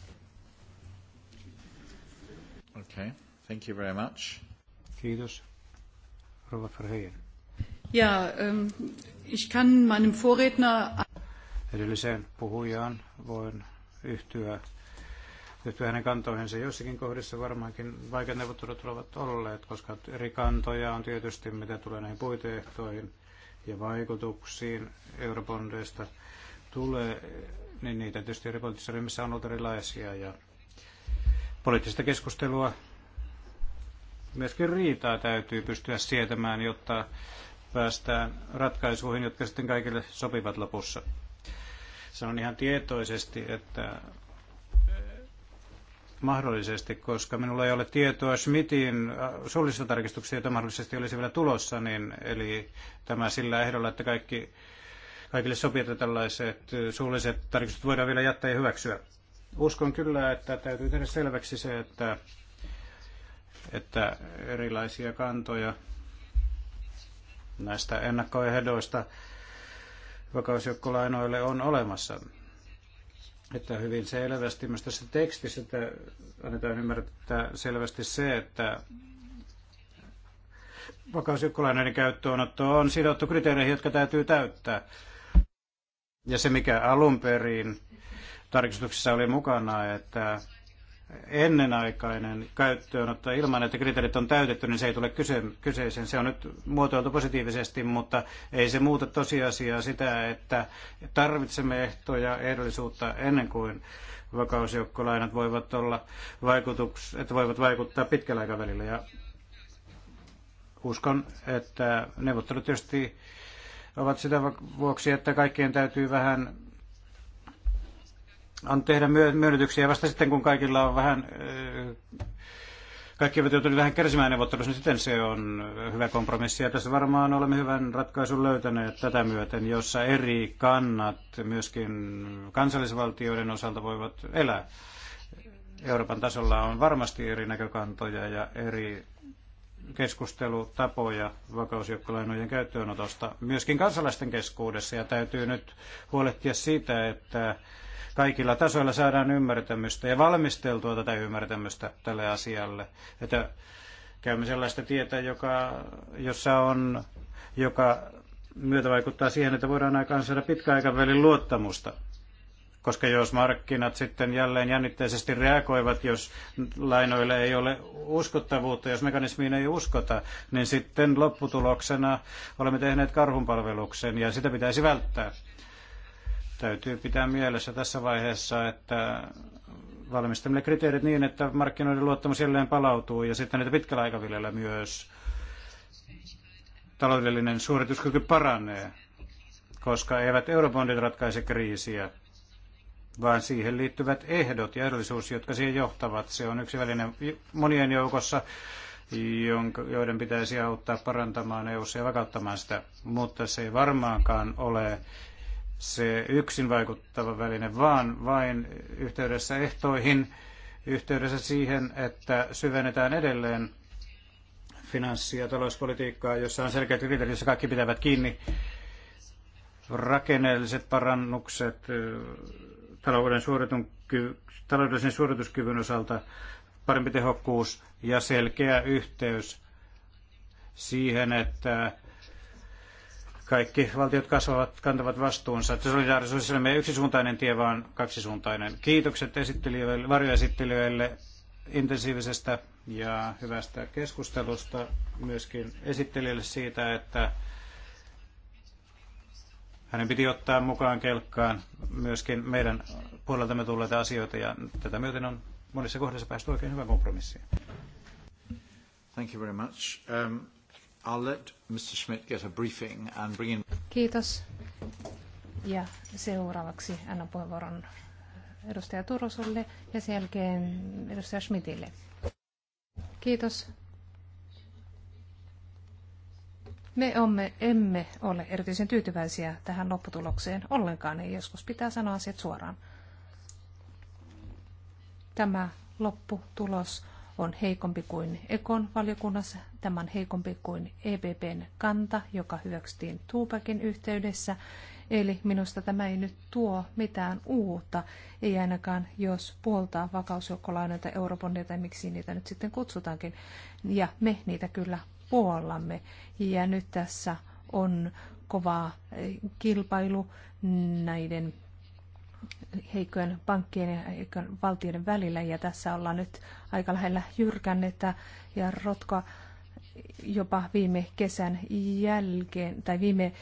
Okay. Thank you very much. Kiitos. Rova Ferheyen. Ja, um, ich kann meinem Vorredner... Edelliseen puhujaan voin yhtyä, yhtyä hänen kantoihinsa. Jossakin kohdissa varmaankin vaikeat neuvottelut ovat olleet, koska eri kantoja on tietysti, mitä tulee näihin puiteehtoihin ja vaikutuksiin eurobondeista tulee, niin niitä tietysti eri poliittisissa ryhmissä on ollut erilaisia ja poliittista keskustelua myöskin riitaa täytyy pystyä sietämään, jotta päästään ratkaisuihin, jotka sitten kaikille sopivat lopussa. Se on ihan tietoisesti, että eh, mahdollisesti, koska minulla ei ole tietoa Schmidtin eh, suullisista tarkistuksista, joita mahdollisesti olisi vielä tulossa, niin, eli tämä sillä ehdolla, että kaikki, kaikille sopii, että tällaiset eh, suulliset tarkistukset voidaan vielä jättää ja hyväksyä. Uskon kyllä, että täytyy tehdä selväksi se, että, että erilaisia kantoja näistä ennakkoehdoista vakausjoukkolainoille on olemassa. Että hyvin selvästi myös tässä tekstissä että annetaan ymmärtää selvästi se, että vakausjoukkolainoiden käyttöönotto on sidottu kriteereihin, jotka täytyy täyttää. Ja se, mikä alun perin tarkistuksessa oli mukana, että ennenaikainen käyttöönotto ilman, että kriteerit on täytetty, niin se ei tule kyse, kyseeseen. Se on nyt muotoiltu positiivisesti, mutta ei se muuta tosiasiaa sitä, että tarvitsemme ehtoja ehdollisuutta ennen kuin vakausjoukkolainat voivat olla vaikutuks, että voivat vaikuttaa pitkällä aikavälillä. Ja uskon, että neuvottelut tietysti ovat sitä vuoksi, että kaikkien täytyy vähän on tehdä myönnytyksiä vasta sitten, kun kaikilla on vähän, kaikki ovat joutuneet vähän kärsimään neuvottelussa, niin sitten se on hyvä kompromissi. Ja tässä varmaan olemme hyvän ratkaisun löytäneet tätä myöten, jossa eri kannat myöskin kansallisvaltioiden osalta voivat elää. Euroopan tasolla on varmasti eri näkökantoja ja eri keskustelutapoja vakausjoukkolainojen käyttöönotosta myöskin kansalaisten keskuudessa ja täytyy nyt huolehtia siitä, että kaikilla tasoilla saadaan ymmärtämystä ja valmisteltua tätä ymmärtämystä tälle asialle. Että käymme sellaista tietä, joka, jossa on, joka myötä vaikuttaa siihen, että voidaan aikaan saada pitkäaikavälin luottamusta. Koska jos markkinat sitten jälleen jännitteisesti reagoivat, jos lainoille ei ole uskottavuutta, jos mekanismiin ei uskota, niin sitten lopputuloksena olemme tehneet karhunpalveluksen ja sitä pitäisi välttää. Täytyy pitää mielessä tässä vaiheessa, että valmistamme kriteerit niin, että markkinoiden luottamus jälleen palautuu ja sitten niitä pitkällä aikavälillä myös taloudellinen suorituskyky paranee, koska eivät eurobondit ratkaise kriisiä, vaan siihen liittyvät ehdot ja ehdollisuus, jotka siihen johtavat. Se on yksi väline monien joukossa, joiden pitäisi auttaa parantamaan eu ja vakauttamaan sitä, mutta se ei varmaankaan ole se yksin vaikuttava väline, vaan vain yhteydessä ehtoihin, yhteydessä siihen, että syvennetään edelleen finanssi- ja talouspolitiikkaa, jossa on selkeät kriteerit, jossa kaikki pitävät kiinni rakenneelliset parannukset talouden suoritun, taloudellisen suorituskyvyn osalta, parempi tehokkuus ja selkeä yhteys siihen, että kaikki valtiot kasvavat, kantavat vastuunsa. Solidaarisuus ei ole yksisuuntainen tie, vaan kaksisuuntainen. Kiitokset esittelijöille, varjoesittelijöille intensiivisestä ja hyvästä keskustelusta. Myöskin esittelijälle siitä, että hänen piti ottaa mukaan kelkkaan myöskin meidän puoleltamme tulleita asioita ja tätä myöten on monissa kohdissa päästy oikein hyvään kompromissiin. Thank you very much. Um... I'll let Mr. Schmidt get a briefing and bring in... Kiitos. Ja seuraavaksi annan puheenvuoron edustaja Turosolle ja sen jälkeen edustaja Schmidtille. Kiitos. Me omme, emme ole erityisen tyytyväisiä tähän lopputulokseen ollenkaan, ei joskus pitää sanoa asiat suoraan. Tämä lopputulos on heikompi kuin Ekon valiokunnassa. Tämä on heikompi kuin EPPn kanta, joka hyväksyttiin Tuupakin yhteydessä. Eli minusta tämä ei nyt tuo mitään uutta, ei ainakaan jos puoltaa vakausjoukkolainoita, eurobondeja tai miksi niitä nyt sitten kutsutaankin. Ja me niitä kyllä puollamme. Ja nyt tässä on kova kilpailu näiden heikkojen pankkien ja heikkojen valtioiden välillä. Ja tässä ollaan nyt aika lähellä jyrkännettä ja rotkoa jopa viime kesän jälkeen tai viime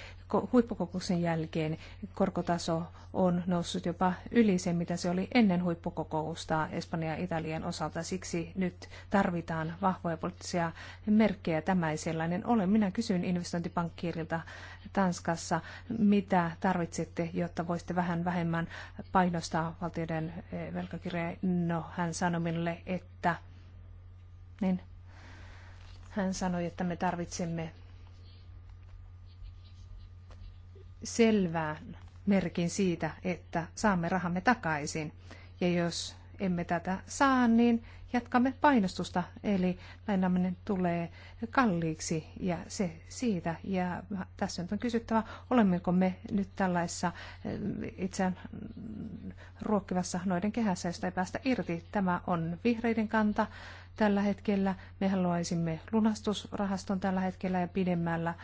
huippukokouksen jälkeen korkotaso on noussut jopa yli sen, mitä se oli ennen huippukokousta Espanjan ja Italian osalta. Siksi nyt tarvitaan vahvoja poliittisia merkkejä. Tämä ei sellainen ole. Minä kysyn investointipankkiirilta Tanskassa, mitä tarvitsette, jotta voisitte vähän vähemmän painostaa valtioiden eh, velkakirjoja. No, hän sanoi minulle, että... Niin. Hän sanoi, että me tarvitsemme selvään merkin siitä, että saamme rahamme takaisin. Ja jos emme tätä saa, niin jatkamme painostusta, eli lainaaminen tulee kalliiksi ja se siitä. Ja tässä nyt on kysyttävä, olemmeko me nyt tällaisessa eh, itseään ruokkivassa noiden kehässä, josta ei päästä irti. Tämä on vihreiden kanta tällä hetkellä. Me haluaisimme lunastusrahaston tällä hetkellä ja pidemmällä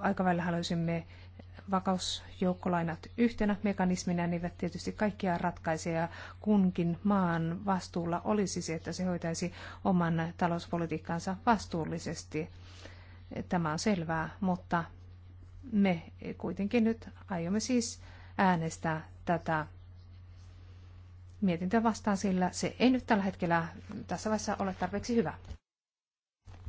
aikavälillä haluaisimme vakausjoukkolainat yhtenä mekanismina, niin eivät tietysti kaikkia ratkaisee ja kunkin maan vastuulla olisi se, että se hoitaisi oman talouspolitiikkansa vastuullisesti. Tämä on selvää, mutta me kuitenkin nyt aiomme siis äänestää tätä mietintöä vastaan, sillä se ei nyt tällä hetkellä tässä vaiheessa ole tarpeeksi hyvä.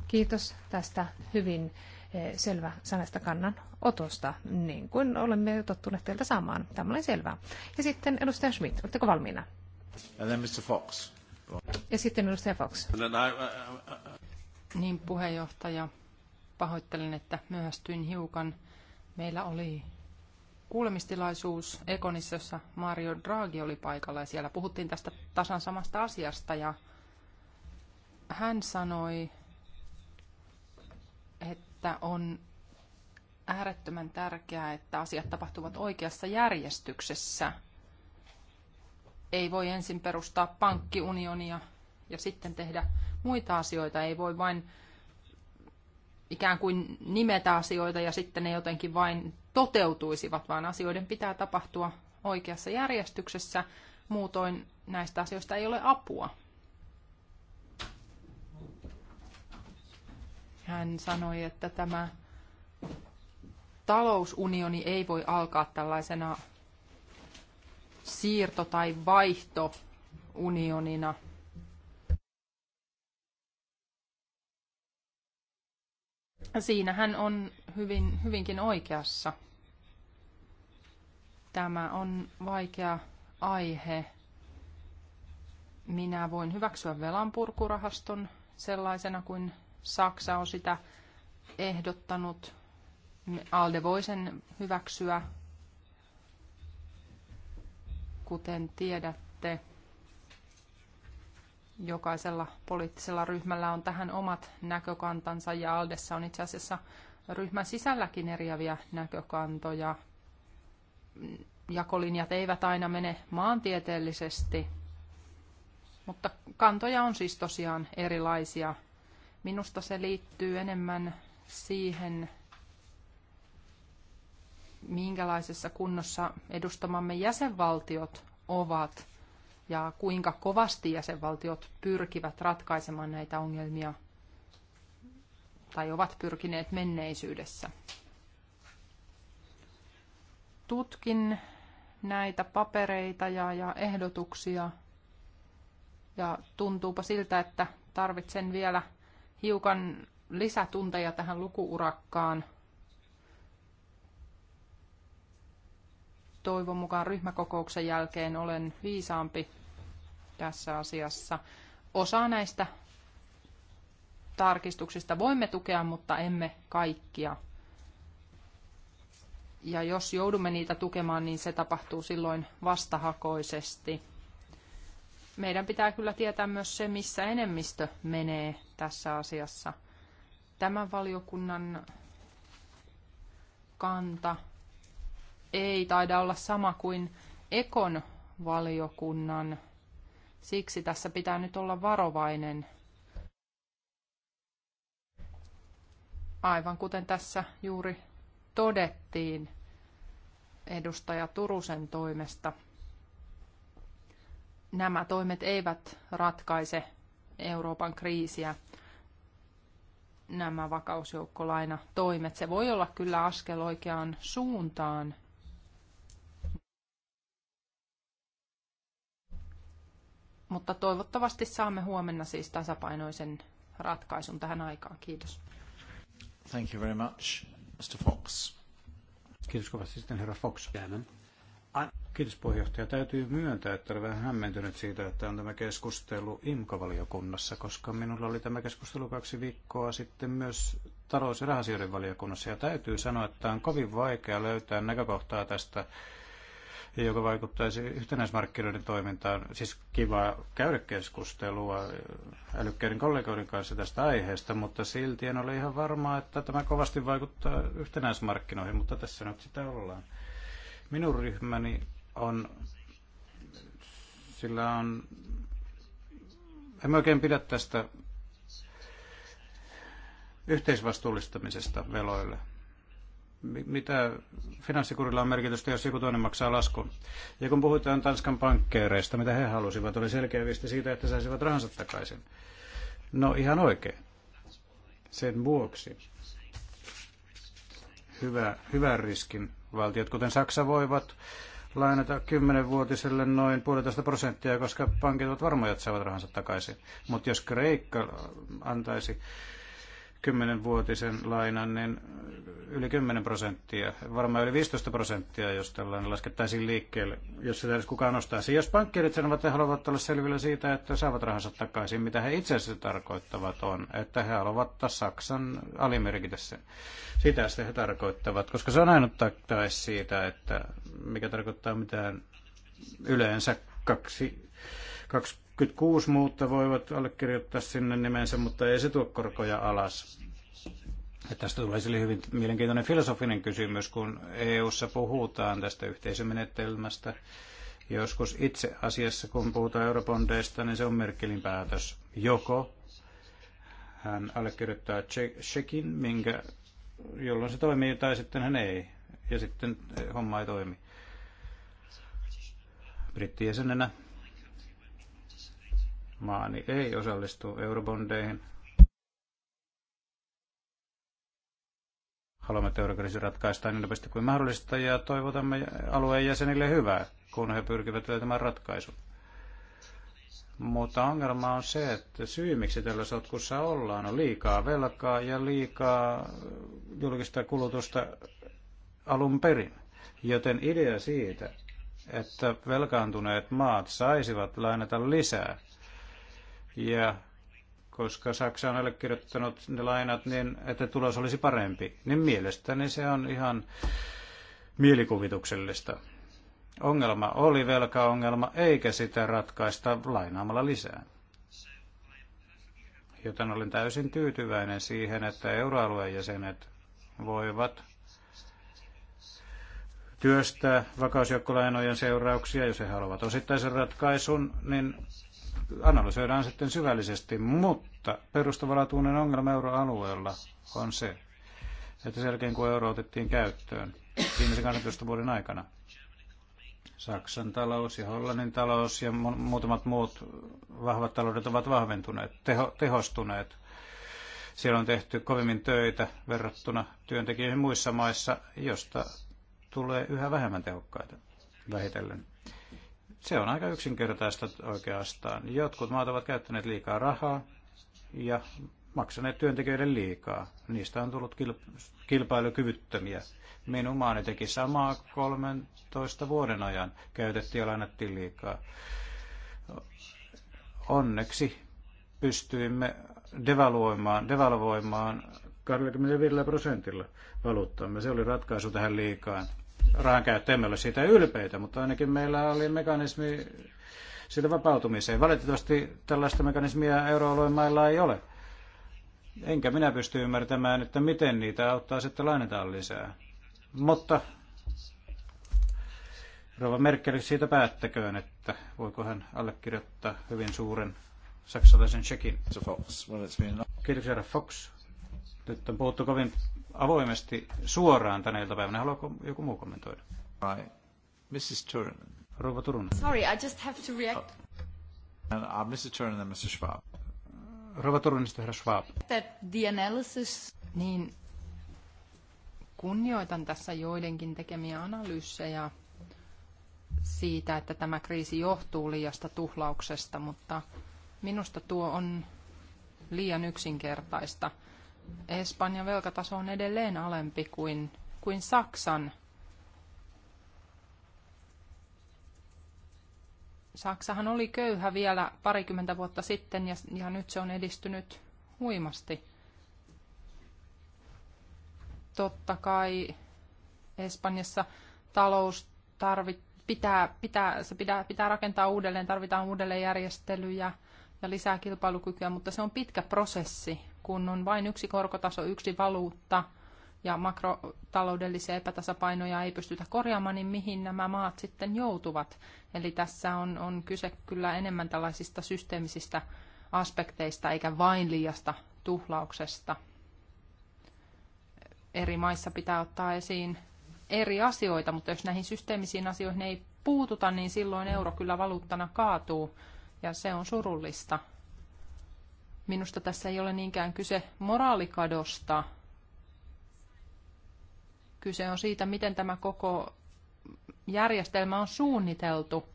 Kiitos tästä hyvin E, selvä sanasta kannan otosta, niin kuin olemme tottuneet teiltä saamaan. Tämä oli selvää. Ja sitten edustaja Schmidt, oletteko valmiina? And then Mr. Fox. Ja sitten edustaja Fox. Niin puheenjohtaja, pahoittelen, että myöhästyin hiukan. Meillä oli kuulemistilaisuus Ekonissa, jossa Mario Draghi oli paikalla ja siellä puhuttiin tästä tasan samasta asiasta ja hän sanoi että on äärettömän tärkeää, että asiat tapahtuvat oikeassa järjestyksessä. Ei voi ensin perustaa pankkiunionia ja sitten tehdä muita asioita. Ei voi vain ikään kuin nimetä asioita ja sitten ne jotenkin vain toteutuisivat, vaan asioiden pitää tapahtua oikeassa järjestyksessä. Muutoin näistä asioista ei ole apua. Hän sanoi, että tämä talousunioni ei voi alkaa tällaisena siirto- tai vaihtounionina. Siinä hän on hyvin, hyvinkin oikeassa. Tämä on vaikea aihe. Minä voin hyväksyä velanpurkurahaston sellaisena kuin Saksa on sitä ehdottanut. Niin Alde voi sen hyväksyä, kuten tiedätte. Jokaisella poliittisella ryhmällä on tähän omat näkökantansa ja Aldessa on itse asiassa ryhmän sisälläkin eriäviä näkökantoja. Jakolinjat eivät aina mene maantieteellisesti, mutta kantoja on siis tosiaan erilaisia Minusta se liittyy enemmän siihen, minkälaisessa kunnossa edustamamme jäsenvaltiot ovat ja kuinka kovasti jäsenvaltiot pyrkivät ratkaisemaan näitä ongelmia tai ovat pyrkineet menneisyydessä. Tutkin näitä papereita ja, ja ehdotuksia ja tuntuupa siltä, että tarvitsen vielä hiukan lisätunteja tähän lukuurakkaan. Toivon mukaan ryhmäkokouksen jälkeen olen viisaampi tässä asiassa. Osa näistä tarkistuksista voimme tukea, mutta emme kaikkia. Ja jos joudumme niitä tukemaan, niin se tapahtuu silloin vastahakoisesti meidän pitää kyllä tietää myös se, missä enemmistö menee tässä asiassa. Tämän valiokunnan kanta ei taida olla sama kuin Ekon valiokunnan. Siksi tässä pitää nyt olla varovainen. Aivan kuten tässä juuri todettiin edustaja Turusen toimesta nämä toimet eivät ratkaise Euroopan kriisiä, nämä vakausjoukkolaina toimet. Se voi olla kyllä askel oikeaan suuntaan. Mutta toivottavasti saamme huomenna siis tasapainoisen ratkaisun tähän aikaan. Kiitos. Thank you very much, Mr. Fox. Kiitos kovasti sitten herra Fox. Jäämän. Kiitos puheenjohtaja. Täytyy myöntää, että olen vähän hämmentynyt siitä, että on tämä keskustelu IMKA-valiokunnassa, koska minulla oli tämä keskustelu kaksi viikkoa sitten myös talous- ja rahasioiden valiokunnassa. Ja täytyy sanoa, että on kovin vaikea löytää näkökohtaa tästä, joka vaikuttaisi yhtenäismarkkinoiden toimintaan. Siis kiva käydä keskustelua älykkäiden kollegoiden kanssa tästä aiheesta, mutta silti en ole ihan varma, että tämä kovasti vaikuttaa yhtenäismarkkinoihin, mutta tässä nyt sitä ollaan. Minun ryhmäni on, sillä on, en oikein pidä tästä yhteisvastuullistamisesta veloille. Mitä finanssikurilla on merkitystä, jos joku toinen maksaa laskun? Ja kun puhutaan Tanskan pankkeereista, mitä he halusivat, oli selkeä viesti siitä, että saisivat rahansa takaisin. No ihan oikein. Sen vuoksi hyvä, hyvän riskin Valtiot, kuten Saksa, voivat lainata kymmenenvuotiselle noin puolitoista prosenttia, koska pankit ovat varmoja, että saavat rahansa takaisin. Mutta jos Kreikka antaisi kymmenenvuotisen vuotisen lainan, niin yli 10 prosenttia, varmaan yli 15 prosenttia, jos tällainen laskettaisiin liikkeelle, jos sitä edes kukaan ostaisi. Jos pankkirit sanovat, että he haluavat olla selvillä siitä, että saavat rahansa takaisin, mitä he itse asiassa tarkoittavat on, että he haluavat ottaa Saksan alimerkitä sen. Sitä sitten he tarkoittavat, koska se on ainut tae siitä, että mikä tarkoittaa mitään yleensä kaksi, kaksi 26 muutta voivat allekirjoittaa sinne nimensä, mutta ei se tuo korkoja alas. Ja tästä tulee sille hyvin mielenkiintoinen filosofinen kysymys, kun EU-ssa puhutaan tästä yhteisömenetelmästä. Joskus itse asiassa, kun puhutaan eurobondeista, niin se on Merkelin päätös. Joko hän allekirjoittaa checkin, minkä, jolloin se toimii, tai sitten hän ei. Ja sitten homma ei toimi brittijäsenenä maani ei osallistu eurobondeihin. Haluamme, että eurokriisi ratkaistaan niin nopeasti kuin mahdollista ja toivotamme alueen jäsenille hyvää, kun he pyrkivät löytämään ratkaisun. Mutta ongelma on se, että syy miksi tällä sotkussa ollaan on liikaa velkaa ja liikaa julkista kulutusta alun perin. Joten idea siitä, että velkaantuneet maat saisivat lainata lisää ja koska Saksa on allekirjoittanut ne lainat, niin että tulos olisi parempi, niin mielestäni se on ihan mielikuvituksellista. Ongelma oli velkaongelma, eikä sitä ratkaista lainaamalla lisää. Joten olen täysin tyytyväinen siihen, että euroalueen jäsenet voivat työstää vakausjoukkolainojen seurauksia, jos he haluavat osittaisen ratkaisun, niin analysoidaan sitten syvällisesti, mutta perustavanlaatuinen ongelma euroalueella on se, että sen jälkeen kun euro otettiin käyttöön viimeisen 12 vuoden aikana, Saksan talous ja Hollannin talous ja muutamat muut vahvat taloudet ovat vahventuneet, teho, tehostuneet. Siellä on tehty kovimmin töitä verrattuna työntekijöihin muissa maissa, josta tulee yhä vähemmän tehokkaita vähitellen. Se on aika yksinkertaista oikeastaan. Jotkut maat ovat käyttäneet liikaa rahaa ja maksaneet työntekijöiden liikaa. Niistä on tullut kilpailukyvyttömiä. Minun maani teki samaa 13 vuoden ajan. Käytettiin ja lainattiin liikaa. Onneksi pystyimme devaluoimaan, devalvoimaan 25 prosentilla valuuttamme. Se oli ratkaisu tähän liikaan rahankäyttö. Emme ole siitä ylpeitä, mutta ainakin meillä oli mekanismi siitä vapautumiseen. Valitettavasti tällaista mekanismia euroalueen mailla ei ole. Enkä minä pysty ymmärtämään, että miten niitä auttaa sitten lainataan lisää. Mutta Rova Merkel siitä päättäköön, että voiko hän allekirjoittaa hyvin suuren saksalaisen shekin. Kiitoksia, Fox. Nyt on puhuttu kovin avoimesti suoraan tänä iltapäivänä. Haluaako joku muu kommentoida? Right. Mrs. Turunen. Rouva Turunen. Sorry, I just have to react. And, uh, uh, uh Mr. Turunen and Mr. Schwab. Rouva Turunen, sitten herra Schwab. That the analysis... Niin, kunnioitan tässä joidenkin tekemiä analyysejä siitä, että tämä kriisi johtuu liiasta tuhlauksesta, mutta minusta tuo on liian yksinkertaista – Espanjan velkataso on edelleen alempi kuin, kuin Saksan. Saksahan oli köyhä vielä parikymmentä vuotta sitten ja, ja nyt se on edistynyt huimasti. Totta kai Espanjassa talous tarvit, pitää, pitää, se pitää, pitää rakentaa uudelleen, tarvitaan uudelleenjärjestelyjä ja lisää kilpailukykyä, mutta se on pitkä prosessi kun on vain yksi korkotaso, yksi valuutta ja makrotaloudellisia epätasapainoja ei pystytä korjaamaan, niin mihin nämä maat sitten joutuvat? Eli tässä on, on kyse kyllä enemmän tällaisista systeemisistä aspekteista eikä vain liiasta tuhlauksesta. Eri maissa pitää ottaa esiin eri asioita, mutta jos näihin systeemisiin asioihin ei puututa, niin silloin euro kyllä valuuttana kaatuu ja se on surullista. Minusta tässä ei ole niinkään kyse moraalikadosta. Kyse on siitä, miten tämä koko järjestelmä on suunniteltu.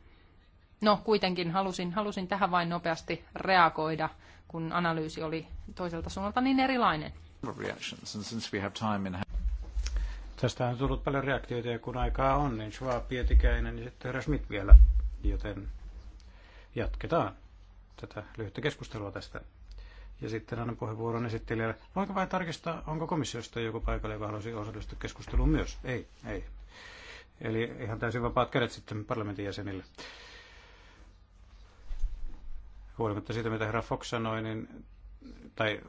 No kuitenkin halusin, halusin tähän vain nopeasti reagoida, kun analyysi oli toiselta suunnalta niin erilainen. Tästä on tullut paljon reaktioita ja kun aikaa on, niin Schwab, Pietikäinen ja sitten herra Schmidt vielä, joten jatketaan tätä lyhyttä keskustelua tästä. Ja sitten annan puheenvuoron esittelijälle. Voinko vain tarkistaa, onko komissiosta joku paikalla, joka haluaisi osallistua keskusteluun myös? Ei, ei. Eli ihan täysin vapaat kädet sitten parlamentin jäsenille. Huolimatta siitä, mitä herra Fox sanoi, niin, tai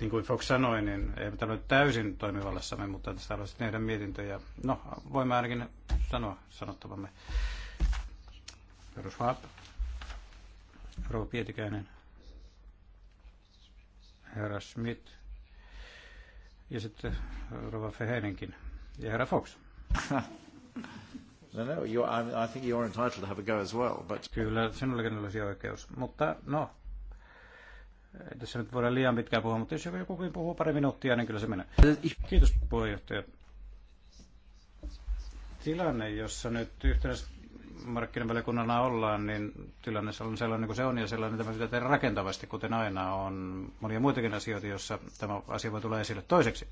niin kuin Fox sanoi, niin ei tämä ole täysin toimivallassamme, mutta tästä haluaisin tehdä mietintöjä. No, voimme ainakin sanoa sanottavamme. Perusvaat. Rouva Pietikäinen herra Schmidt ja sitten Rova Feheinenkin ja herra Fox. No, no, you, I, I think you're entitled to have a go as well, but... Kyllä, sinullakin olisi oikeus, mutta no, ei tässä nyt voidaan liian pitkään puhua, mutta jos joku puhuu pari minuuttia, niin kyllä se menee. Kiitos puheenjohtaja. Tilanne, jossa nyt yhtenäis markkinavaliokunnana ollaan, niin tilanne on sellainen kuin se on ja sellainen tämä pitää tehdä rakentavasti, kuten aina on monia muitakin asioita, joissa tämä asia voi tulla esille toiseksi.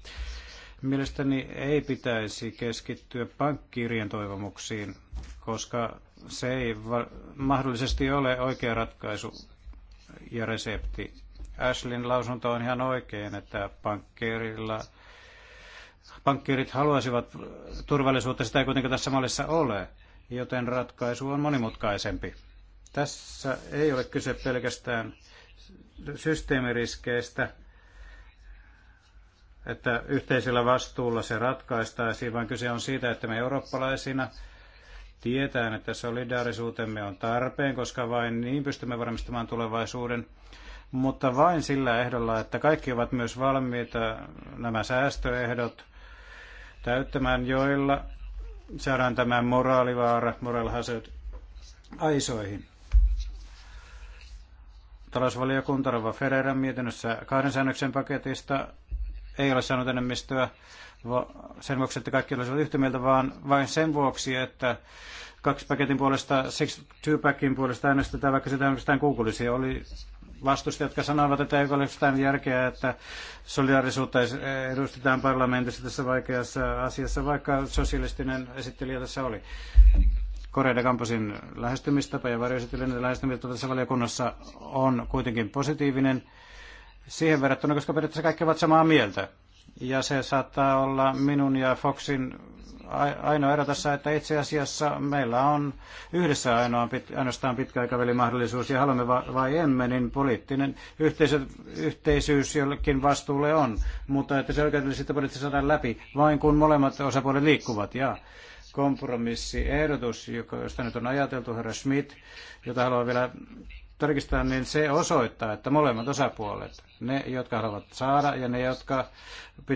Mielestäni ei pitäisi keskittyä pankkiirien toivomuksiin, koska se ei mahdollisesti ole oikea ratkaisu ja resepti. Ashlin lausunto on ihan oikein, että pankkiirilla pankkiirit haluaisivat turvallisuutta, sitä ei kuitenkaan tässä mallissa ole joten ratkaisu on monimutkaisempi. Tässä ei ole kyse pelkästään systeemiriskeistä, että yhteisellä vastuulla se ratkaistaisiin, vaan kyse on siitä, että me eurooppalaisina tietään, että solidaarisuutemme on tarpeen, koska vain niin pystymme varmistamaan tulevaisuuden, mutta vain sillä ehdolla, että kaikki ovat myös valmiita nämä säästöehdot täyttämään, joilla saadaan tämä moraalivaara, moral hazard, aisoihin. Talousvaliokunta Rova Ferreran mietinnössä kahden säännöksen paketista ei ole saanut enemmistöä sen vuoksi, että kaikki olisivat yhtä mieltä, vaan vain sen vuoksi, että kaksi paketin puolesta, six two packin puolesta äänestetään, vaikka sitä äänestetään Googleissa. Oli vastustajat, jotka sanoivat, että ei ole sitä järkeä, että solidaarisuutta edustetaan parlamentissa tässä vaikeassa asiassa, vaikka sosialistinen esittelijä tässä oli. Korea de Camposin lähestymistapa ja varjoesittelijän lähestymistapa tässä valiokunnassa on kuitenkin positiivinen siihen verrattuna, koska periaatteessa kaikki ovat samaa mieltä. Ja se saattaa olla minun ja Foxin ainoa ero tässä, että itse asiassa meillä on yhdessä ainoa, ainoastaan pitkäaikavälin mahdollisuus ja haluamme vai emme, niin poliittinen yhteisö, yhteisyys jollekin vastuulle on, mutta että se oikeudellisesti poliittisesti saadaan läpi vain kun molemmat osapuolet liikkuvat ja kompromissiehdotus, josta nyt on ajateltu, herra Schmidt, jota haluan vielä tarkistetaan, niin se osoittaa, että molemmat osapuolet, ne jotka haluavat saada ja ne, jotka,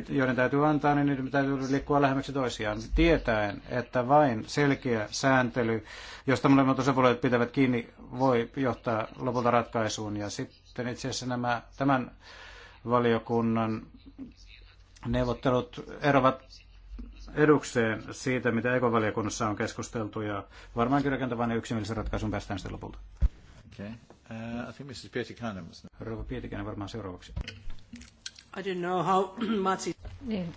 joiden täytyy antaa, niin niiden täytyy liikkua lähemmäksi toisiaan, tietäen, että vain selkeä sääntely, josta molemmat osapuolet pitävät kiinni, voi johtaa lopulta ratkaisuun. Ja sitten itse asiassa nämä, tämän valiokunnan neuvottelut erovat edukseen siitä, mitä ekovaliokunnassa on keskusteltu ja varmaankin rakentavan ja yksimielisen ratkaisun päästään sitten lopulta. Okay. Uh, I think Mrs. was... Rouva varmaan seuraavaksi. I don't know how much it... Niin.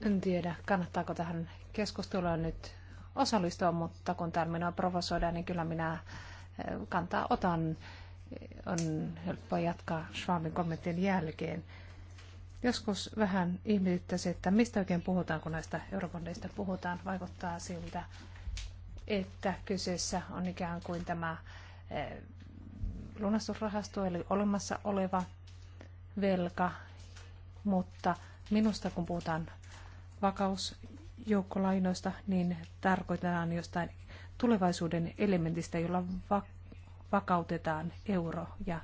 En tiedä, kannattaako tähän keskusteluun nyt osallistua, mutta kun täällä minua provosoidaan, niin kyllä minä eh, kantaa otan. On helppo jatkaa Schwabin kommenttien jälkeen. Joskus vähän ihmetyttäisi, että mistä oikein puhutaan, kun näistä eurobondeista puhutaan. Vaikuttaa siltä, että kyseessä on ikään kuin tämä eh, lunastusrahasto, eli olemassa oleva velka, mutta minusta kun puhutaan vakausjoukkolainoista, niin tarkoitetaan jostain tulevaisuuden elementistä, jolla vakautetaan euro ja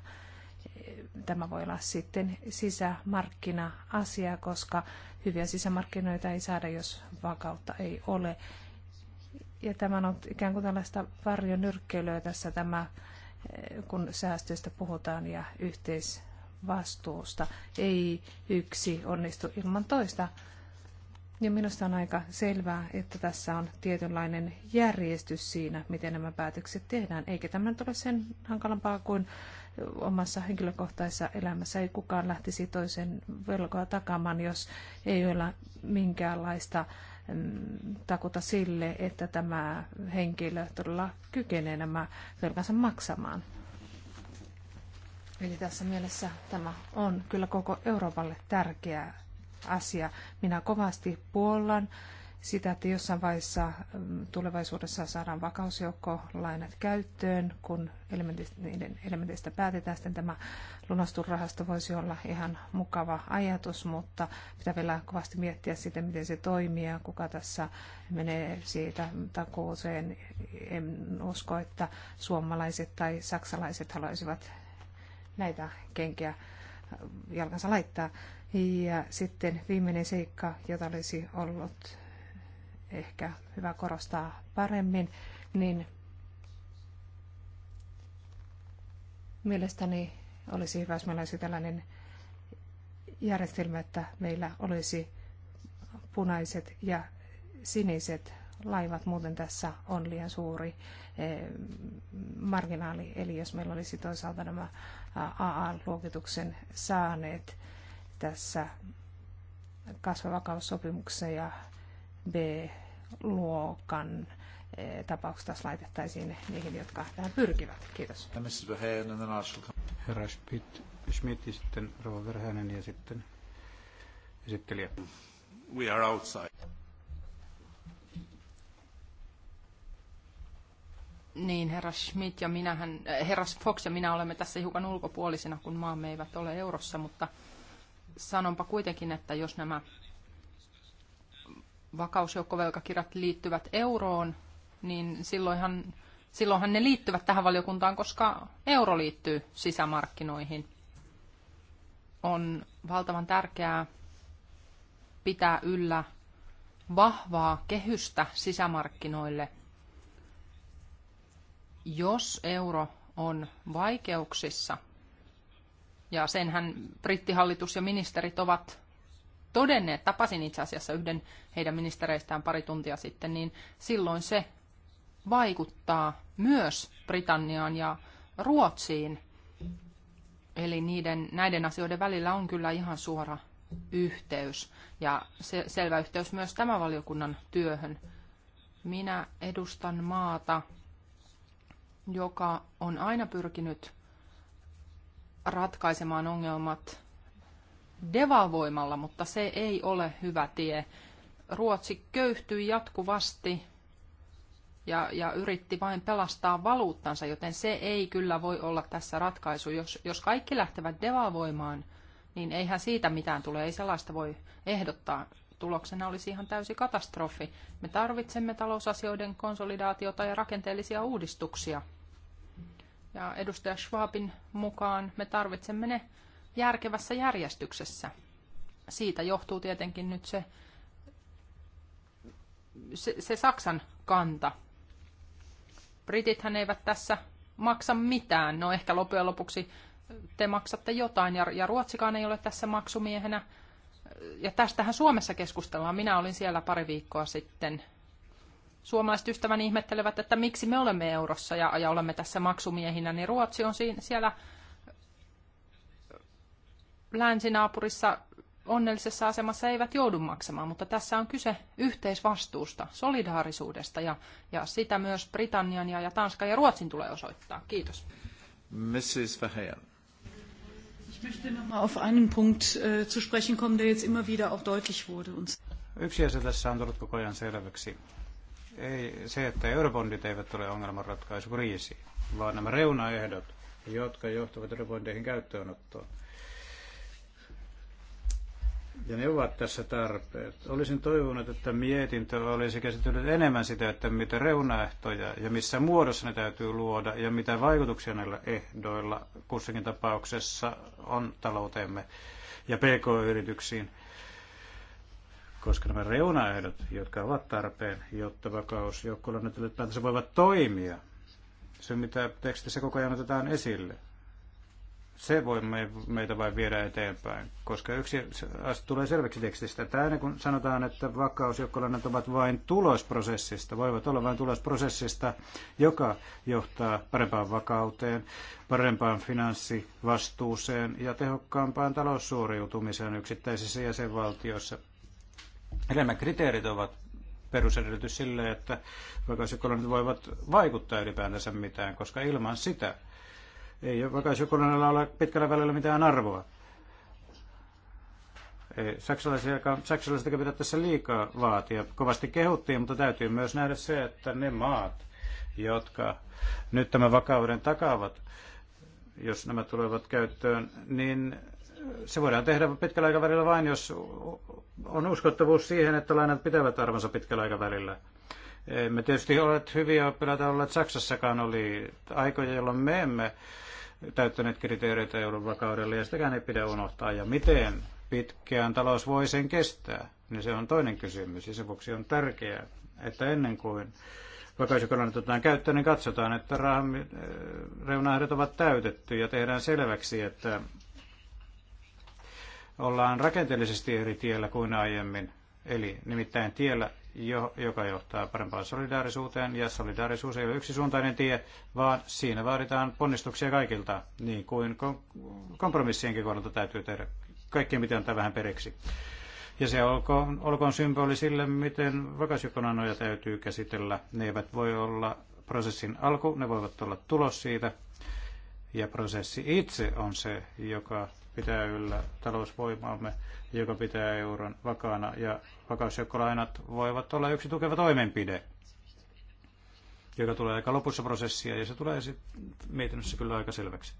eh, tämä voi olla sitten sisämarkkina-asia, koska hyviä sisämarkkinoita ei saada, jos vakautta ei ole. Ja tämä on ikään kuin tällaista varjonyrkkeilyä tässä tämä, eh, kun säästöistä puhutaan ja yhteisvastuusta. Ei yksi onnistu ilman toista. Ja minusta on aika selvää, että tässä on tietynlainen järjestys siinä, miten nämä päätökset tehdään. Eikä tämä nyt ole sen hankalampaa kuin omassa henkilökohtaisessa elämässä. Ei kukaan lähtisi toisen velkoa takaamaan, jos ei ole minkäänlaista Mm, takuta sille, että tämä henkilö todella kykenee nämä velkansa maksamaan. Eli tässä mielessä tämä on kyllä koko Euroopalle tärkeä asia. Minä kovasti puollan sitä, että jossain vaiheessa mm, tulevaisuudessa saadaan vakausjoukkolainat lainat käyttöön, kun elementistä, niiden elementeistä päätetään, sitten tämä lunasturahasto voisi olla ihan mukava ajatus, mutta pitää vielä kovasti miettiä sitä, miten se toimii ja kuka tässä menee siitä takuuseen. En usko, että suomalaiset tai saksalaiset haluaisivat näitä kenkiä äh, jalkansa laittaa. Ja sitten viimeinen seikka, jota olisi ollut ehkä hyvä korostaa paremmin, niin mielestäni olisi hyvä, jos meillä olisi tällainen järjestelmä, että meillä olisi punaiset ja siniset laivat, muuten tässä on liian suuri eh, marginaali. Eli jos meillä olisi toisaalta nämä AA-luokituksen saaneet tässä kasvavakaussopimuksessa ja B-luokan eh, tapaukset taas laitettaisiin niihin, jotka tähän pyrkivät. Kiitos. Herra Schmidt ja sitten Rova Verhänen ja sitten esittelijä. We are outside. Niin, herra Schmidt ja minähän, eh, herra Fox ja minä olemme tässä hiukan ulkopuolisena, kun maamme eivät ole eurossa, mutta sanonpa kuitenkin, että jos nämä vakausjoukkovelkakirjat liittyvät euroon, niin silloinhan, silloinhan ne liittyvät tähän valiokuntaan, koska euro liittyy sisämarkkinoihin. On valtavan tärkeää pitää yllä vahvaa kehystä sisämarkkinoille. Jos euro on vaikeuksissa, ja senhän brittihallitus ja ministerit ovat todenneet, tapasin itse asiassa yhden heidän ministereistään pari tuntia sitten, niin silloin se vaikuttaa myös Britanniaan ja Ruotsiin. Eli niiden, näiden asioiden välillä on kyllä ihan suora yhteys ja se, selvä yhteys myös tämän valiokunnan työhön. Minä edustan maata, joka on aina pyrkinyt ratkaisemaan ongelmat Devalvoimalla, mutta se ei ole hyvä tie. Ruotsi köyhtyi jatkuvasti ja, ja yritti vain pelastaa valuuttansa, joten se ei kyllä voi olla tässä ratkaisu. Jos, jos kaikki lähtevät devalvoimaan, niin eihän siitä mitään tule, ei sellaista voi ehdottaa. Tuloksena olisi ihan täysi katastrofi. Me tarvitsemme talousasioiden konsolidaatiota ja rakenteellisia uudistuksia. Ja edustaja Schwabin mukaan me tarvitsemme ne järkevässä järjestyksessä. Siitä johtuu tietenkin nyt se, se, se Saksan kanta. Britithän eivät tässä maksa mitään. No ehkä loppujen lopuksi te maksatte jotain ja, ja Ruotsikaan ei ole tässä maksumiehenä. Ja tästähän Suomessa keskustellaan. Minä olin siellä pari viikkoa sitten. Suomalaiset ystäväni ihmettelevät, että miksi me olemme eurossa ja, ja olemme tässä maksumiehinä, niin Ruotsi on siinä, siellä länsinaapurissa onnellisessa asemassa eivät joudu maksamaan, mutta tässä on kyse yhteisvastuusta, solidaarisuudesta ja, ja sitä myös Britannian ja, ja Tanskan ja Ruotsin tulee osoittaa. Kiitos. Mrs. Verheyen. Ich möchte noch auf einen Punkt äh, zu sprechen kommen, der jetzt immer wieder auch deutlich wurde. Und Yksi asia tässä on tullut koko ajan selväksi. Ei, se, että eurobondit eivät ole ongelmanratkaisu kriisiin, vaan nämä reunaehdot, jotka johtavat eurobondeihin käyttöönottoon. Ja ne ovat tässä tarpeet. Olisin toivonut, että mietintö olisi käsitellyt enemmän sitä, että mitä reunaehtoja ja missä muodossa ne täytyy luoda ja mitä vaikutuksia näillä ehdoilla kussakin tapauksessa on talouteemme ja pk-yrityksiin. Koska nämä reunaehdot, jotka ovat tarpeen, jotta vakaus joukkoilla nyt voivat toimia, se mitä tekstissä koko ajan otetaan esille – se voi meitä vain viedä eteenpäin, koska yksi tulee selväksi tekstistä. Tämä aina kun sanotaan, että vakausjoukkolainat ovat vain tulosprosessista, voivat olla vain tulosprosessista, joka johtaa parempaan vakauteen, parempaan finanssivastuuseen ja tehokkaampaan taloussuoriutumiseen yksittäisissä jäsenvaltioissa. Enemmän kriteerit ovat perusedellytys sille, että vakausjoukkolainat voivat vaikuttaa ylipäätänsä mitään, koska ilman sitä – ei vakausjoukkueella ole pitkällä välillä mitään arvoa. Ei saksalaisia, pitää tässä liikaa vaatia. Kovasti kehuttiin, mutta täytyy myös nähdä se, että ne maat, jotka nyt tämän vakauden takaavat, jos nämä tulevat käyttöön, niin se voidaan tehdä pitkällä aikavälillä vain, jos on uskottavuus siihen, että lainat pitävät arvonsa pitkällä aikavälillä. Me tietysti olet hyviä oppilaita olleet Saksassakaan, oli aikoja, jolloin me emme täyttäneet kriteereitä euron vakaudelle ja sitäkään ei pidä unohtaa. Ja miten pitkään talous voi sen kestää, niin se on toinen kysymys ja sen vuoksi on tärkeää, että ennen kuin vakausjokalan otetaan käyttöön, niin katsotaan, että äh, reunahdot ovat täytetty ja tehdään selväksi, että ollaan rakenteellisesti eri tiellä kuin aiemmin. Eli nimittäin tiellä, joka johtaa parempaan solidaarisuuteen, ja solidaarisuus ei ole yksisuuntainen tie, vaan siinä vaaditaan ponnistuksia kaikilta, niin kuin kompromissienkin kohdalta täytyy tehdä. Kaikkien pitää antaa vähän periksi. Ja se olkoon, olkoon symboli sille, miten vakausjokonanoja täytyy käsitellä. Ne eivät voi olla prosessin alku, ne voivat olla tulos siitä. Ja prosessi itse on se, joka pitää yllä talousvoimaamme, joka pitää euron vakaana, ja vakausjoukkolainat voivat olla yksi tukeva toimenpide, joka tulee aika lopussa prosessia, ja se tulee mietinnössä kyllä aika selväksi.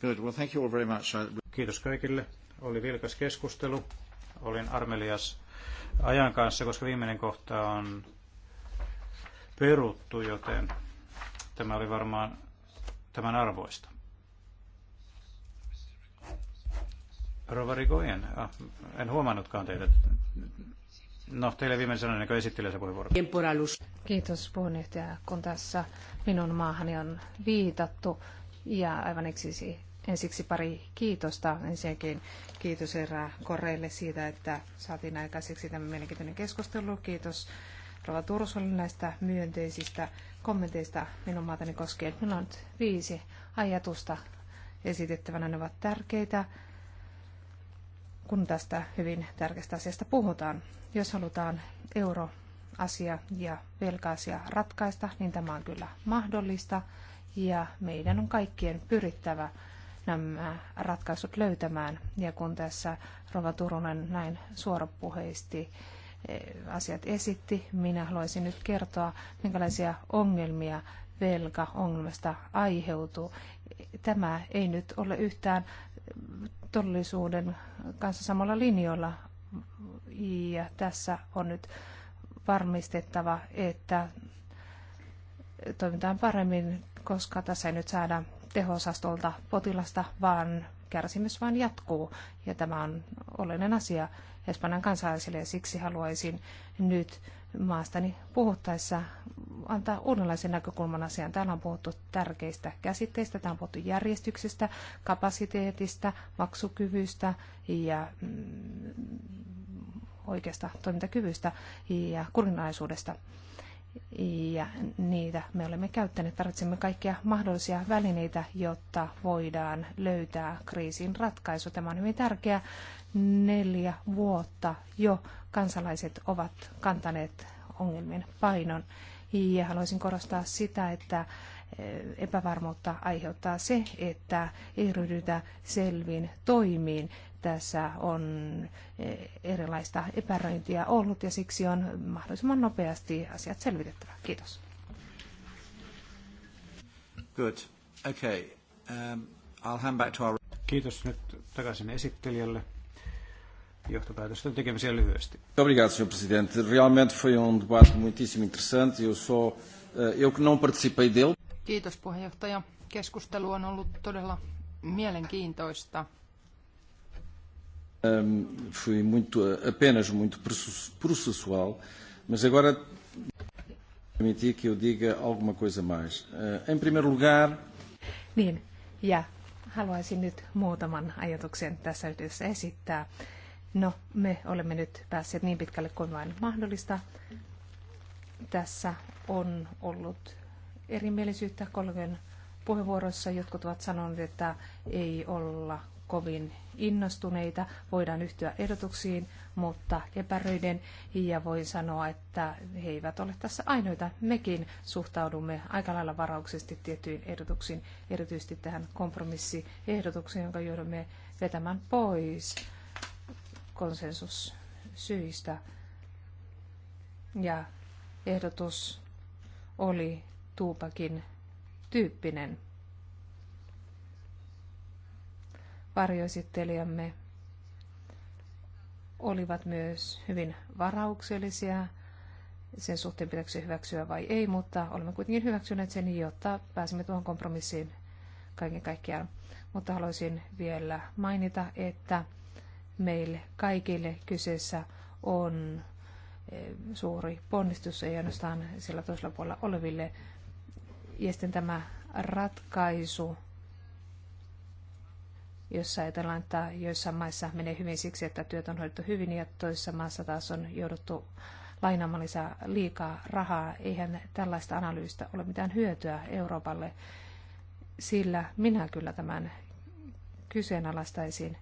Good. Well, thank you all very much. Kiitos kaikille. Oli vilkas keskustelu. Olin armelias ajan kanssa, koska viimeinen kohta on peruttu, joten tämä oli varmaan tämän arvoista. Rovarigoyen. Ah, en huomannutkaan teitä. No, teille viimeinen sanan, ennen kuin esittelee se puheenvuoro. Kiitos puheenjohtaja, kun tässä minun maahani on viitattu. Ja aivan eksisi ensiksi pari kiitosta. Ensinnäkin kiitos herra Korreille siitä, että saatiin aikaiseksi tämä mielenkiintoinen keskustelu. Kiitos Rova Tursolle näistä myönteisistä kommenteista minun maatani koskien. Minulla on nyt viisi ajatusta esitettävänä. Ne ovat tärkeitä kun tästä hyvin tärkeästä asiasta puhutaan. Jos halutaan euroasia ja velka-asia ratkaista, niin tämä on kyllä mahdollista ja meidän on kaikkien pyrittävä nämä ratkaisut löytämään. Ja kun tässä Rova Turunen näin suorapuheisesti eh, asiat esitti, minä haluaisin nyt kertoa, minkälaisia ongelmia velkaongelmasta aiheutuu. Tämä ei nyt ole yhtään todellisuuden kanssa samalla linjoilla. Ja tässä on nyt varmistettava, että toimitaan paremmin, koska tässä ei nyt saada tehosastolta potilasta, vaan kärsimys vain jatkuu. Ja tämä on oleellinen asia Espanjan kansalaisille ja siksi haluaisin nyt maastani puhuttaessa antaa uudenlaisen näkökulman asiaan. Täällä on puhuttu tärkeistä käsitteistä, täällä on puhuttu järjestyksestä, kapasiteetista, maksukyvystä ja mm, oikeasta toimintakyvystä ja kurinaisuudesta. Ja niitä me olemme käyttäneet. Tarvitsemme kaikkia mahdollisia välineitä, jotta voidaan löytää kriisin ratkaisu. Tämä on hyvin tärkeä neljä vuotta jo kansalaiset ovat kantaneet ongelmien painon. Ja haluaisin korostaa sitä, että eh, epävarmuutta aiheuttaa se, että ei ryhdytä selviin toimiin. Tässä on eh, erilaista epäröintiä ollut ja siksi on mahdollisimman nopeasti asiat selvitettävä. Kiitos. Good. Okay. Um, I'll hand back to our... Kiitos nyt takaisin esittelijälle johtopäätösten tekemiseen lyhyesti. Obrigado, Sr. Presidente. Realmente foi um debate muitíssimo interessante. Eu só, eh, eu que não participei dele. Kiitos puheenjohtaja. Keskustelu on ollut todella mielenkiintoista. Um, fui muito, eh, apenas muito processual, mas agora permitir que eu diga alguma coisa mais. Uh, em primeiro lugar... Niin, ja haluaisin nyt muutaman ajatuksen tässä yhteydessä esittää. No, me olemme nyt päässeet niin pitkälle kuin vain mahdollista. Tässä on ollut erimielisyyttä kollegojen puheenvuoroissa. Jotkut ovat sanoneet, että ei olla kovin innostuneita, voidaan yhtyä ehdotuksiin, mutta epäröiden ja voin sanoa, että he eivät ole tässä ainoita. Mekin suhtaudumme aika lailla varauksesti tiettyihin ehdotuksiin, erityisesti tähän kompromissiehdotukseen, jonka joudumme vetämään pois syistä. Ja ehdotus oli Tuupakin tyyppinen. Varjoesittelijämme olivat myös hyvin varauksellisia sen suhteen pitääkö se hyväksyä vai ei, mutta olemme kuitenkin hyväksyneet sen, jotta pääsimme tuohon kompromissiin kaiken kaikkiaan. Mutta haluaisin vielä mainita, että meille kaikille. Kyseessä on eh, suuri ponnistus, ei ainoastaan sillä toisella puolella oleville. Ja sitten tämä ratkaisu, jossa ajatellaan, että joissain maissa menee hyvin siksi, että työt on hoidettu hyvin ja toisessa maassa taas on jouduttu lainaamaan lisää liikaa rahaa. Eihän tällaista analyysistä ole mitään hyötyä Euroopalle, sillä minä kyllä tämän kyseenalaistaisin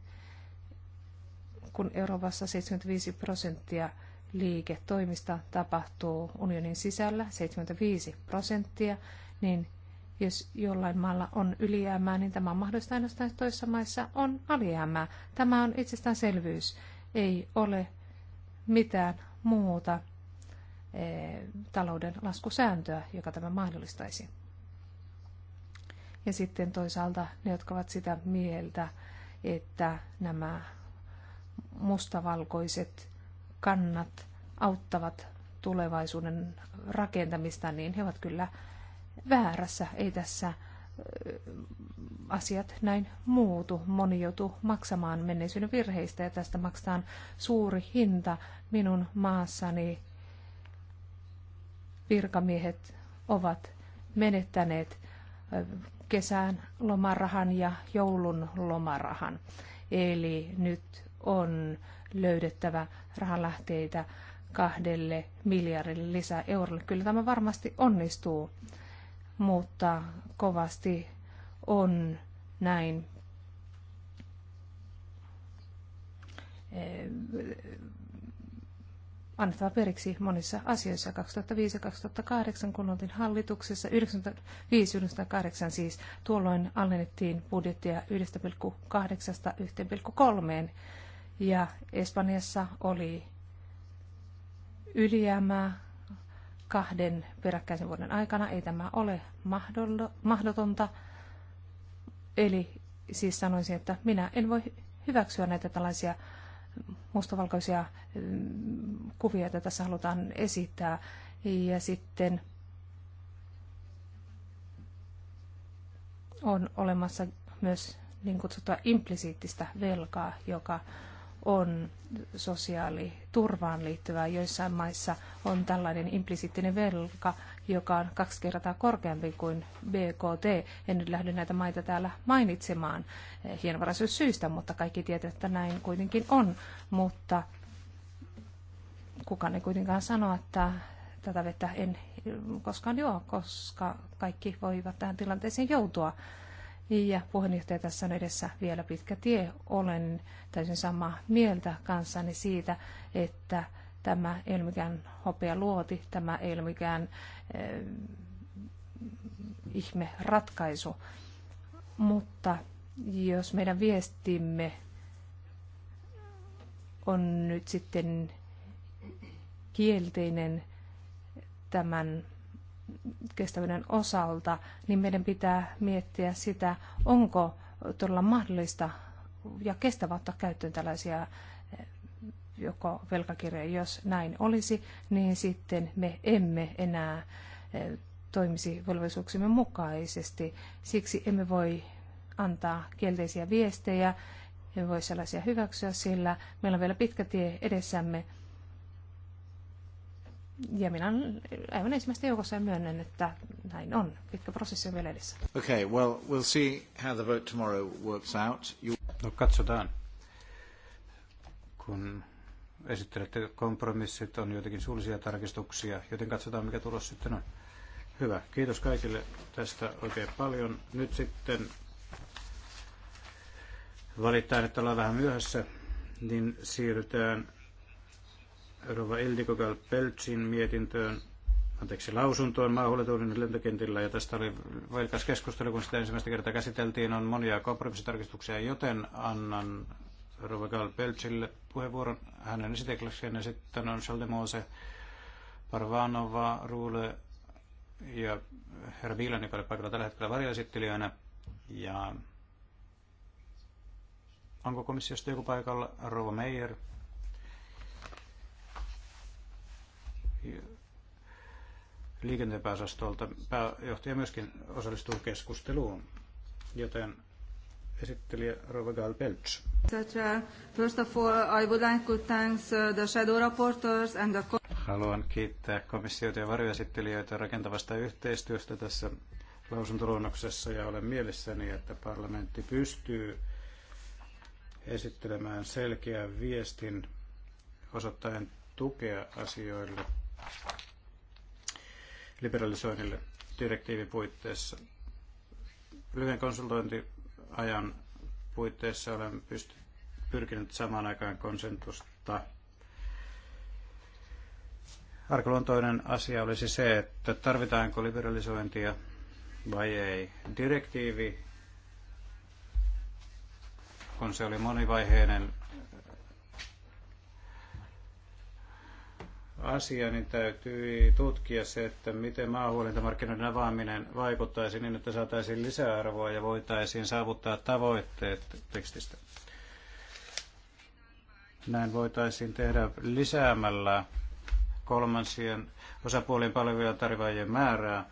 kun Euroopassa 75 prosenttia liiketoimista tapahtuu unionin sisällä, 75 prosenttia, niin jos jollain maalla on ylijäämää, niin tämä on mahdollista ainoastaan, että toissa maissa on alijäämää. Tämä on itsestäänselvyys. Ei ole mitään muuta e, talouden laskusääntöä, joka tämä mahdollistaisi. Ja sitten toisaalta ne, jotka ovat sitä mieltä, että nämä mustavalkoiset kannat auttavat tulevaisuuden rakentamista, niin he ovat kyllä väärässä. Ei tässä asiat näin muutu. Moni joutuu maksamaan menneisyyden virheistä ja tästä maksetaan suuri hinta. Minun maassani virkamiehet ovat menettäneet kesän lomarahan ja joulun lomarahan. Eli nyt on löydettävä rahalähteitä kahdelle miljardille lisää eurolle. Kyllä tämä varmasti onnistuu, mutta kovasti on näin eh, annettava periksi monissa asioissa. 2005-2008, kun oltiin hallituksessa, 1995-1998 siis, tuolloin alennettiin budjettia 1,8-1,3 ja Espanjassa oli ylijäämää kahden peräkkäisen vuoden aikana. Ei tämä ole mahdotonta. Eli siis sanoisin, että minä en voi hyväksyä näitä tällaisia mustavalkoisia mm, kuvia, joita tässä halutaan esittää. Ja sitten on olemassa myös niin kutsuttua implisiittistä velkaa, joka on sosiaaliturvaan liittyvää. Joissain maissa on tällainen implisiittinen velka, joka on kaksi kertaa korkeampi kuin BKT. En nyt lähde näitä maita täällä mainitsemaan hienovaraisuussyistä, mutta kaikki tietävät, että näin kuitenkin on. Mutta kukaan ei kuitenkaan sano, että tätä vettä en koskaan juo, koska kaikki voivat tähän tilanteeseen joutua. Ja puheenjohtaja, tässä on edessä vielä pitkä tie. Olen täysin samaa mieltä kanssani siitä, että tämä ei ole mikään hopea luoti, tämä ei ole mikään eh, ihme ratkaisu. Mutta jos meidän viestimme on nyt sitten kielteinen tämän kestävyyden osalta, niin meidän pitää miettiä sitä, onko todella mahdollista ja kestävää ottaa käyttöön tällaisia eh, joko velkakirjoja, jos näin olisi, niin sitten me emme enää eh, toimisi velvollisuuksimme mukaisesti. Siksi emme voi antaa kielteisiä viestejä, emme voi sellaisia hyväksyä, sillä meillä on vielä pitkä tie edessämme ja minä olen aivan ensimmäistä joukossa ja myönnän, että näin on. Pitkä prosessi on vielä edessä. Okay, well, we'll see how the vote tomorrow works out. You... No katsotaan. Kun esittelette kompromissit, on joitakin suullisia tarkistuksia, joten katsotaan mikä tulos sitten on. Hyvä. Kiitos kaikille tästä oikein paljon. Nyt sitten valittain, että ollaan vähän myöhässä, niin siirrytään Rova Ildiko Peltsin mietintöön, anteeksi, lausuntoon maahuoletuuden lentokentillä, ja tästä oli vaikas keskustelu, kun sitä ensimmäistä kertaa käsiteltiin, on monia kompromissitarkistuksia, joten annan Rova Gal Peltsille puheenvuoron hänen esiteklakseen, ja sitten on Schaldemose, Parvanova, Ruule ja herra Viilan, joka oli paikalla tällä hetkellä varjoesittelijänä, ja onko komissiosta joku paikalla? Rova Meijer. liikenteen pääosastolta pääjohtaja myöskin osallistuu keskusteluun, joten esittelijä Rova Gal Pelch. First of all, I would like to thank uh, the shadow rapporteurs and the... Haluan kiittää komissiota ja varjoesittelijöitä rakentavasta yhteistyöstä tässä lausuntoluonnoksessa ja olen mielessäni, että parlamentti pystyy esittelemään selkeän viestin osoittaen tukea asioille – liberalisoinnille direktiivin puitteissa. Lyhyen konsultointiajan puitteissa olen pysty, pyrkinyt samaan aikaan konsentusta. Arkaluontoinen asia olisi se, että tarvitaanko liberalisointia vai ei. Direktiivi, kun se oli monivaiheinen asia, niin täytyy tutkia se, että miten maahuolintamarkkinoiden avaaminen vaikuttaisi niin, että saataisiin lisäarvoa ja voitaisiin saavuttaa tavoitteet tekstistä. Näin voitaisiin tehdä lisäämällä kolmansien osapuolien palveluja tarjoajien määrää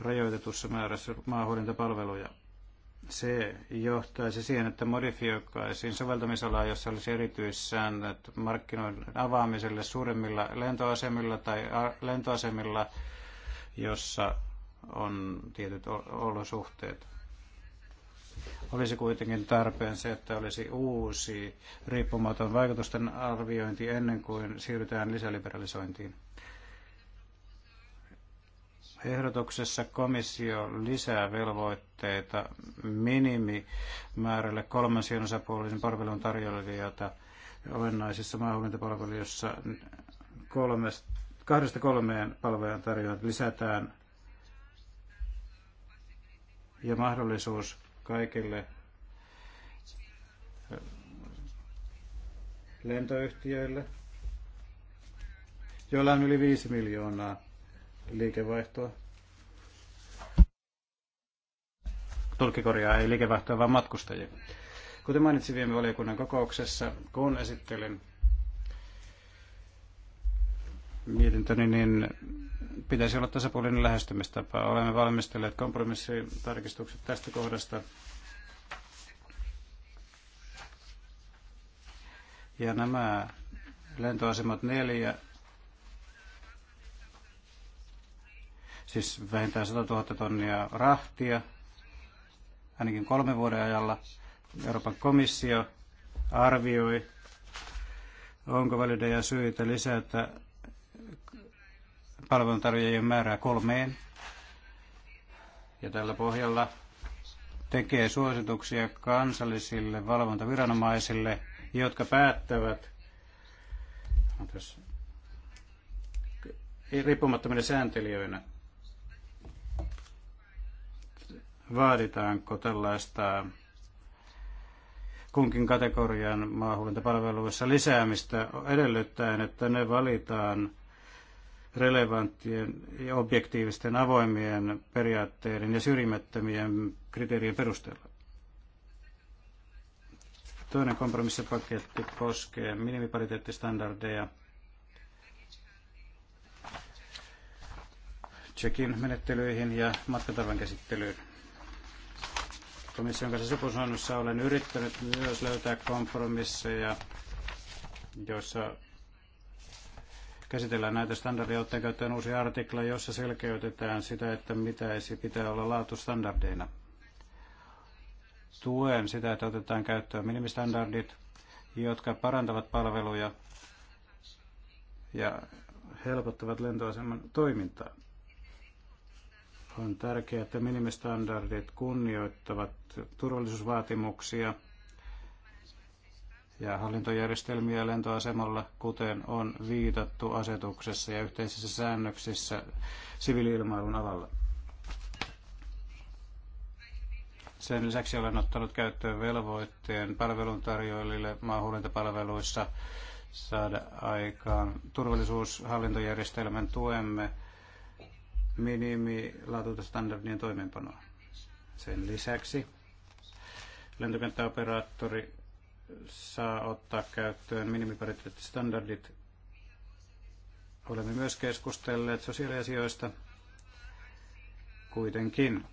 rajoitetussa määrässä maahuolintapalveluja. palveluja se johtaisi siihen, että modifioikaisiin soveltamisalaa, jossa olisi erityissäännöt markkinoiden avaamiselle suuremmilla lentoasemilla tai lentoasemilla, jossa on tietyt olosuhteet. Olisi kuitenkin tarpeen se, että olisi uusi riippumaton vaikutusten arviointi ennen kuin siirrytään lisäliberalisointiin. Ehdotuksessa komissio lisää velvoitteita minimimäärälle kolmansien osapuolisen palvelun tarjoilijoita olennaisissa maahanmuuntopalveluissa kahdesta kolmeen palvelujen tarjoajat lisätään ja mahdollisuus kaikille lentoyhtiöille, joilla on yli 5 miljoonaa liikevaihtoa. Tulkikorjaa ei liikevaihtoa, vaan matkustajia. Kuten mainitsin viime valiokunnan kokouksessa, kun esittelin mietintöni, niin pitäisi olla tasapuolinen lähestymistapa. Olemme valmistelleet kompromissitarkistukset tästä kohdasta. Ja nämä lentoasemat 4, siis vähintään 100 000 tonnia rahtia ainakin kolme vuoden ajalla. Euroopan komissio arvioi, onko validejä syitä lisätä palveluntarjoajien määrää kolmeen. Ja tällä pohjalla tekee suosituksia kansallisille valvontaviranomaisille, jotka päättävät riippumattomille sääntelijöinä – vaaditaanko tällaista kunkin kategorian maahuolintapalveluissa lisäämistä edellyttäen, että ne valitaan relevanttien ja objektiivisten avoimien periaatteiden ja syrjimättömien kriteerien perusteella. Toinen kompromissipaketti koskee minimipariteettistandardeja. Checkin menettelyihin ja matkatavan käsittelyyn. Komission kanssa sopusoinnussa olen yrittänyt myös löytää kompromisseja, joissa käsitellään näitä standardeja ottaen käyttöön uusi artikla, jossa selkeytetään sitä, että mitä pitää olla laatustandardeina. Tuen sitä, että otetaan käyttöön minimistandardit, jotka parantavat palveluja ja helpottavat lentoaseman toimintaa. On tärkeää, että minimistandardit kunnioittavat turvallisuusvaatimuksia ja hallintojärjestelmiä lentoasemalla, kuten on viitattu asetuksessa ja yhteisissä säännöksissä siviiliilmailun alalla. Sen lisäksi olen ottanut käyttöön velvoitteen palveluntarjoajille maahuolintapalveluissa saada aikaan turvallisuushallintojärjestelmän tuemme – minimilaatuutastandardien toimeenpanoa. Sen lisäksi lentokenttäoperaattori saa ottaa käyttöön minimipariteettistandardit. Olemme myös keskustelleet sosiaaliasioista kuitenkin.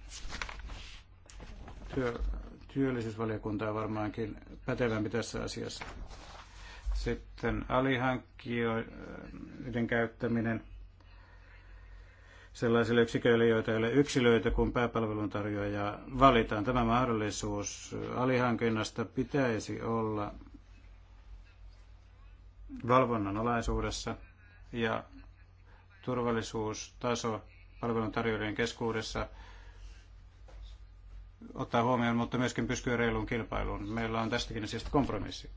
Työ, työllisyysvaliokunta on varmaankin pätevämpi tässä asiassa. Sitten alihankkijoiden käyttäminen – sellaisille yksiköille, joita ei ole yksilöitä, kun pääpalvelun tarjoaja valitaan. Tämä mahdollisuus alihankinnasta pitäisi olla valvonnan alaisuudessa ja turvallisuustaso palveluntarjoajien keskuudessa ottaa huomioon, mutta myöskin pystyy reiluun kilpailuun. Meillä on tästäkin asiasta kompromissi.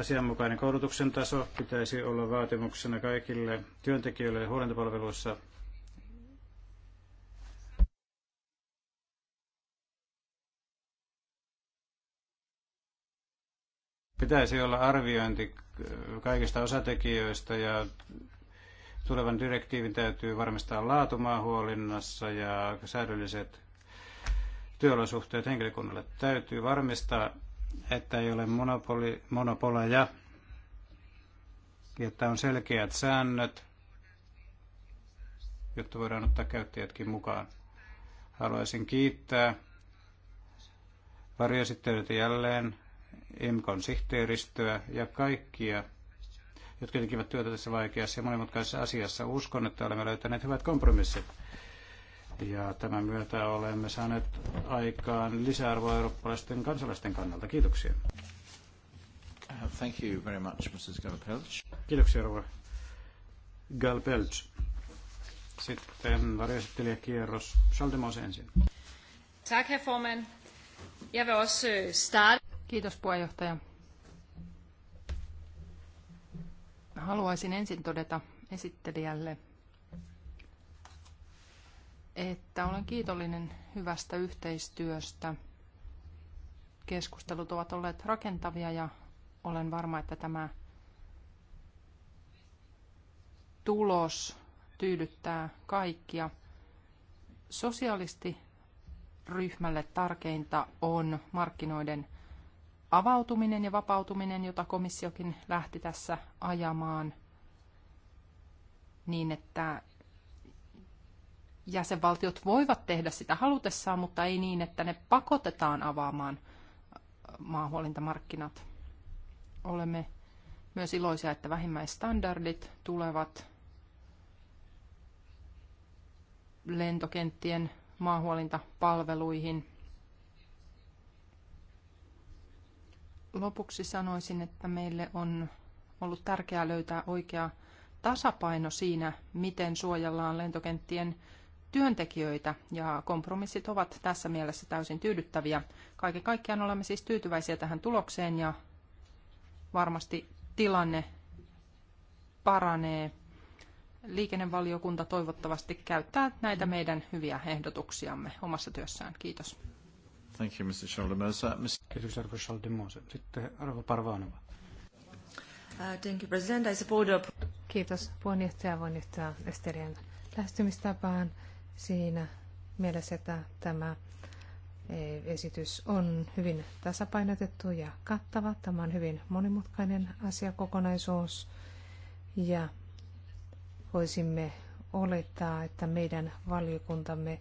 Asianmukainen koulutuksen taso pitäisi olla vaatimuksena kaikille työntekijöille huolintapalveluissa. pitäisi olla arviointi kaikista osatekijöistä ja tulevan direktiivin täytyy varmistaa huolinnassa ja säädölliset työolosuhteet henkilökunnalle täytyy varmistaa, että ei ole monopoli, monopoleja, että on selkeät säännöt, jotta voidaan ottaa käyttäjätkin mukaan. Haluaisin kiittää varjoesittelyitä jälleen IMKon sihteeristöä ja kaikkia, jotka tekivät työtä tässä vaikeassa ja monimutkaisessa asiassa. Uskon, että olemme löytäneet hyvät kompromissit. Ja tämän myötä olemme saaneet aikaan lisäarvoa eurooppalaisten kansalaisten kannalta. Kiitoksia. Uh, thank you very much, Mrs. Galpelch. Kiitoksia, rouva Galpelch. Sitten varjoesittelijäkierros. Schaldemose ensin. Tack, herr Forman. Jag vill också øh, start... Kiitos, puheenjohtaja. Haluaisin ensin todeta esittelijälle, että olen kiitollinen hyvästä yhteistyöstä. Keskustelut ovat olleet rakentavia ja olen varma, että tämä tulos tyydyttää kaikkia. Sosialistiryhmälle tärkeintä on markkinoiden avautuminen ja vapautuminen, jota komissiokin lähti tässä ajamaan niin, että jäsenvaltiot voivat tehdä sitä halutessaan, mutta ei niin, että ne pakotetaan avaamaan äh, maahuolintamarkkinat. Olemme myös iloisia, että vähimmäistandardit tulevat lentokenttien maahuolintapalveluihin. Lopuksi sanoisin, että meille on ollut tärkeää löytää oikea tasapaino siinä, miten suojellaan lentokenttien työntekijöitä ja kompromissit ovat tässä mielessä täysin tyydyttäviä. Kaiken kaikkiaan olemme siis tyytyväisiä tähän tulokseen ja varmasti tilanne paranee. Liikennevaliokunta toivottavasti käyttää näitä meidän hyviä ehdotuksiamme omassa työssään. Kiitos. Thank you, Mr. Schaldemosa. Kiitos, arvo Schaldemosa. Sitten arvo Parvanova. Uh, thank you, President. I support Kiitos puheenjohtaja. Voin yhtyä Esterian lähestymistapaan siinä mielessä, että tämä e, esitys on hyvin tasapainotettu ja kattava. Tämä on hyvin monimutkainen asiakokonaisuus ja voisimme olettaa, että meidän valiokuntamme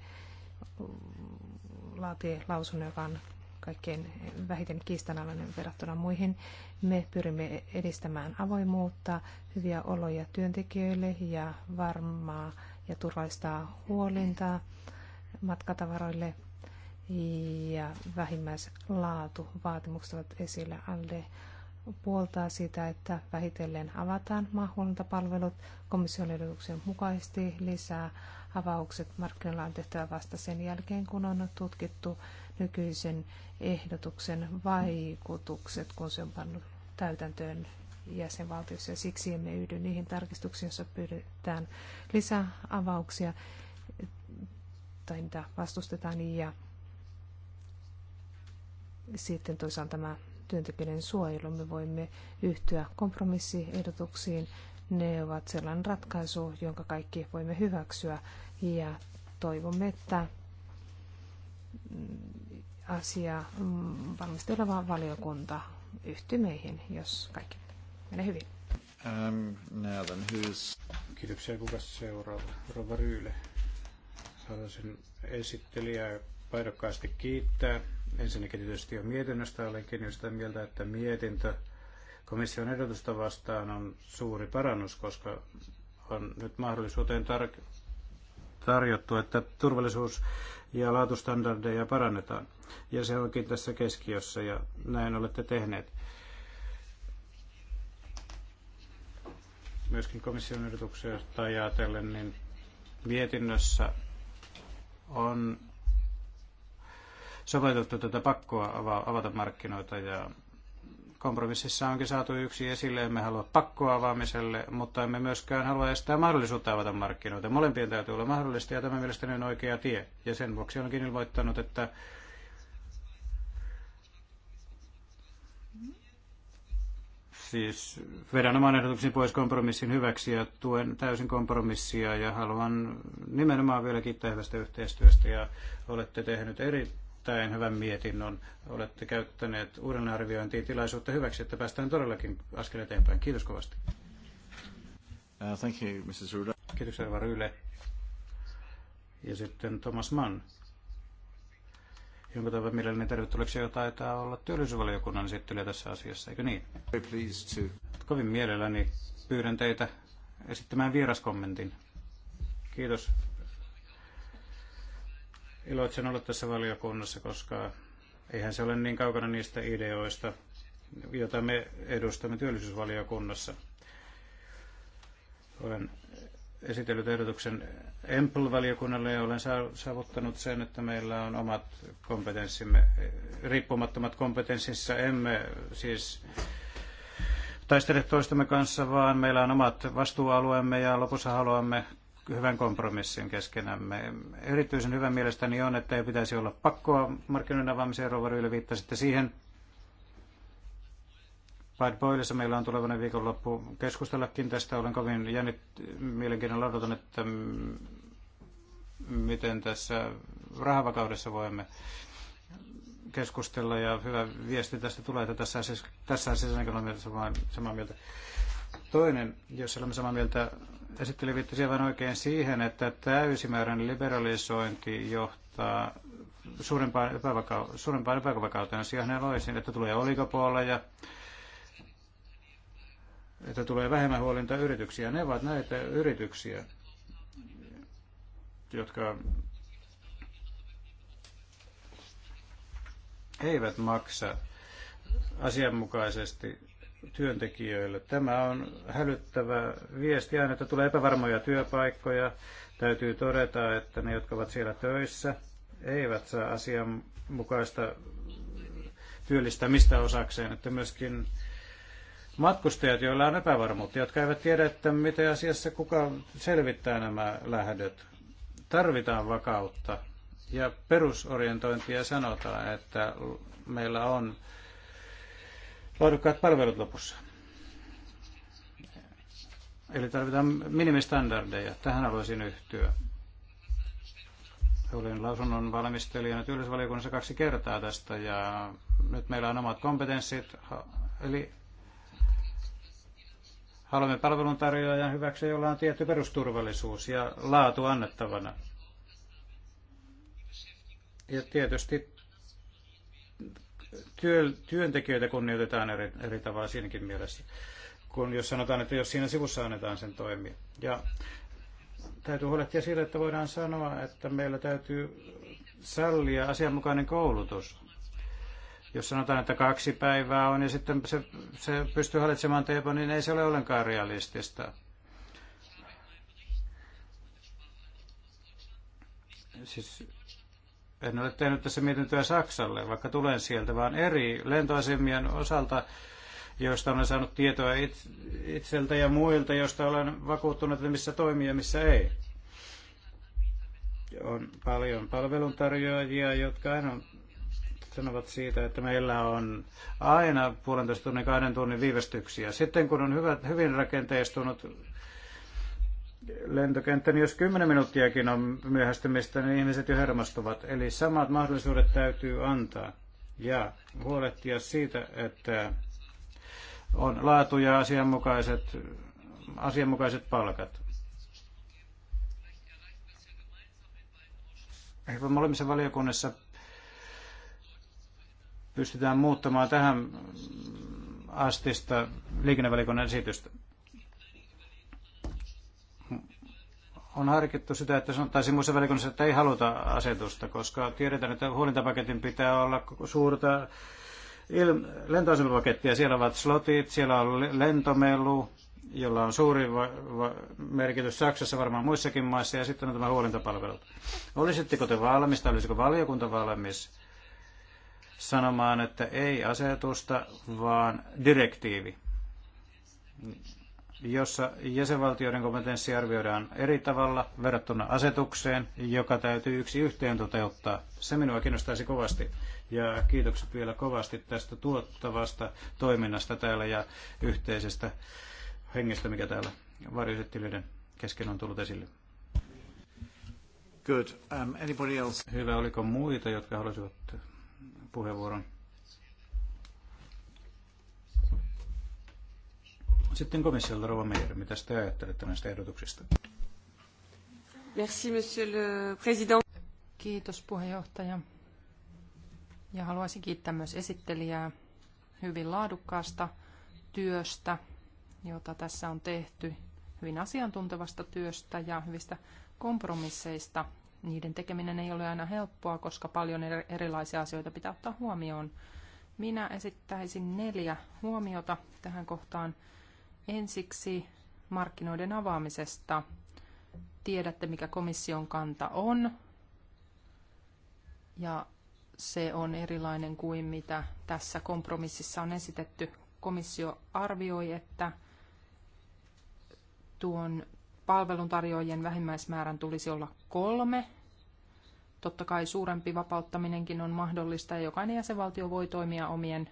laatii lausunnon, joka on kaikkein vähiten kiistanalainen verrattuna muihin. Me pyrimme edistämään avoimuutta, hyviä oloja työntekijöille ja varmaa ja turvallista huolintaa matkatavaroille ja vähimmäislaatuvaatimukset ovat esillä. ALDE puoltaa sitä, että vähitellen avataan maahuolintapalvelut komission edutuksen mukaisesti lisää avaukset markkinoilla on tehtävä vasta sen jälkeen, kun on tutkittu nykyisen ehdotuksen vaikutukset, kun se on pannut täytäntöön jäsenvaltioissa ja siksi emme yhdy niihin tarkistuksiin, joissa pyydetään lisäavauksia tai niitä vastustetaan ja sitten toisaalta tämä työntekijöiden suojelu. Me voimme yhtyä kompromissiehdotuksiin. Ne ovat sellainen ratkaisu, jonka kaikki voimme hyväksyä ja toivomme, että asia valmisteleva valiokunta yhtyy meihin, jos kaikki mene hyvin. Ähm, näytän hyys. Kiitoksia. Kuka seuraava? Rova Ryyle. sen esittelijää painokkaasti kiittää. Ensinnäkin tietysti jo mietinnöstä olenkin jo sitä mieltä, että mietintö komission ehdotusta vastaan on suuri parannus, koska on nyt mahdollisuuteen tar- tarjottu, että turvallisuus- ja laatustandardeja parannetaan. Ja se onkin tässä keskiössä ja näin olette tehneet. myöskin komission ehdotuksesta ajatellen, niin mietinnössä on sovellettu tätä pakkoa avata markkinoita ja kompromississa onkin saatu yksi esille, emme halua pakkoa avaamiselle, mutta emme myöskään halua estää mahdollisuutta avata markkinoita. Molempien täytyy olla mahdollista ja tämä mielestäni on oikea tie. Ja sen vuoksi onkin ilmoittanut, että Siis vedän oman ehdotuksen pois kompromissin hyväksi ja tuen täysin kompromissia ja haluan nimenomaan vielä kiittää hyvästä yhteistyöstä ja olette tehnyt erittäin hyvän mietinnön. Olette käyttäneet uudelleenarviointiin tilaisuutta hyväksi, että päästään todellakin askel eteenpäin. Kiitos kovasti. Uh, thank you, Mrs. Ruda. Kiitoksia, Eva Ryle. Ja sitten Thomas Mann jonka toivon mielelläni tervetulleeksi, jo taitaa olla työllisyysvaliokunnan esittelijä tässä asiassa, eikö niin? to. Kovin mielelläni pyydän teitä esittämään vieraskommentin. Kiitos. Iloitsen olla tässä valiokunnassa, koska eihän se ole niin kaukana niistä ideoista, joita me edustamme työllisyysvaliokunnassa. Olen esitellyt ehdotuksen Empl-valiokunnalle ja olen saavuttanut sen, että meillä on omat kompetenssimme, riippumattomat kompetenssissa. Emme siis taistele toistemme kanssa, vaan meillä on omat vastuualueemme ja lopussa haluamme hyvän kompromissin keskenämme. Erityisen hyvä mielestäni on, että ei pitäisi olla pakkoa markkinoiden avaamiseen, Rova Ryyli viittasitte siihen. Clyde Boylissa meillä on tulevana viikonloppu keskustellakin tästä. Olen kovin jännit, mielenkiinnolla odotan, että miten tässä rahavakaudessa voimme keskustella ja hyvä viesti tästä tulee, että tässä siis, tässä siis olemme samaa, samaa mieltä. Toinen, jos olemme samaa mieltä, esitteli viittasi aivan oikein siihen, että täysimääräinen liberalisointi johtaa suurempaan, epävaka- suurempaan epävakauteen. Jos olisin, että tulee oligopoleja ja että tulee vähemmän huolinta yrityksiä. Ne ovat näitä yrityksiä, jotka eivät maksa asianmukaisesti työntekijöille. Tämä on hälyttävä viesti aina, että tulee epävarmoja työpaikkoja. Täytyy todeta, että ne, jotka ovat siellä töissä, eivät saa asianmukaista työllistämistä osakseen, että myöskin matkustajat, joilla on epävarmuutta, jotka eivät tiedä, että mitä asiassa kuka selvittää nämä lähdöt. Tarvitaan vakautta ja perusorientointia sanotaan, että meillä on laadukkaat palvelut lopussa. Eli tarvitaan minimistandardeja. Tähän haluaisin yhtyä. Olin lausunnon valmistelijana työllisyysvaliokunnassa kaksi kertaa tästä ja nyt meillä on omat kompetenssit. Eli Haluamme palveluntarjoajan hyväksi, jolla on tietty perusturvallisuus ja laatu annettavana. Ja tietysti työ, työntekijöitä kunnioitetaan eri, eri tavalla siinäkin mielessä, kun jos sanotaan, että jos siinä sivussa annetaan sen toimia. Ja täytyy huolehtia siitä, että voidaan sanoa, että meillä täytyy sallia asianmukainen koulutus jos sanotaan, että kaksi päivää on ja sitten se, se pystyy hallitsemaan teepo, niin ei se ole ollenkaan realistista. Siis en ole tehnyt tässä mietintöä Saksalle, vaikka tulen sieltä, vaan eri lentoasemien osalta, joista olen saanut tietoa itseltä ja muilta, joista olen vakuuttunut, että missä toimii ja missä ei. On paljon palveluntarjoajia, jotka aina sanovat siitä, että meillä on aina puolentoista tunnin, kahden tunnin viivästyksiä. Sitten kun on hyvä, hyvin rakenteistunut lentokenttä, niin jos kymmenen minuuttiakin on myöhästymistä, niin ihmiset jo hermostuvat. Eli samat mahdollisuudet täytyy antaa ja huolehtia siitä, että on laatu ja asianmukaiset, asianmukaiset palkat. Me molemmissa valiokunnissa pystytään muuttamaan tähän astista liikennevälikon esitystä. On harkittu sitä, että sanottaisiin muissa välikonnissa, että ei haluta asetusta, koska tiedetään, että huolintapaketin pitää olla suurta il- lentoasemapakettia. Siellä ovat slotit, siellä on lentomelu, jolla on suuri merkitys Saksassa, varmaan muissakin maissa, ja sitten on tämä huolintapalvelut. Olisitteko te valmis, olisiko valiokunta valmis sanomaan, että ei asetusta, vaan direktiivi, jossa jäsenvaltioiden kompetenssi arvioidaan eri tavalla verrattuna asetukseen, joka täytyy yksi yhteen toteuttaa. Se minua kiinnostaisi kovasti. Ja kiitokset vielä kovasti tästä tuottavasta toiminnasta täällä ja yhteisestä hengestä, mikä täällä varjosettilijöiden kesken on tullut esille. Good. Um, anybody else? Hyvä, oliko muita, jotka haluaisivat puheenvuoron. Sitten komissiolta Rova Meijer, mitä te ajattelette näistä ehdotuksista? Merci, monsieur le président. Kiitos puheenjohtaja. Ja haluaisin kiittää myös esittelijää hyvin laadukkaasta työstä, jota tässä on tehty, hyvin asiantuntevasta työstä ja hyvistä kompromisseista, niiden tekeminen ei ole aina helppoa, koska paljon erilaisia asioita pitää ottaa huomioon. Minä esittäisin neljä huomiota tähän kohtaan. Ensiksi markkinoiden avaamisesta. Tiedätte, mikä komission kanta on. Ja se on erilainen kuin mitä tässä kompromississa on esitetty. Komissio arvioi, että tuon palveluntarjoajien vähimmäismäärän tulisi olla kolme Totta kai suurempi vapauttaminenkin on mahdollista ja jokainen jäsenvaltio voi toimia omien,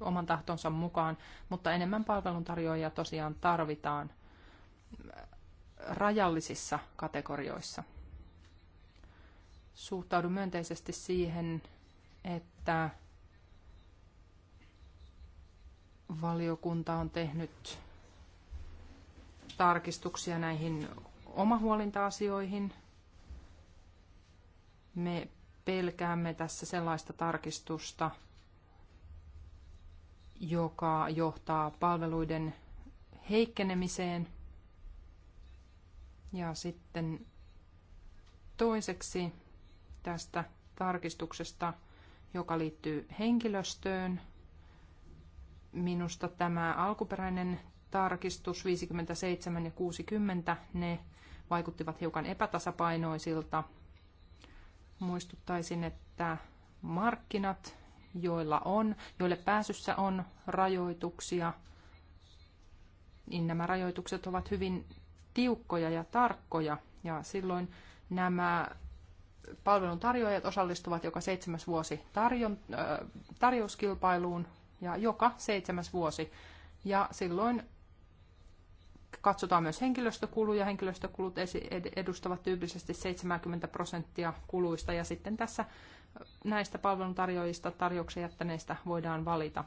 oman tahtonsa mukaan, mutta enemmän palveluntarjoajia tosiaan tarvitaan rajallisissa kategorioissa. Suhtaudun myönteisesti siihen, että valiokunta on tehnyt tarkistuksia näihin omahuolinta-asioihin – me pelkäämme tässä sellaista tarkistusta, joka johtaa palveluiden heikkenemiseen. Ja sitten toiseksi tästä tarkistuksesta, joka liittyy henkilöstöön. Minusta tämä alkuperäinen tarkistus 57 ja 60, ne vaikuttivat hiukan epätasapainoisilta Muistuttaisin, että markkinat, joilla on, joille pääsyssä on rajoituksia, niin nämä rajoitukset ovat hyvin tiukkoja ja tarkkoja. Ja silloin nämä palveluntarjoajat osallistuvat joka seitsemäs vuosi tarjon, äh, tarjouskilpailuun ja joka seitsemäs vuosi. Ja silloin katsotaan myös henkilöstökuluja. Henkilöstökulut edustavat tyypillisesti 70 prosenttia kuluista ja sitten tässä näistä palveluntarjoajista tarjouksen jättäneistä voidaan valita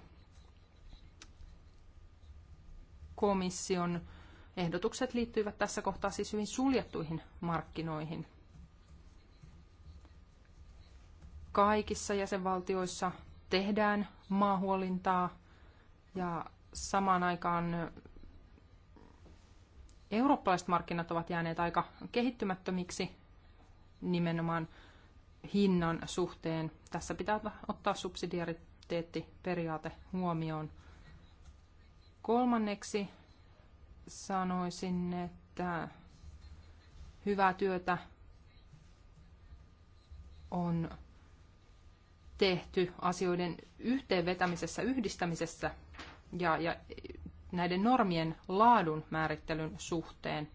komission ehdotukset liittyivät tässä kohtaa siis hyvin suljettuihin markkinoihin. Kaikissa jäsenvaltioissa tehdään maahuolintaa ja samaan aikaan eurooppalaiset markkinat ovat jääneet aika kehittymättömiksi nimenomaan hinnan suhteen. Tässä pitää ottaa subsidiariteettiperiaate huomioon. Kolmanneksi sanoisin, että hyvää työtä on tehty asioiden yhteenvetämisessä, yhdistämisessä ja, ja näiden normien laadun määrittelyn suhteen.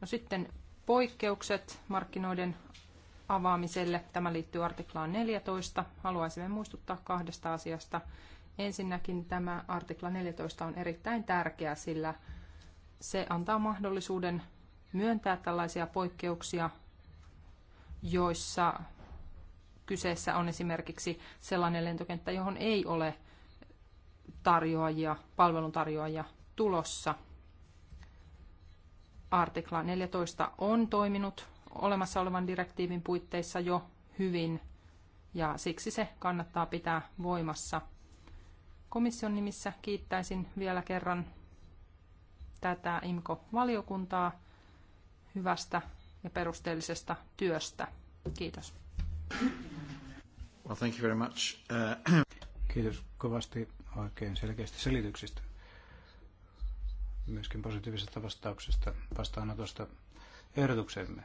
No sitten poikkeukset markkinoiden avaamiselle. Tämä liittyy artiklaan 14. Haluaisimme muistuttaa kahdesta asiasta. Ensinnäkin tämä artikla 14 on erittäin tärkeä, sillä se antaa mahdollisuuden myöntää tällaisia poikkeuksia, joissa kyseessä on esimerkiksi sellainen lentokenttä, johon ei ole tarjoajia, palveluntarjoajia tulossa. Artikla 14 on toiminut olemassa olevan direktiivin puitteissa jo hyvin ja siksi se kannattaa pitää voimassa. Komission nimissä kiittäisin vielä kerran tätä IMKO-valiokuntaa hyvästä ja perusteellisesta työstä. Kiitos. Well, thank you very much. Uh... Kiitos kovasti oikein selkeästi selityksistä, myöskin positiivisesta vastauksesta vastaanotosta ehdotuksemme.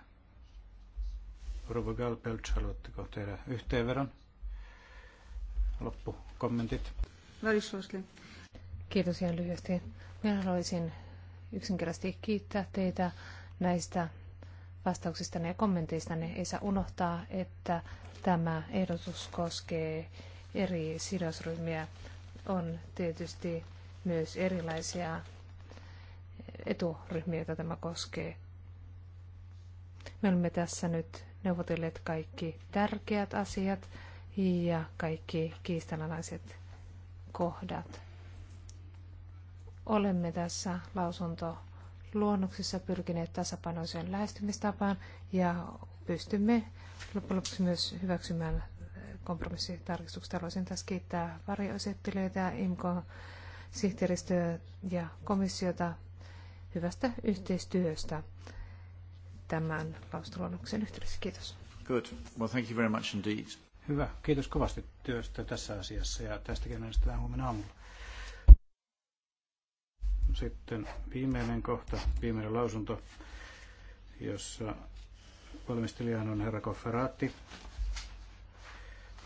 Ruvo Galpelts, haluatteko tehdä yhteenvedon? Loppukommentit. Kiitos ihan lyhyesti. Minä haluaisin yksinkertaisesti kiittää teitä näistä vastauksista ja kommenteista. Ei saa unohtaa, että tämä ehdotus koskee eri sidosryhmiä on tietysti myös erilaisia eturyhmiä, joita tämä koskee. Me olemme tässä nyt neuvotelleet kaikki tärkeät asiat ja kaikki kiistanalaiset kohdat. Olemme tässä lausunto luonnoksissa pyrkineet tasapainoiseen lähestymistapaan ja pystymme loppujen lopuksi myös hyväksymään kompromissitarkistuksesta. Haluaisin taas kiittää varjoesittelijöitä, IMKO-sihteeristöä ja komissiota hyvästä yhteistyöstä tämän lausuntoluonnoksen yhteydessä. Kiitos. Good. Well, thank you very much indeed. Hyvä. Kiitos kovasti työstä tässä asiassa ja tästäkin äänestetään huomenna aamulla. Sitten viimeinen kohta, viimeinen lausunto, jossa valmistelijana on herra Kofferaatti.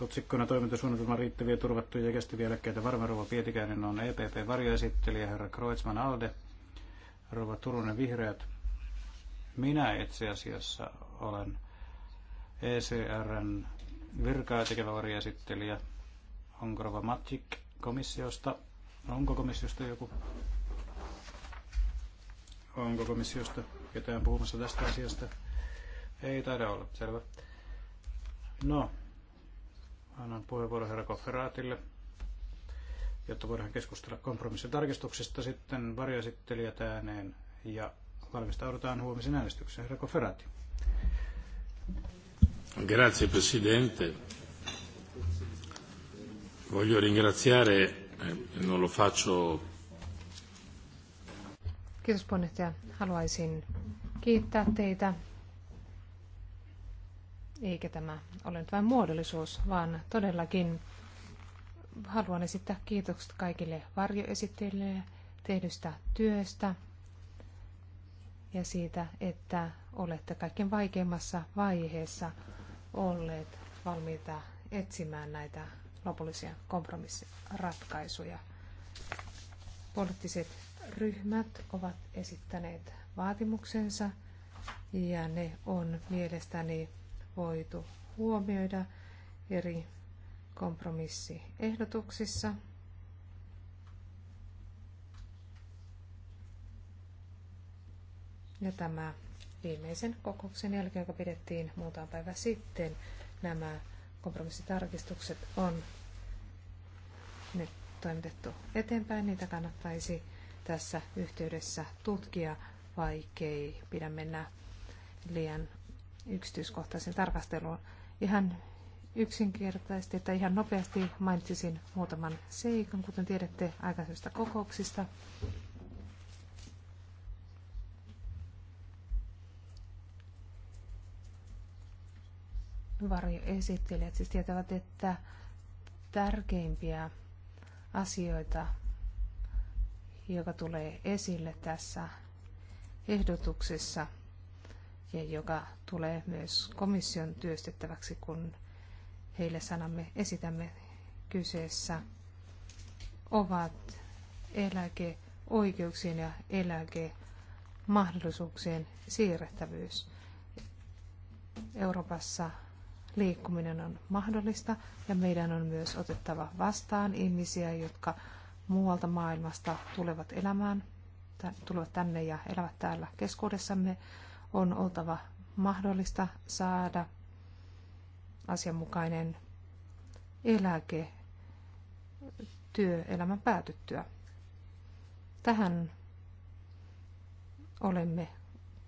Otsikkona toimintasuunnitelma riittäviä, turvattuja ja kestäviä eläkkeitä. Varma Pietikäinen on EPP-varjoesittelijä, herra Kreutzmann Alde, Rova Turunen Vihreät. Minä itse asiassa olen ECRn virkaa tekevä varjoesittelijä. Onko Rova Matic komissiosta? Onko komissiosta joku? Onko komissiosta ketään puhumassa tästä asiasta? Ei taida olla, selvä. No, Annan puheenvuoron herra Kofferaatille, jotta voidaan keskustella kompromissitarkistuksesta sitten varjoesittelijät ääneen ja valmistaudutaan huomisen äänestykseen. Herra Kofferaati. Grazie Presidente. Voglio ringraziare, eh, non lo faccio... Kiitos puheenjohtaja. Haluaisin kiittää teitä eikä tämä ole nyt vain muodollisuus, vaan todellakin haluan esittää kiitokset kaikille varjoesittelijöille tehdystä työstä ja siitä, että olette kaikkein vaikeimmassa vaiheessa olleet valmiita etsimään näitä lopullisia kompromissiratkaisuja. Poliittiset ryhmät ovat esittäneet vaatimuksensa ja ne on mielestäni voitu huomioida eri kompromissiehdotuksissa. Ja tämä viimeisen kokouksen jälkeen, joka pidettiin muutama päivä sitten, nämä kompromissitarkistukset on nyt toimitettu eteenpäin. Niitä kannattaisi tässä yhteydessä tutkia, vaikkei pidä mennä liian yksityiskohtaisen tarkasteluun. Ihan yksinkertaisesti että ihan nopeasti mainitsisin muutaman seikan, kuten tiedätte aikaisemmista kokouksista. Varjoesittelijät siis tietävät, että tärkeimpiä asioita, joka tulee esille tässä ehdotuksessa – ja joka tulee myös komission työstettäväksi, kun heille sanamme esitämme kyseessä ovat eläkeoikeuksien ja eläkemahdollisuuksien siirrettävyys. Euroopassa liikkuminen on mahdollista ja meidän on myös otettava vastaan ihmisiä, jotka muualta maailmasta tulevat elämään, tulevat tänne ja elävät täällä keskuudessamme on oltava mahdollista saada asianmukainen eläke työelämän päätyttyä. Tähän olemme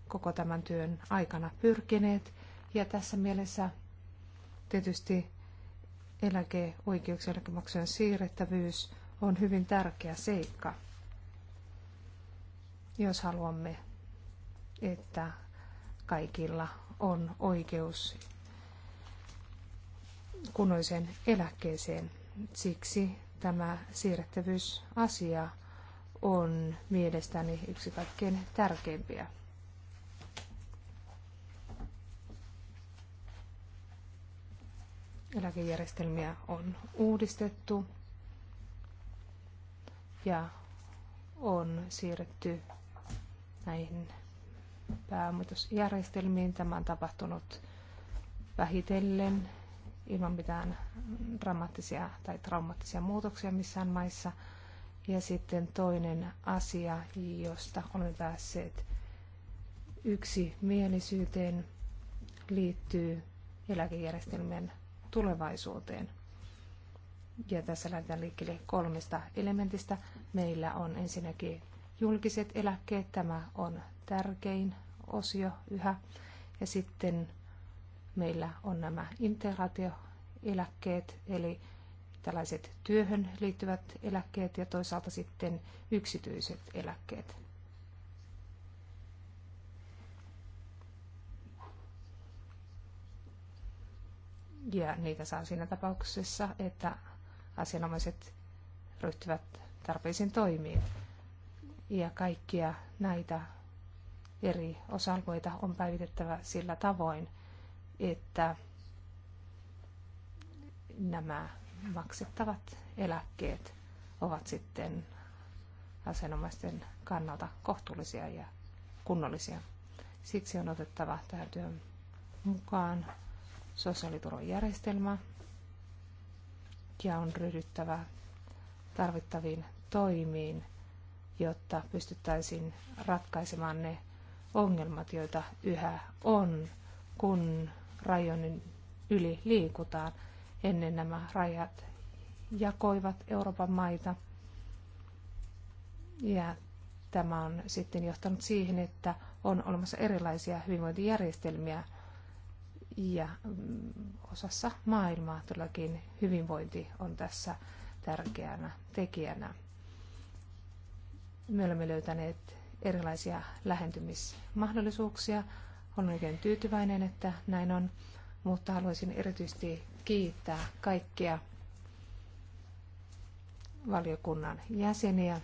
koko tämän työn aikana pyrkineet ja tässä mielessä tietysti eläkeoikeuksien eläkemaksujen siirrettävyys on hyvin tärkeä seikka, jos haluamme, että kaikilla on oikeus kunnoiseen eläkkeeseen. Siksi tämä siirrettävyysasia on mielestäni yksi kaikkein tärkeimpiä. Eläkejärjestelmiä on uudistettu ja on siirretty näihin pääomitusjärjestelmiin. Tämä on tapahtunut vähitellen ilman mitään dramaattisia tai traumaattisia muutoksia missään maissa. Ja sitten toinen asia, josta olemme päässeet yksi mielisyyteen, liittyy eläkejärjestelmien tulevaisuuteen. Ja tässä lähdetään liikkeelle kolmesta elementistä. Meillä on ensinnäkin julkiset eläkkeet, tämä on tärkein osio yhä. Ja sitten meillä on nämä integraatioeläkkeet, eli tällaiset työhön liittyvät eläkkeet ja toisaalta sitten yksityiset eläkkeet. Ja niitä saa siinä tapauksessa, että asianomaiset ryhtyvät tarpeisiin toimiin ja kaikkia näitä eri osa-alueita on päivitettävä sillä tavoin, että nämä maksettavat eläkkeet ovat sitten asianomaisten kannalta kohtuullisia ja kunnollisia. Siksi on otettava tähän työn mukaan sosiaaliturvajärjestelmä ja on ryhdyttävä tarvittaviin toimiin jotta pystyttäisiin ratkaisemaan ne ongelmat, joita yhä on, kun rajojen yli liikutaan. Ennen nämä rajat jakoivat Euroopan maita. Ja tämä on sitten johtanut siihen, että on olemassa erilaisia hyvinvointijärjestelmiä ja mm, osassa maailmaa todellakin hyvinvointi on tässä tärkeänä tekijänä. Me olemme löytäneet erilaisia lähentymismahdollisuuksia. Olen oikein tyytyväinen, että näin on, mutta haluaisin erityisesti kiittää kaikkia valiokunnan jäseniä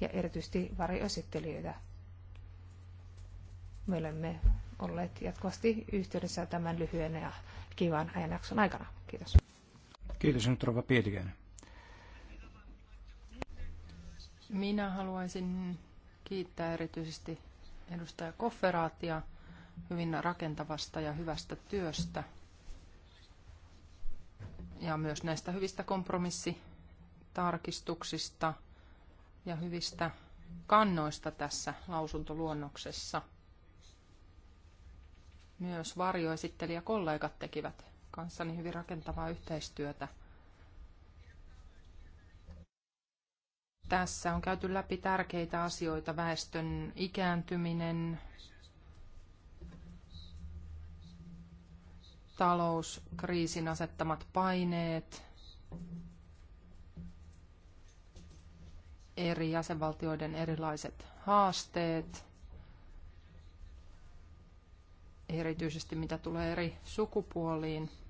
ja erityisesti varjoesittelijöitä. Me olemme olleet jatkuvasti yhteydessä tämän lyhyen ja kivan ajanjakson aikana. Kiitos. Kiitos nyt Rova Pietikäinen. Minä haluaisin kiittää erityisesti edustaja Kofferaatia hyvin rakentavasta ja hyvästä työstä ja myös näistä hyvistä kompromissitarkistuksista ja hyvistä kannoista tässä lausuntoluonnoksessa. Myös varjoesittelijäkollegat tekivät kanssani hyvin rakentavaa yhteistyötä – Tässä on käyty läpi tärkeitä asioita, väestön ikääntyminen, talouskriisin asettamat paineet, eri jäsenvaltioiden erilaiset haasteet, erityisesti mitä tulee eri sukupuoliin –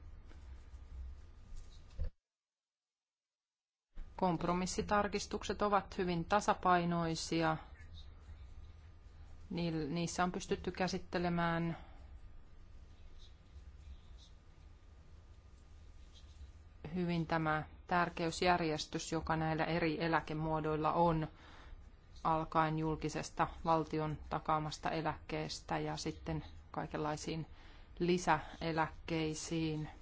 Kompromissitarkistukset ovat hyvin tasapainoisia. Niissä on pystytty käsittelemään hyvin tämä tärkeysjärjestys, joka näillä eri eläkemuodoilla on, alkaen julkisesta valtion takaamasta eläkkeestä ja sitten kaikenlaisiin lisäeläkkeisiin –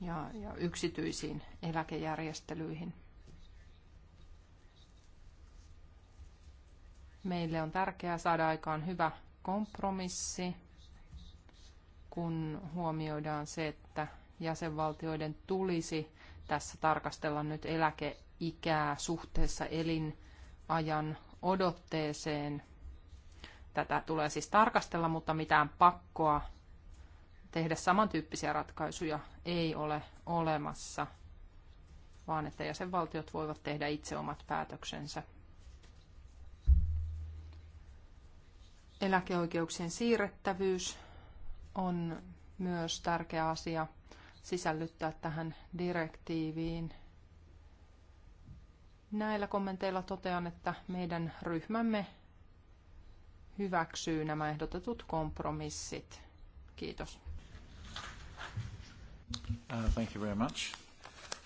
ja, ja yksityisiin eläkejärjestelyihin. Meille on tärkeää saada aikaan hyvä kompromissi, kun huomioidaan se, että jäsenvaltioiden tulisi tässä tarkastella nyt eläkeikää suhteessa elinajan odotteeseen. Tätä tulee siis tarkastella, mutta mitään pakkoa tehdä samantyyppisiä ratkaisuja ei ole olemassa, vaan että jäsenvaltiot voivat tehdä itse omat päätöksensä. Eläkeoikeuksien siirrettävyys on myös tärkeä asia sisällyttää tähän direktiiviin. Näillä kommenteilla totean, että meidän ryhmämme hyväksyy nämä ehdotetut kompromissit. Kiitos. Uh, thank you very much.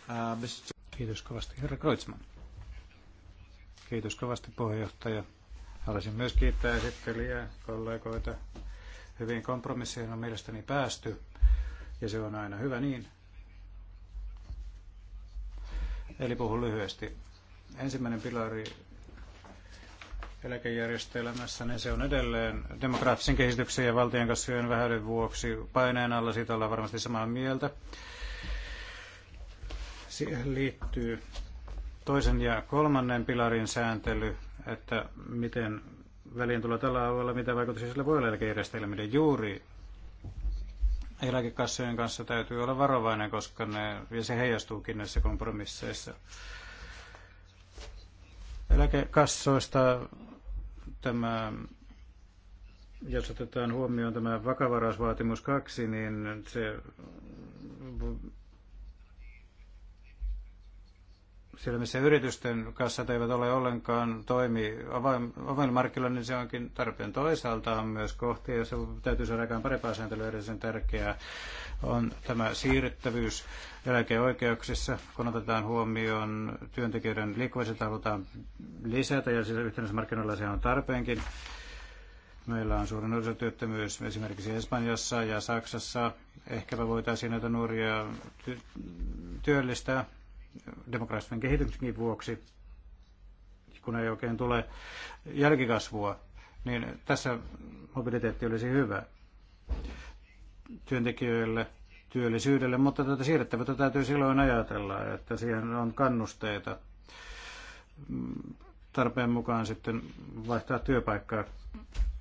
Uh, Mr. Kiitos kovasti, herra Kreutzmann. Kiitos kovasti, puheenjohtaja. Haluaisin myös kiittää esittelijää, kollegoita. Hyvin kompromisseihin on mielestäni päästy, ja se on aina hyvä niin. Eli puhun lyhyesti. Ensimmäinen pilari eläkejärjestelmässä, niin se on edelleen demokraattisen kehityksen ja valtion kasvojen vähäyden vuoksi paineen alla. Siitä ollaan varmasti samaa mieltä. Siihen liittyy toisen ja kolmannen pilarin sääntely, että miten väliin tulee tällä alueella, mitä vaikutuksia sillä voi olla eläkejärjestelmien juuri eläkekassojen kanssa täytyy olla varovainen, koska ne, ja se heijastuukin näissä kompromisseissa. Eläkekassoista tämä, jos otetaan huomioon tämä vakavaraisvaatimus 2, niin se siellä missä yritysten kassat eivät ole ollenkaan toimi avainmarkkinoilla, niin se onkin tarpeen. Toisaalta on myös ja se täytyy saada aikaan parempaa sääntelyä, erityisen tärkeää on tämä siirrettävyys eläkeoikeuksissa, kun otetaan huomioon työntekijöiden liikkuvaiset halutaan lisätä, ja siis yhtenäismarkkinoilla se on tarpeenkin. Meillä on suuri nuorisotyöttömyys esimerkiksi Espanjassa ja Saksassa. Ehkäpä voitaisiin näitä nuoria ty- työllistää demokraattisen kehityksenkin vuoksi, kun ei oikein tule jälkikasvua, niin tässä mobiliteetti olisi hyvä työntekijöille, työllisyydelle, mutta tätä siirrettävyyttä täytyy silloin ajatella, että siihen on kannusteita tarpeen mukaan sitten vaihtaa työpaikkaa.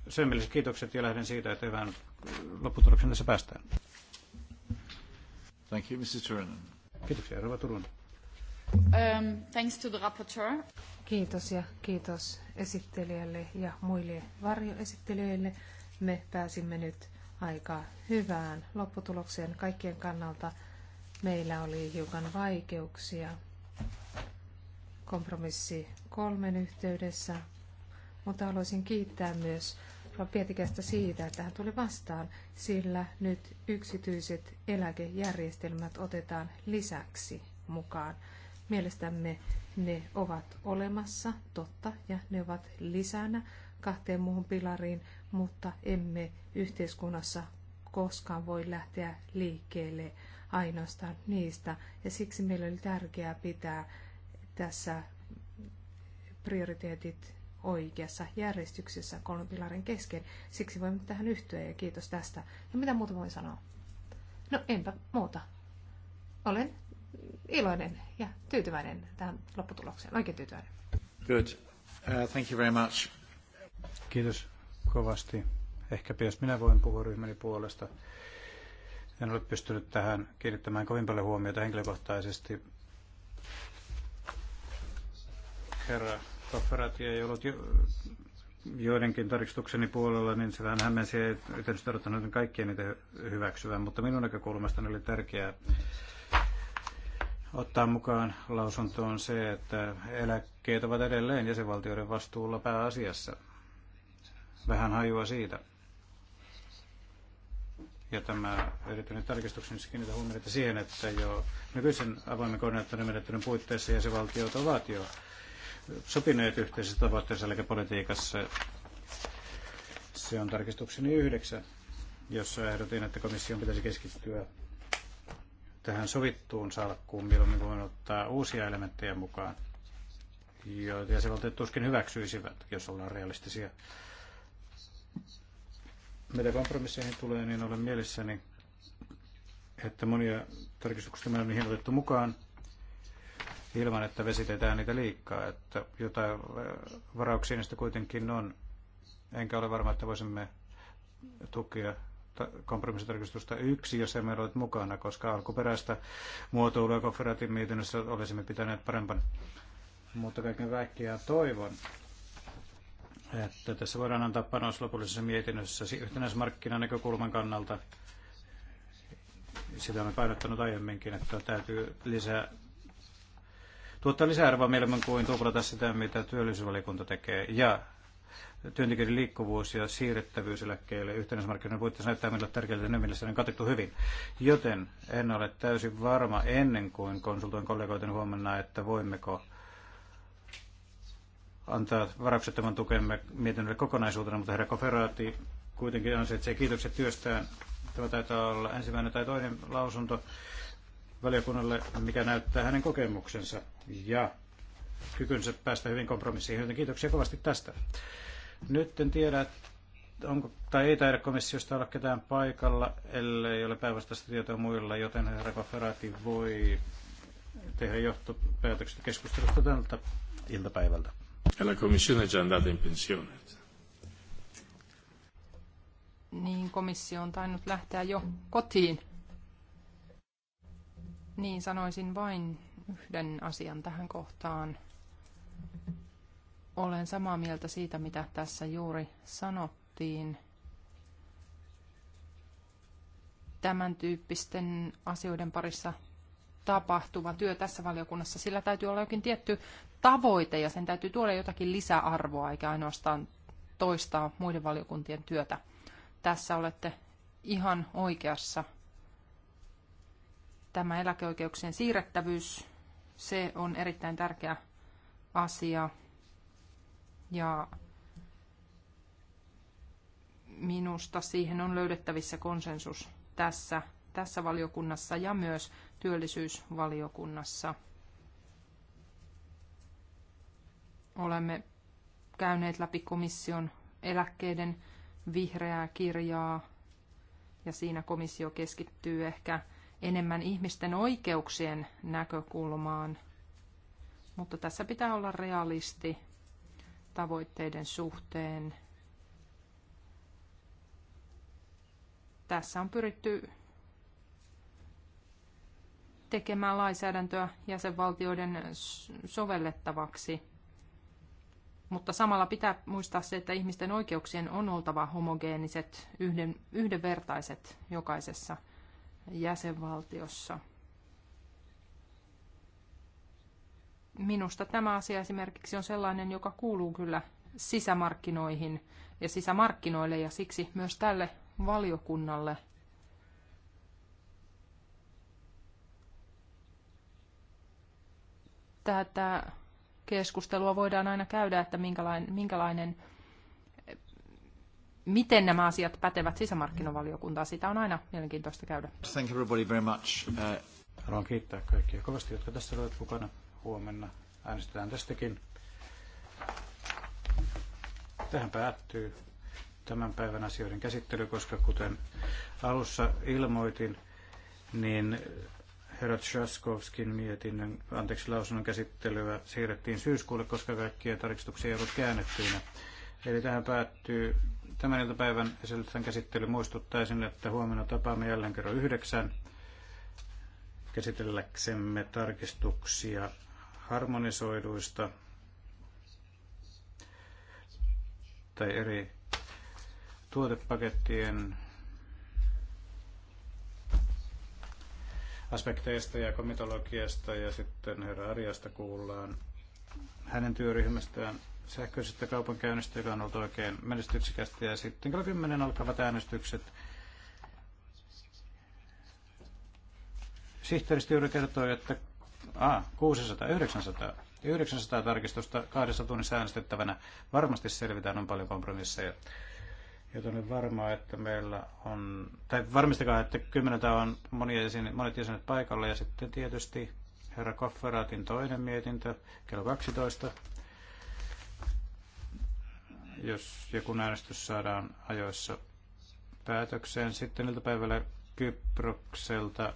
Sen mielessä kiitokset ja lähden siitä, että hyvän lopputuloksen tässä päästään. Thank you, Mrs. Turunen. Kiitoksia, Rova Turunen. Um, thanks to the rapporteur. Kiitos ja kiitos esittelijälle ja muille varjoesittelijöille. Me pääsimme nyt aika hyvään lopputulokseen kaikkien kannalta. Meillä oli hiukan vaikeuksia kompromissi kolmen yhteydessä, mutta haluaisin kiittää myös Pietikästä siitä, että hän tuli vastaan, sillä nyt yksityiset eläkejärjestelmät otetaan lisäksi mukaan. Mielestämme ne ovat olemassa, totta, ja ne ovat lisänä kahteen muuhun pilariin, mutta emme yhteiskunnassa koskaan voi lähteä liikkeelle ainoastaan niistä. Ja siksi meillä oli tärkeää pitää tässä prioriteetit oikeassa järjestyksessä kolmen pilarin kesken. Siksi voimme tähän yhtyä ja kiitos tästä. Ja no, mitä muuta voin sanoa? No enpä muuta. Olen iloinen ja tyytyväinen tähän lopputulokseen. Oikein tyytyväinen. Good. Uh, thank you very much. Kiitos kovasti. Ehkä jos minä voin puhua ryhmäni puolesta. En ole pystynyt tähän kiinnittämään kovin paljon huomiota henkilökohtaisesti. Herra Kofferati ei ollut jo, joidenkin tarkistukseni puolella, niin se vähän hämmensi että yritän sitä kaikkien niitä hyväksyvän, mutta minun näkökulmastani oli tärkeää ottaa mukaan lausuntoon se, että eläkkeet ovat edelleen jäsenvaltioiden vastuulla pääasiassa. Vähän hajua siitä. Ja tämä erityinen tarkistuksen siis kiinnitä huomiota siihen, että jo nykyisen avoimen koordinaattorimenettelyn puitteissa jäsenvaltiot ovat jo sopineet yhteisessä tavoitteessa eläkepolitiikassa. Se on tarkistukseni yhdeksän, jossa ehdotin, että komission pitäisi keskittyä tähän sovittuun salkkuun, milloin voimme ottaa uusia elementtejä mukaan, se jäsenvaltiot tuskin hyväksyisivät, jos ollaan realistisia. Mitä kompromisseihin tulee, niin olen mielessäni, että monia tarkistuksia on niihin otettu mukaan ilman, että vesitetään niitä liikaa, että jotain eh, varauksia niistä kuitenkin on. Enkä ole varma, että voisimme tukea kompromissitarkistusta yksi, jos emme ole mukana, koska alkuperäistä muotoilua konferaatin mietinnössä olisimme pitäneet parempan. Mutta kaiken kaikkiaan toivon, että tässä voidaan antaa panos lopullisessa mietinnössä yhtenäismarkkinan näkökulman kannalta. Sitä olen painottanut aiemminkin, että täytyy lisää tuottaa lisäarvoa mieluummin kuin tuplata sitä, mitä työllisyysvaliokunta tekee. Ja työntekijöiden liikkuvuus ja siirrettävyys eläkkeelle yhtenäismarkkinoiden puitteissa näyttää minulle tärkeältä ja mielessä on katettu hyvin. Joten en ole täysin varma ennen kuin konsultoin kollegoiden huomenna, että voimmeko antaa varauksettoman tukemme mietinnölle kokonaisuutena, mutta herra Koferaati kuitenkin ansaitsee kiitokset työstään. Tämä taitaa olla ensimmäinen tai toinen lausunto valiokunnalle, mikä näyttää hänen kokemuksensa ja kykynsä päästä hyvin kompromissiin. Joten kiitoksia kovasti tästä. Nyt en tiedä, onko, tai ei taida komissiosta olla ketään paikalla, ellei ole päinvastaista tietoa muilla, joten herra Kofferati voi tehdä johtopäätökset keskustelusta tältä iltapäivältä. E la commissione è già andata in pensione. Niin, komissio on tainnut lähteä jo kotiin. Niin, sanoisin vain yhden asian tähän kohtaan. Olen samaa mieltä siitä, mitä tässä juuri sanottiin. Tämän tyyppisten asioiden parissa tapahtuva työ tässä valiokunnassa, sillä täytyy olla jokin tietty tavoite ja sen täytyy tuoda jotakin lisäarvoa, eikä ainoastaan toistaa muiden valiokuntien työtä. Tässä olette ihan oikeassa. Tämä eläkeoikeuksien siirrettävyys, se on erittäin tärkeä asia ja minusta siihen on löydettävissä konsensus tässä, tässä valiokunnassa ja myös työllisyysvaliokunnassa. Olemme käyneet läpi komission eläkkeiden vihreää kirjaa ja siinä komissio keskittyy ehkä enemmän ihmisten oikeuksien näkökulmaan. Mutta tässä pitää olla realisti tavoitteiden suhteen. Tässä on pyritty tekemään lainsäädäntöä jäsenvaltioiden sovellettavaksi, mutta samalla pitää muistaa se, että ihmisten oikeuksien on oltava homogeeniset, yhden, yhdenvertaiset jokaisessa jäsenvaltiossa – Minusta tämä asia esimerkiksi on sellainen, joka kuuluu kyllä sisämarkkinoihin ja sisämarkkinoille ja siksi myös tälle valiokunnalle. Tätä keskustelua voidaan aina käydä, että minkälainen, minkälainen miten nämä asiat pätevät sisämarkkinovaliokuntaa. Sitä on aina mielenkiintoista käydä. Thank everybody very much. Uh, Haluan kiittää kaikkia kovasti, jotka tässä olivat mukana. Huomenna äänestetään tästäkin. Tähän päättyy tämän päivän asioiden käsittely, koska kuten alussa ilmoitin, niin herra Tshaskovskin mietinnön, anteeksi lausunnon käsittelyä siirrettiin syyskuulle, koska kaikkia tarkistuksia ei ollut käännettyinä. Eli tähän päättyy tämän iltapäivän esitysten käsittely. Muistuttaisin, että huomenna tapaamme jälleen kerran yhdeksän käsitelläksemme tarkistuksia harmonisoiduista tai eri tuotepakettien aspekteista ja komitologiasta ja sitten herra Arjasta kuullaan hänen työryhmästään sähköisestä kaupankäynnistä, joka on ollut oikein menestyksekästä. Ja sitten kello 10 alkavat äänestykset. Sihteeristö juuri kertoi, että A, 600, 900, 900 tarkistusta kahdessa tunnissa äänestettävänä. Varmasti selvitään, on paljon kompromisseja. Joten on varmaa, että meillä on, tai varmistakaa, että kymmeneltä on monia jäsen, monet jäsenet paikalla ja sitten tietysti herra Kofferaatin toinen mietintö kello 12. Jos joku äänestys saadaan ajoissa päätökseen. Sitten iltapäivällä Kyprokselta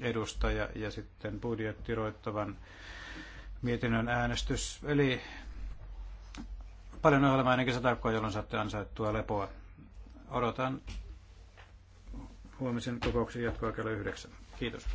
edustaja ja sitten budjettiroittavan mietinnön äänestys. Eli paljon ohjelmaa ennen kesätaukkoa, jolloin saatte ansaittua lepoa. Odotan huomisen kokouksen jatkoa kello yhdeksän. Kiitos.